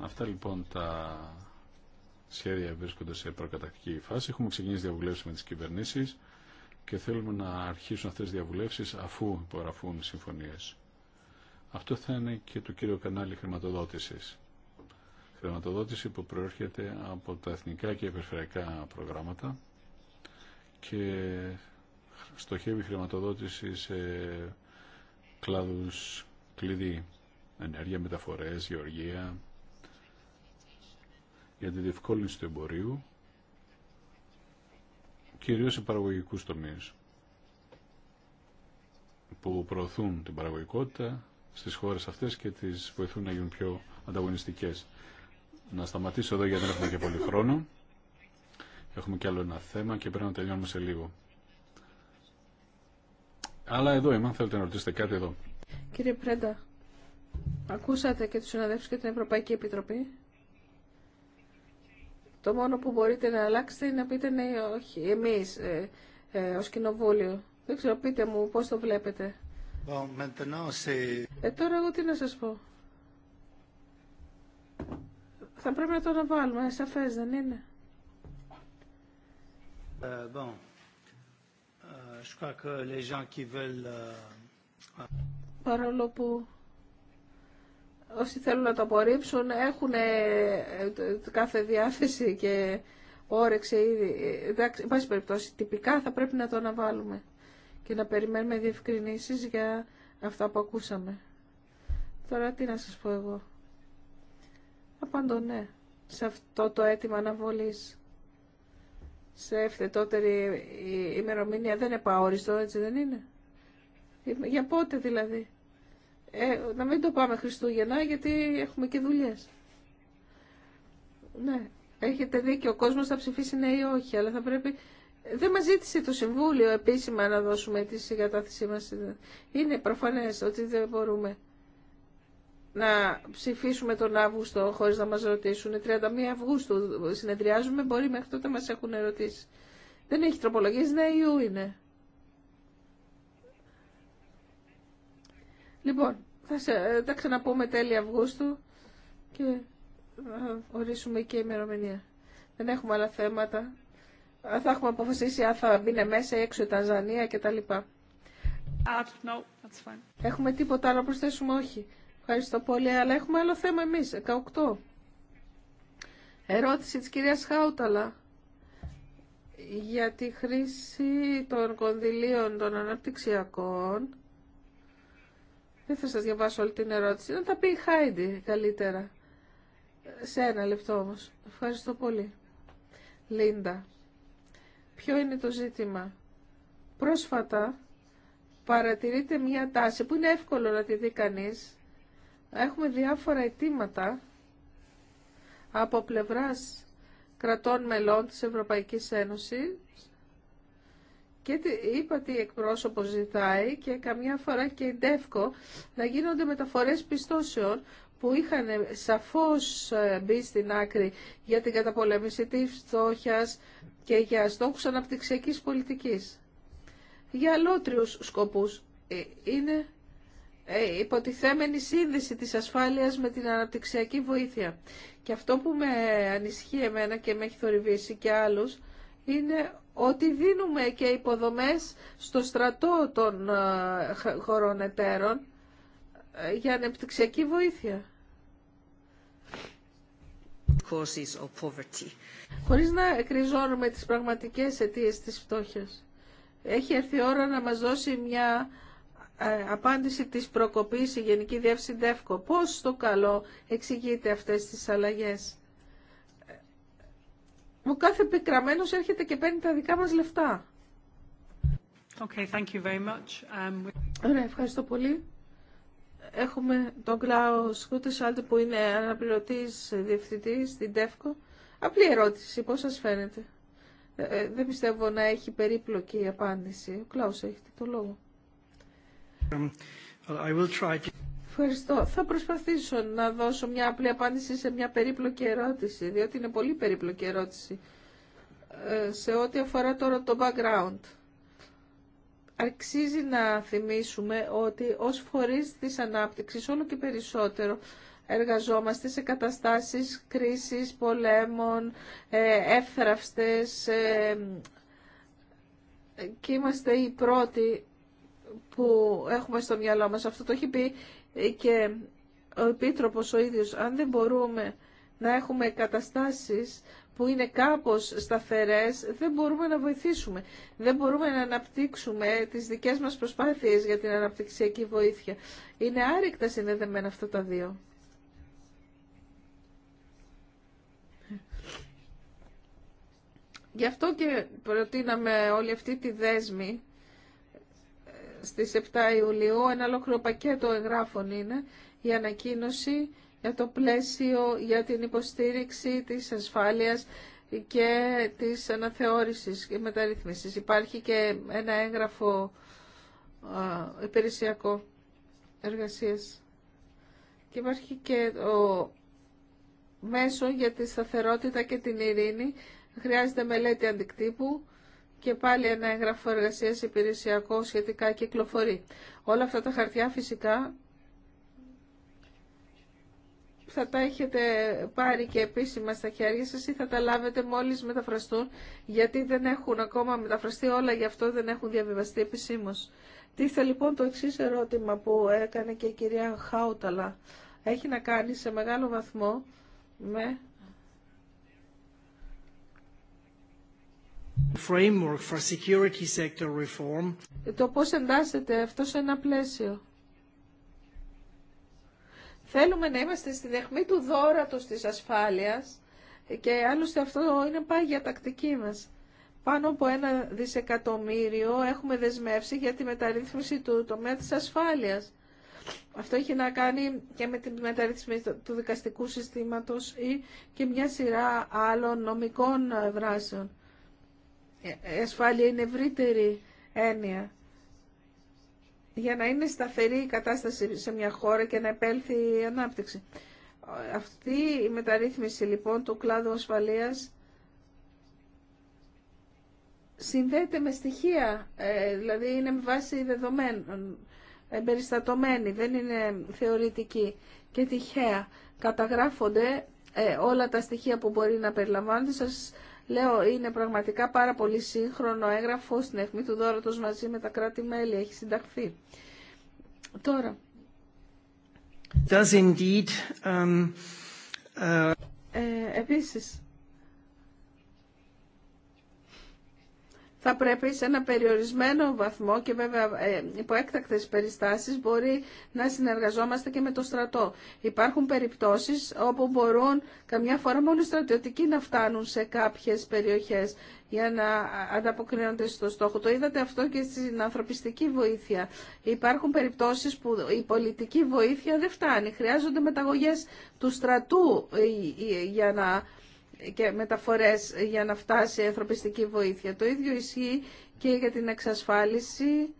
Αυτά λοιπόν τα σχέδια βρίσκονται σε προκατακτική φάση. Έχουμε ξεκινήσει διαβουλεύσει με τις κυβερνήσεις και θέλουμε να αρχίσουν αυτές τι διαβουλεύσεις αφού υπογραφούν οι συμφωνίες. Αυτό θα είναι και το κύριο κανάλι χρηματοδότησης. Χρηματοδότηση που προέρχεται από τα εθνικά και περιφερειακά προγράμματα και στοχεύει χρηματοδότηση σε κλάδους κλειδί, ενέργεια, μεταφορές, γεωργία, για τη διευκόλυνση του εμπορίου, κυρίως σε παραγωγικούς τομείς που προωθούν την παραγωγικότητα στις χώρες αυτές και τις βοηθούν να γίνουν πιο ανταγωνιστικές. Να σταματήσω εδώ γιατί δεν έχουμε και πολύ χρόνο. Έχουμε και άλλο ένα θέμα και πρέπει να τελειώνουμε σε λίγο. Αλλά εδώ είμαι, αν θέλετε να ρωτήσετε κάτι εδώ. Κύριε Πρέντα, ακούσατε και τους συναδέλφους και την Ευρωπαϊκή Επιτροπή. Το μόνο που μπορείτε να αλλάξετε είναι να πείτε ναι ή όχι. Εμείς ε, ε ως κοινοβούλιο. Δεν ξέρω, πείτε μου πώ το βλέπετε. ε, τώρα εγώ τι να σα πω. Θα πρέπει να το αναβάλουμε, ε, σαφέ δεν είναι. Παρόλο που όσοι θέλουν να το απορρίψουν έχουν ε, κάθε διάθεση και όρεξη ήδη. Εντάξει, εν πάση περιπτώσει, τυπικά θα πρέπει να το αναβάλουμε και να περιμένουμε διευκρινήσεις για αυτά που ακούσαμε. Τώρα τι να σας πω εγώ. Απάντω ναι σε αυτό το αίτημα αναβολής. Σε ευθετότερη ημερομηνία δεν είναι έτσι δεν είναι. Ε, για πότε δηλαδή. Ε, να μην το πάμε Χριστούγεννα γιατί έχουμε και δουλειές. Ναι, έχετε και ο κόσμος θα ψηφίσει ναι ή όχι, αλλά θα πρέπει... Δεν μας ζήτησε το Συμβούλιο επίσημα να δώσουμε τη συγκατάθεσή μας. Είναι προφανές ότι δεν μπορούμε να ψηφίσουμε τον Αύγουστο χωρίς να μας ρωτήσουν. 31 Αυγούστου συνεδριάζουμε, μπορεί μέχρι τότε μας έχουν ερωτήσει. Δεν έχει τροπολογίες, ναι ή είναι. Λοιπόν, θα ε, τα ξαναπούμε τέλη Αυγούστου και θα ορίσουμε και ημερομηνία. Δεν έχουμε άλλα θέματα. Ε, θα έχουμε αποφασίσει αν θα μπει μέσα ή έξω η Τανζανία κτλ. έχουμε τίποτα άλλο να προσθέσουμε, όχι. Ευχαριστώ πολύ, αλλά έχουμε άλλο θέμα εμείς, 18. Ερώτηση της κυρίας Χάουταλα για τη χρήση των κονδυλίων των αναπτυξιακών δεν θα σας διαβάσω όλη την ερώτηση. Να τα πει η Χάιντι καλύτερα. Σε ένα λεπτό όμως. Ευχαριστώ πολύ. Λίντα. Ποιο είναι το ζήτημα. Πρόσφατα παρατηρείται μια τάση που είναι εύκολο να τη δει κανείς. Έχουμε διάφορα αιτήματα από πλευράς κρατών μελών της Ευρωπαϊκής Ένωσης και είπα τι εκπρόσωπο ζητάει και καμιά φορά και η να γίνονται μεταφορές πιστώσεων που είχαν σαφώς ε, μπει στην άκρη για την καταπολέμηση της φτώχειας και για στόχους αναπτυξιακής πολιτικής. Για αλότριους σκοπούς ε, είναι ε, υποτιθέμενη σύνδεση της ασφάλειας με την αναπτυξιακή βοήθεια. Και αυτό που με ανισχύει εμένα και με έχει θορυβήσει και άλλους είναι ότι δίνουμε και υποδομές στο στρατό των ε, χωρών εταίρων ε, για ανεπτυξιακή βοήθεια. Χωρίς να εκριζώνουμε τις πραγματικές αιτίες της φτώχειας. Έχει έρθει η ώρα να μας δώσει μια ε, απάντηση της προκοπής η Γενική Διεύθυνση ΔΕΦΚΟ. Πώς το καλό εξηγείται αυτές τις αλλαγές. Ο κάθε πικραμένος έρχεται και παίρνει τα δικά μας λεφτά. Okay, thank you very much. Um, Ωραία, ευχαριστώ πολύ. Έχουμε τον Κλάο Σκούτεσάλτε που είναι αναπληρωτής διευθυντής στην ΤΕΦΚΟ. Απλή ερώτηση, πώς σας φαίνεται. Ε, ε, δεν πιστεύω να έχει περίπλοκη απάντηση. Ο Κλάος έχετε το λόγο. Um, I will try to... Ευχαριστώ. Θα προσπαθήσω να δώσω μια απλή απάντηση σε μια περίπλοκη ερώτηση, διότι είναι πολύ περίπλοκη ερώτηση ε, σε ό,τι αφορά τώρα το background. Αξίζει να θυμίσουμε ότι ως φορείς της ανάπτυξης όλο και περισσότερο εργαζόμαστε σε καταστάσεις κρίσης, πολέμων, ε, εύθραυστες ε, και είμαστε οι πρώτοι που έχουμε στο μυαλό μας. Αυτό το έχει πει και ο Επίτροπος ο ίδιος, αν δεν μπορούμε να έχουμε καταστάσεις που είναι κάπως σταθερές, δεν μπορούμε να βοηθήσουμε. Δεν μπορούμε να αναπτύξουμε τις δικές μας προσπάθειες για την αναπτυξιακή βοήθεια. Είναι άρρηκτα συνδεδεμένα αυτά τα δύο. Γι' αυτό και προτείναμε όλη αυτή τη δέσμη στις 7 Ιουλίου. Ένα ολόκληρο πακέτο εγγράφων είναι η ανακοίνωση για το πλαίσιο για την υποστήριξη της ασφάλειας και της αναθεώρησης και μεταρρύθμισης. Υπάρχει και ένα έγγραφο υπηρεσιακό εργασίας. Και υπάρχει και μέσο για τη σταθερότητα και την ειρήνη. Χρειάζεται μελέτη αντικτύπου και πάλι ένα έγγραφο εργασίας υπηρεσιακό σχετικά κυκλοφορεί. Όλα αυτά τα χαρτιά φυσικά θα τα έχετε πάρει και επίσημα στα χέρια σας ή θα τα λάβετε μόλις μεταφραστούν γιατί δεν έχουν ακόμα μεταφραστεί όλα γι' αυτό δεν έχουν διαβιβαστεί επισήμως. Τι θα λοιπόν το εξή ερώτημα που έκανε και η κυρία Χάουταλα έχει να κάνει σε μεγάλο βαθμό με Framework Το πώς εντάσσεται αυτό σε ένα πλαίσιο. Θέλουμε να είμαστε στη δεχμή του δόρατος της ασφάλειας και άλλωστε αυτό είναι πάγια τακτική μας. Πάνω από ένα δισεκατομμύριο έχουμε δεσμεύσει για τη μεταρρύθμιση του τομέα της ασφάλειας. Αυτό έχει να κάνει και με τη μεταρρύθμιση του δικαστικού συστήματος ή και μια σειρά άλλων νομικών δράσεων. Η ε, ε, ασφάλεια είναι ευρύτερη έννοια. Για να είναι σταθερή η κατάσταση σε μια χώρα και να επέλθει η ανάπτυξη. Αυτή η μεταρρύθμιση λοιπόν του κλάδου ασφαλείας συνδέεται με στοιχεία, ε, δηλαδή είναι με βάση δεδομένων, εμπεριστατωμένη, δεν είναι θεωρητική και τυχαία. Καταγράφονται όλα τα στοιχεία που μπορεί να περιλαμβάνονται. Λέω, είναι πραγματικά πάρα πολύ σύγχρονο έγγραφο στην αιχμή του δώρατος μαζί με τα κράτη-μέλη. Έχει συνταχθεί. Τώρα. Does indeed, um, uh, ε, επίσης, θα πρέπει σε ένα περιορισμένο βαθμό και βέβαια ε, υπό έκτακτες περιστάσεις μπορεί να συνεργαζόμαστε και με το στρατό. Υπάρχουν περιπτώσεις όπου μπορούν καμιά φορά μόνο οι στρατιωτικοί να φτάνουν σε κάποιες περιοχές για να ανταποκρίνονται στο στόχο. Το είδατε αυτό και στην ανθρωπιστική βοήθεια. Υπάρχουν περιπτώσεις που η πολιτική βοήθεια δεν φτάνει. Χρειάζονται μεταγωγές του στρατού ε, ε, για να και μεταφορές για να φτάσει η ανθρωπιστική βοήθεια. Το ίδιο ισχύει και για την εξασφάλιση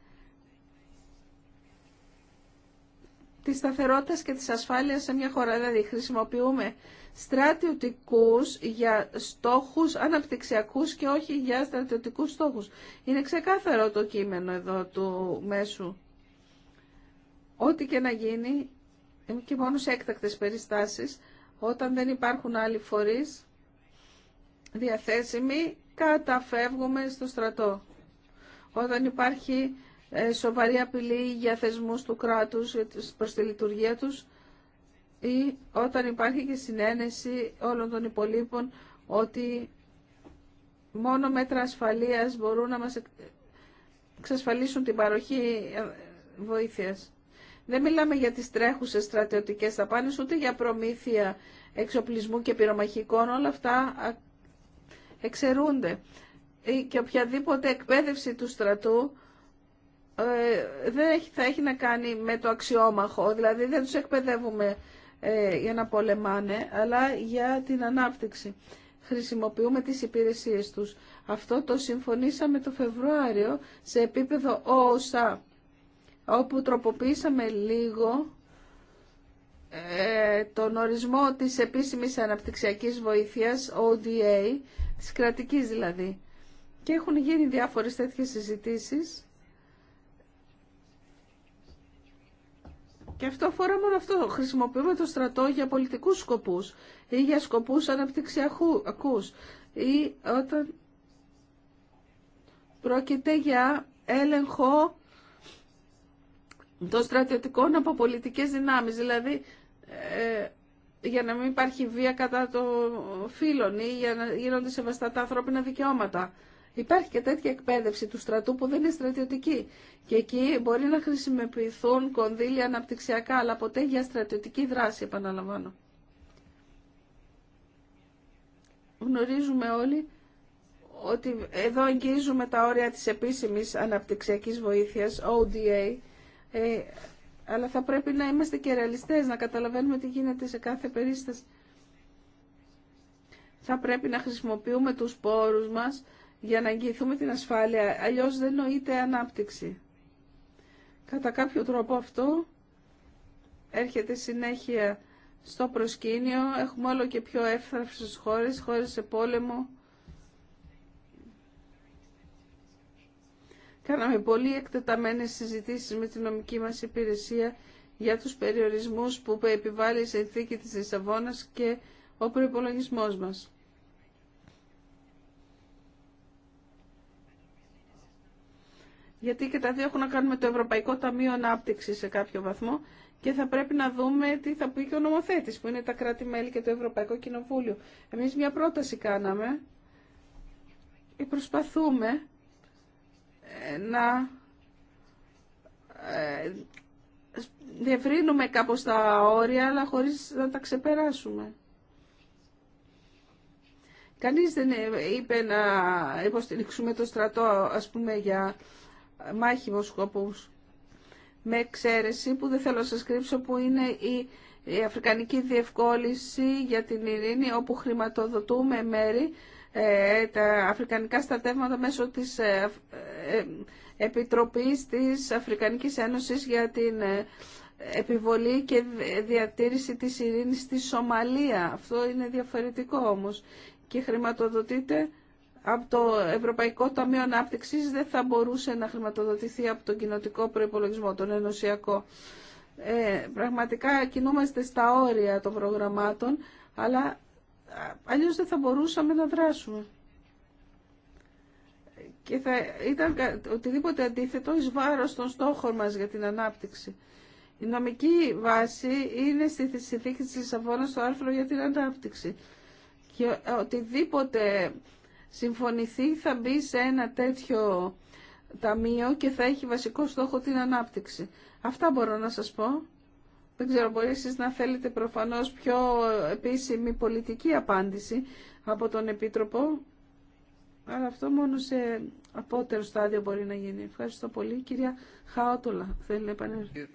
της σταθερότητας και της ασφάλειας σε μια χώρα. Δηλαδή χρησιμοποιούμε στρατιωτικούς για στόχους αναπτυξιακούς και όχι για στρατιωτικούς στόχους. Είναι ξεκάθαρο το κείμενο εδώ του μέσου. Ό,τι και να γίνει, και μόνο σε έκτακτες περιστάσεις, όταν δεν υπάρχουν άλλοι φορείς, διαθέσιμη, καταφεύγουμε στο στρατό. Όταν υπάρχει ε, σοβαρή απειλή για θεσμούς του κράτους προς τη λειτουργία τους ή όταν υπάρχει και συνένεση όλων των υπολείπων ότι μόνο μέτρα ασφαλείας μπορούν να μας εξασφαλίσουν την παροχή ε, βοήθειας. Δεν μιλάμε για τις τρέχουσες στρατιωτικές ταπάνες, ούτε για προμήθεια εξοπλισμού και πυρομαχικών. Όλα αυτά εξαιρούνται ε, και οποιαδήποτε εκπαίδευση του στρατού ε, δεν θα έχει να κάνει με το αξιόμαχο, δηλαδή δεν τους εκπαιδεύουμε ε, για να πολεμάνε, αλλά για την ανάπτυξη. Χρησιμοποιούμε τις υπηρεσίες τους. Αυτό το συμφωνήσαμε το Φεβρουάριο σε επίπεδο όσα όπου τροποποίησαμε λίγο ε, τον ορισμό της επίσημης αναπτυξιακής βοήθειας, ODA, της κρατικής δηλαδή. Και έχουν γίνει διάφορες τέτοιες συζητήσεις. Και αυτό αφορά μόνο αυτό. Χρησιμοποιούμε το στρατό για πολιτικούς σκοπούς ή για σκοπούς αναπτυξιακούς ή όταν πρόκειται για έλεγχο των στρατιωτικών από πολιτικές δυνάμεις. Δηλαδή ε, για να μην υπάρχει βία κατά το φίλων ή για να γίνονται σεβαστά τα ανθρώπινα δικαιώματα. Υπάρχει και τέτοια εκπαίδευση του στρατού που δεν είναι στρατιωτική. Και εκεί μπορεί να χρησιμοποιηθούν κονδύλια αναπτυξιακά, αλλά ποτέ για στρατιωτική δράση, επαναλαμβάνω. Γνωρίζουμε όλοι ότι εδώ εγγύζουμε τα όρια της επίσημης αναπτυξιακής βοήθειας, ODA, ε, αλλά θα πρέπει να είμαστε και ρεαλιστές, να καταλαβαίνουμε τι γίνεται σε κάθε περίσταση. Θα πρέπει να χρησιμοποιούμε τους πόρους μας για να εγγυηθούμε την ασφάλεια, αλλιώς δεν νοείται ανάπτυξη. Κατά κάποιο τρόπο αυτό έρχεται συνέχεια στο προσκήνιο, έχουμε όλο και πιο εύθραυσες χώρες, χώρες σε πόλεμο, Κάναμε πολύ εκτεταμένες συζητήσεις με την νομική μας υπηρεσία για τους περιορισμούς που επιβάλλει η συνθήκη της Λισαβόνα και ο προπολογισμό μας. Γιατί και τα δύο έχουν να κάνουν με το Ευρωπαϊκό Ταμείο Ανάπτυξη σε κάποιο βαθμό και θα πρέπει να δούμε τι θα πει και ο νομοθέτης που είναι τα κράτη-μέλη και το Ευρωπαϊκό Κοινοβούλιο. Εμεί μια πρόταση κάναμε και προσπαθούμε να ε, διευρύνουμε κάπως τα όρια, αλλά χωρίς να τα ξεπεράσουμε. Κανείς δεν είπε να υποστηρίξουμε το στρατό, ας πούμε, για μάχημους σκοπούς. Με εξαίρεση, που δεν θέλω να σας κρύψω, που είναι η, η Αφρικανική Διευκόλυνση για την Ειρήνη, όπου χρηματοδοτούμε μέρη ε, τα αφρικανικά στατεύματα μέσω της ε, ε, Επιτροπής της Αφρικανικής Ένωσης για την επιβολή και διατήρηση της ειρήνης στη Σομαλία. Αυτό είναι διαφορετικό όμως και χρηματοδοτείται από το Ευρωπαϊκό Ταμείο Ανάπτυξη δεν θα μπορούσε να χρηματοδοτηθεί από τον κοινοτικό προϋπολογισμό, τον ενωσιακό. Ε, πραγματικά κινούμαστε στα όρια των προγραμμάτων, αλλά αλλιώς δεν θα μπορούσαμε να δράσουμε. Και θα ήταν οτιδήποτε αντίθετο εις βάρος των στόχων μας για την ανάπτυξη. Η νομική βάση είναι στη συνθήκη της Λισαβόνας στο άρθρο για την ανάπτυξη. Και οτιδήποτε συμφωνηθεί θα μπει σε ένα τέτοιο ταμείο και θα έχει βασικό στόχο την ανάπτυξη. Αυτά μπορώ να σας πω. Δεν ξέρω, μπορεί να θέλετε προφανώς πιο επίσημη πολιτική απάντηση από τον Επίτροπο, αλλά αυτό μόνο σε απότερο στάδιο μπορεί να γίνει. Ευχαριστώ πολύ. Κυρία Χαότολα, θέλει να επανέλθει.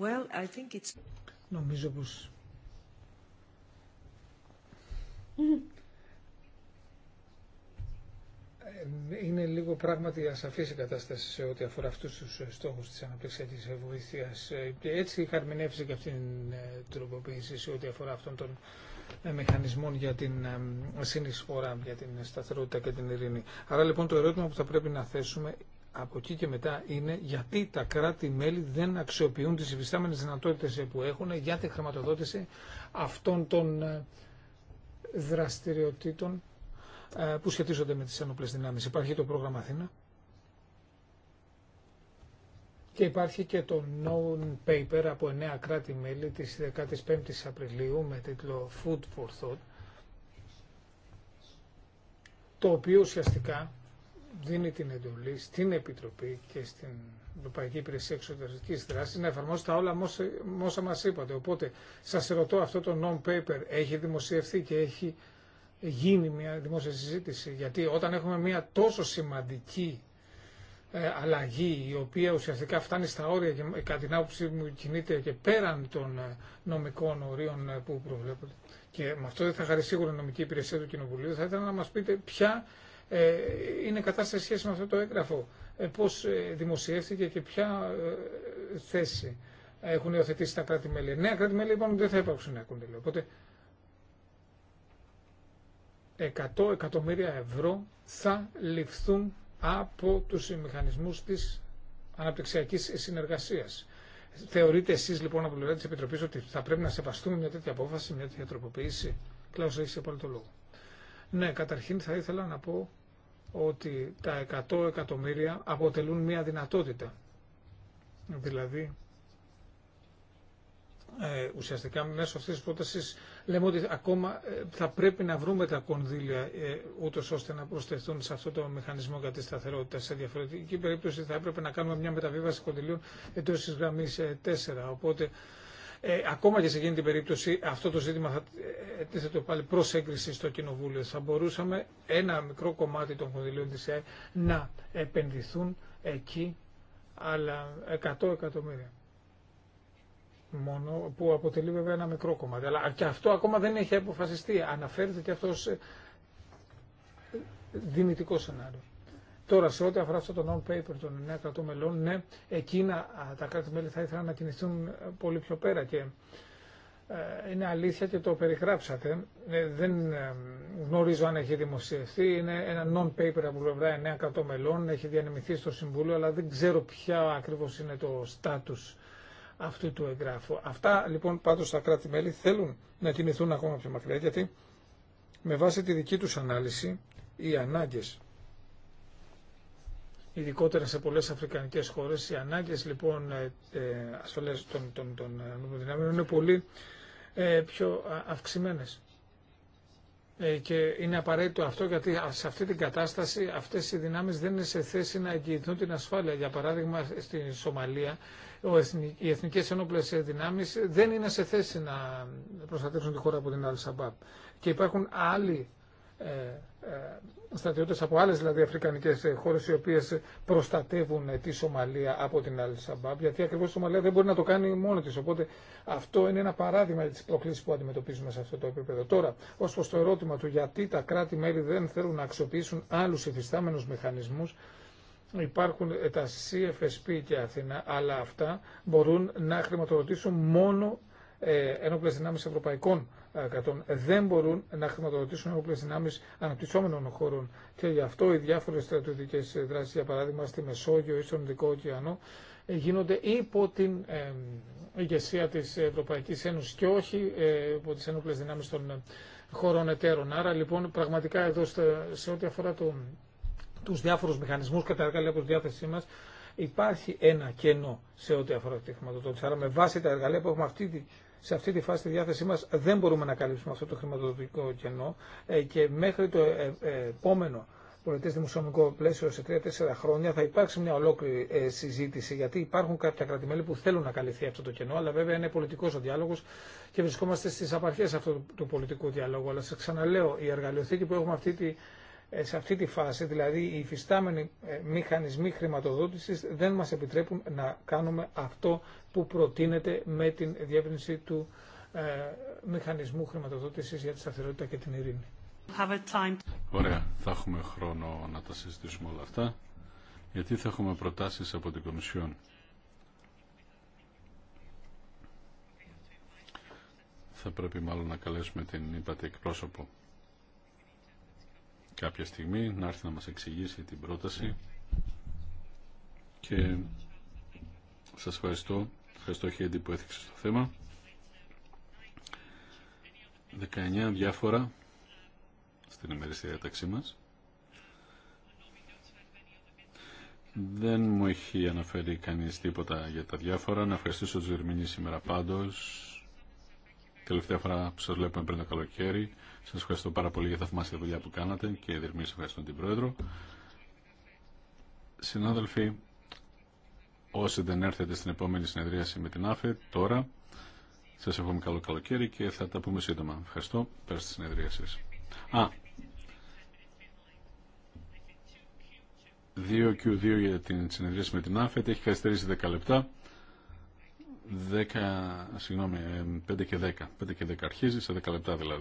Um, Νομίζω πως... Ε, είναι λίγο πράγματι ασαφής η κατάσταση σε ό,τι αφορά αυτούς τους ε, στόχους της αναπτυξιακής βοήθειας ε, και έτσι χαρμινεύσει και αυτή την τροποποίηση σε ό,τι αφορά αυτών των μηχανισμών για την συνεισφορά, για την σταθερότητα και την ειρήνη. Άρα λοιπόν το ερώτημα που θα πρέπει να θέσουμε από εκεί και μετά είναι γιατί τα κράτη-μέλη δεν αξιοποιούν τις υφιστάμενες δυνατότητες που έχουν για τη χρηματοδότηση αυτών των δραστηριοτήτων ε, που σχετίζονται με τις ενόπλες δυνάμεις. Υπάρχει το πρόγραμμα Αθήνα και υπάρχει και το known paper από από κράτη-μέλη της 15 η Απριλίου με τίτλο Food for Thought το οποίο ουσιαστικά δίνει την εντολή στην Επιτροπή και στην Ευρωπαϊκή Υπηρεσία Εξωτερική Δράση να εφαρμόσει τα όλα όσα μα είπατε. Οπότε, σα ρωτώ, αυτό το non-paper έχει δημοσιευθεί και έχει γίνει μια δημόσια συζήτηση. Γιατί όταν έχουμε μια τόσο σημαντική ε, αλλαγή η οποία ουσιαστικά φτάνει στα όρια και ε, κατά την άποψή μου κινείται και πέραν των ε, νομικών ορίων που προβλέπονται. Και με αυτό δεν θα χαρεί σίγουρα η νομική υπηρεσία του Κοινοβουλίου. Θα ήθελα να μας πείτε ποια είναι η κατάσταση σχέση με αυτό το έγγραφο. Πώς δημοσιεύθηκε και ποια θέση έχουν υιοθετήσει τα κράτη-μέλη. Νέα κράτη-μέλη είπαν λοιπόν, δεν θα υπάρξουν νέα κονδύλια. Οπότε 100 εκατομμύρια ευρώ θα ληφθούν από τους μηχανισμούς της αναπτυξιακής συνεργασίας. Θεωρείτε εσείς λοιπόν από πλευρά της Επιτροπής ότι θα πρέπει να σεβαστούμε μια τέτοια απόφαση, μια τέτοια τροποποίηση. Κλάος, έχεις πολύ το λόγο. Ναι, καταρχήν θα ήθελα να πω ότι τα 100 εκατομμύρια αποτελούν μια δυνατότητα. Δηλαδή, ε, ουσιαστικά μέσω αυτής της πρότασης λέμε ότι ακόμα ε, θα πρέπει να βρούμε τα κονδύλια ε, ούτως ώστε να προσθεθούν σε αυτό το μηχανισμό για τη σταθερότητα. Σε διαφορετική περίπτωση θα έπρεπε να κάνουμε μια μεταβίβαση κονδυλίων εντός της γραμμής 4. Ε, Οπότε ε, ακόμα και σε εκείνη την περίπτωση αυτό το ζήτημα θα τίθεται πάλι προς έγκριση στο Κοινοβούλιο. Θα μπορούσαμε ένα μικρό κομμάτι των κονδυλίων της ΕΕ να επενδυθούν εκεί αλλά 100 εκατομμύρια μόνο, που αποτελεί βέβαια ένα μικρό κομμάτι. Αλλά και αυτό ακόμα δεν έχει αποφασιστεί. Αναφέρεται και αυτό ως δυνητικό σενάριο. Τώρα, σε ό,τι αφορά αυτό το non-paper των 900 μελών, ναι, εκείνα τα κράτη-μέλη θα ήθελαν να κινηθούν ε, πολύ πιο πέρα και ε, είναι αλήθεια και το περιγράψατε. Ε, δεν γνωρίζω αν έχει δημοσιευθεί. Είναι ένα non-paper από πλευρά 9 μελών, έχει διανεμηθεί στο Συμβούλιο, αλλά δεν ξέρω ποια ακριβώς είναι το status αυτού του εγγράφου. Αυτά λοιπόν πάντως τα κράτη-μέλη θέλουν να κινηθούν ακόμα πιο μακριά γιατί με βάση τη δική τους ανάλυση οι ανάγκες ειδικότερα σε πολλές αφρικανικές χώρες οι ανάγκες λοιπόν ε, ε, ασφαλές των, των, των, των ε, είναι πολύ πιο αυξημένες και είναι απαραίτητο αυτό γιατί σε αυτή την κατάσταση αυτές οι δυνάμεις δεν είναι σε θέση να εγγυηθούν την ασφάλεια. Για παράδειγμα στην Σομαλία οι Εθνικέ Ενόπλε δυνάμει δεν είναι σε θέση να προστατεύσουν τη χώρα από την Al-Shabaab. Και υπάρχουν άλλοι ε, ε, στρατιώτε από άλλε δηλαδή αφρικανικές χώρες οι οποίε προστατεύουν τη Σομαλία από την Al-Shabaab γιατί ακριβώ η Σομαλία δεν μπορεί να το κάνει μόνη τη. οπότε αυτό είναι ένα παράδειγμα για τι προκλήσης που αντιμετωπίζουμε σε αυτό το επίπεδο. Τώρα, ω προ το ερώτημα του γιατί τα κράτη-μέλη δεν θέλουν να αξιοποιήσουν άλλου υφιστάμενου μηχανισμού υπάρχουν ε, τα CFSP και Αθήνα, αλλά αυτά μπορούν να χρηματοδοτήσουν μόνο ε, ενόπλε δυνάμει ευρωπαϊκών ε, κρατών. Δεν μπορούν να χρηματοδοτήσουν ενόπλε δυνάμει αναπτυσσόμενων χώρων. Και γι' αυτό οι διάφορε στρατιωτικέ δράσει, για παράδειγμα στη Μεσόγειο ή στον Δικό Ωκεανό, γίνονται υπό την ηγεσία τη Ευρωπαϊκή Ένωση και όχι υπό τι ενόπλε δυνάμει των χωρών εταίρων. Άρα λοιπόν πραγματικά εδώ σε ό,τι αφορά το τους διάφορους μηχανισμούς και τα εργαλεία που διάθεσή μας, υπάρχει ένα κενό σε ό,τι αφορά τη χρηματοδότηση. Άρα με βάση τα εργαλεία που έχουμε αυτή τη, σε αυτή τη φάση στη διάθεσή μας δεν μπορούμε να καλύψουμε αυτό το χρηματοδοτικό κενό ε, και μέχρι το ε, ε, επόμενο πολιτέ δημοσιονομικό πλαίσιο σε 3-4 χρόνια θα υπάρξει μια ολόκληρη συζήτηση γιατί υπάρχουν κάποια κρατημέλη που θέλουν να καλυφθεί αυτό το κενό, αλλά βέβαια είναι πολιτικό ο διάλογο και βρισκόμαστε στι απαρχέ αυτού του πολιτικού διαλόγου. Αλλά σα ξαναλέω, η εργαλειοθήκη που έχουμε αυτή τη ε, σε αυτή τη φάση, δηλαδή οι υφιστάμενοι ε, μηχανισμοί χρηματοδότησης δεν μας επιτρέπουν να κάνουμε αυτό που προτείνεται με την διεύρυνση του ε, μηχανισμού χρηματοδότησης για τη σταθερότητα και την ειρήνη. Ωραία, θα έχουμε χρόνο να τα συζητήσουμε όλα αυτά, γιατί θα έχουμε προτάσεις από την Κομισιόν. Θα πρέπει μάλλον να καλέσουμε την είπατε εκπρόσωπο κάποια στιγμή να έρθει να μας εξηγήσει την πρόταση και σας ευχαριστώ ευχαριστώ Χέντι που έθιξε στο θέμα 19 διάφορα στην ημερήσια διάταξή μας Δεν μου έχει αναφέρει κανείς τίποτα για τα διάφορα. Να ευχαριστήσω τους Βερμινείς σήμερα πάντως. Τελευταία φορά που σας βλέπουμε πριν το καλοκαίρι. Σα ευχαριστώ πάρα πολύ για θαυμάσια δουλειά που κάνατε και δερμή ευχαριστώ την Πρόεδρο. Συνάδελφοι, όσοι δεν έρθετε στην επόμενη συνεδρίαση με την ΑΦΕ, τώρα σας εύχομαι καλό καλοκαίρι και θα τα πούμε σύντομα. Ευχαριστώ. Πέρα στη συνεδρία σα. Α, 2Q2 για την συνεδρίαση με την ΑΦΕΤ έχει καθυστερήσει 10 λεπτά. 10, συγγνώμη, 5 ε, και 10. 5 και 10 αρχίζει, σε 10 λεπτά δηλαδή.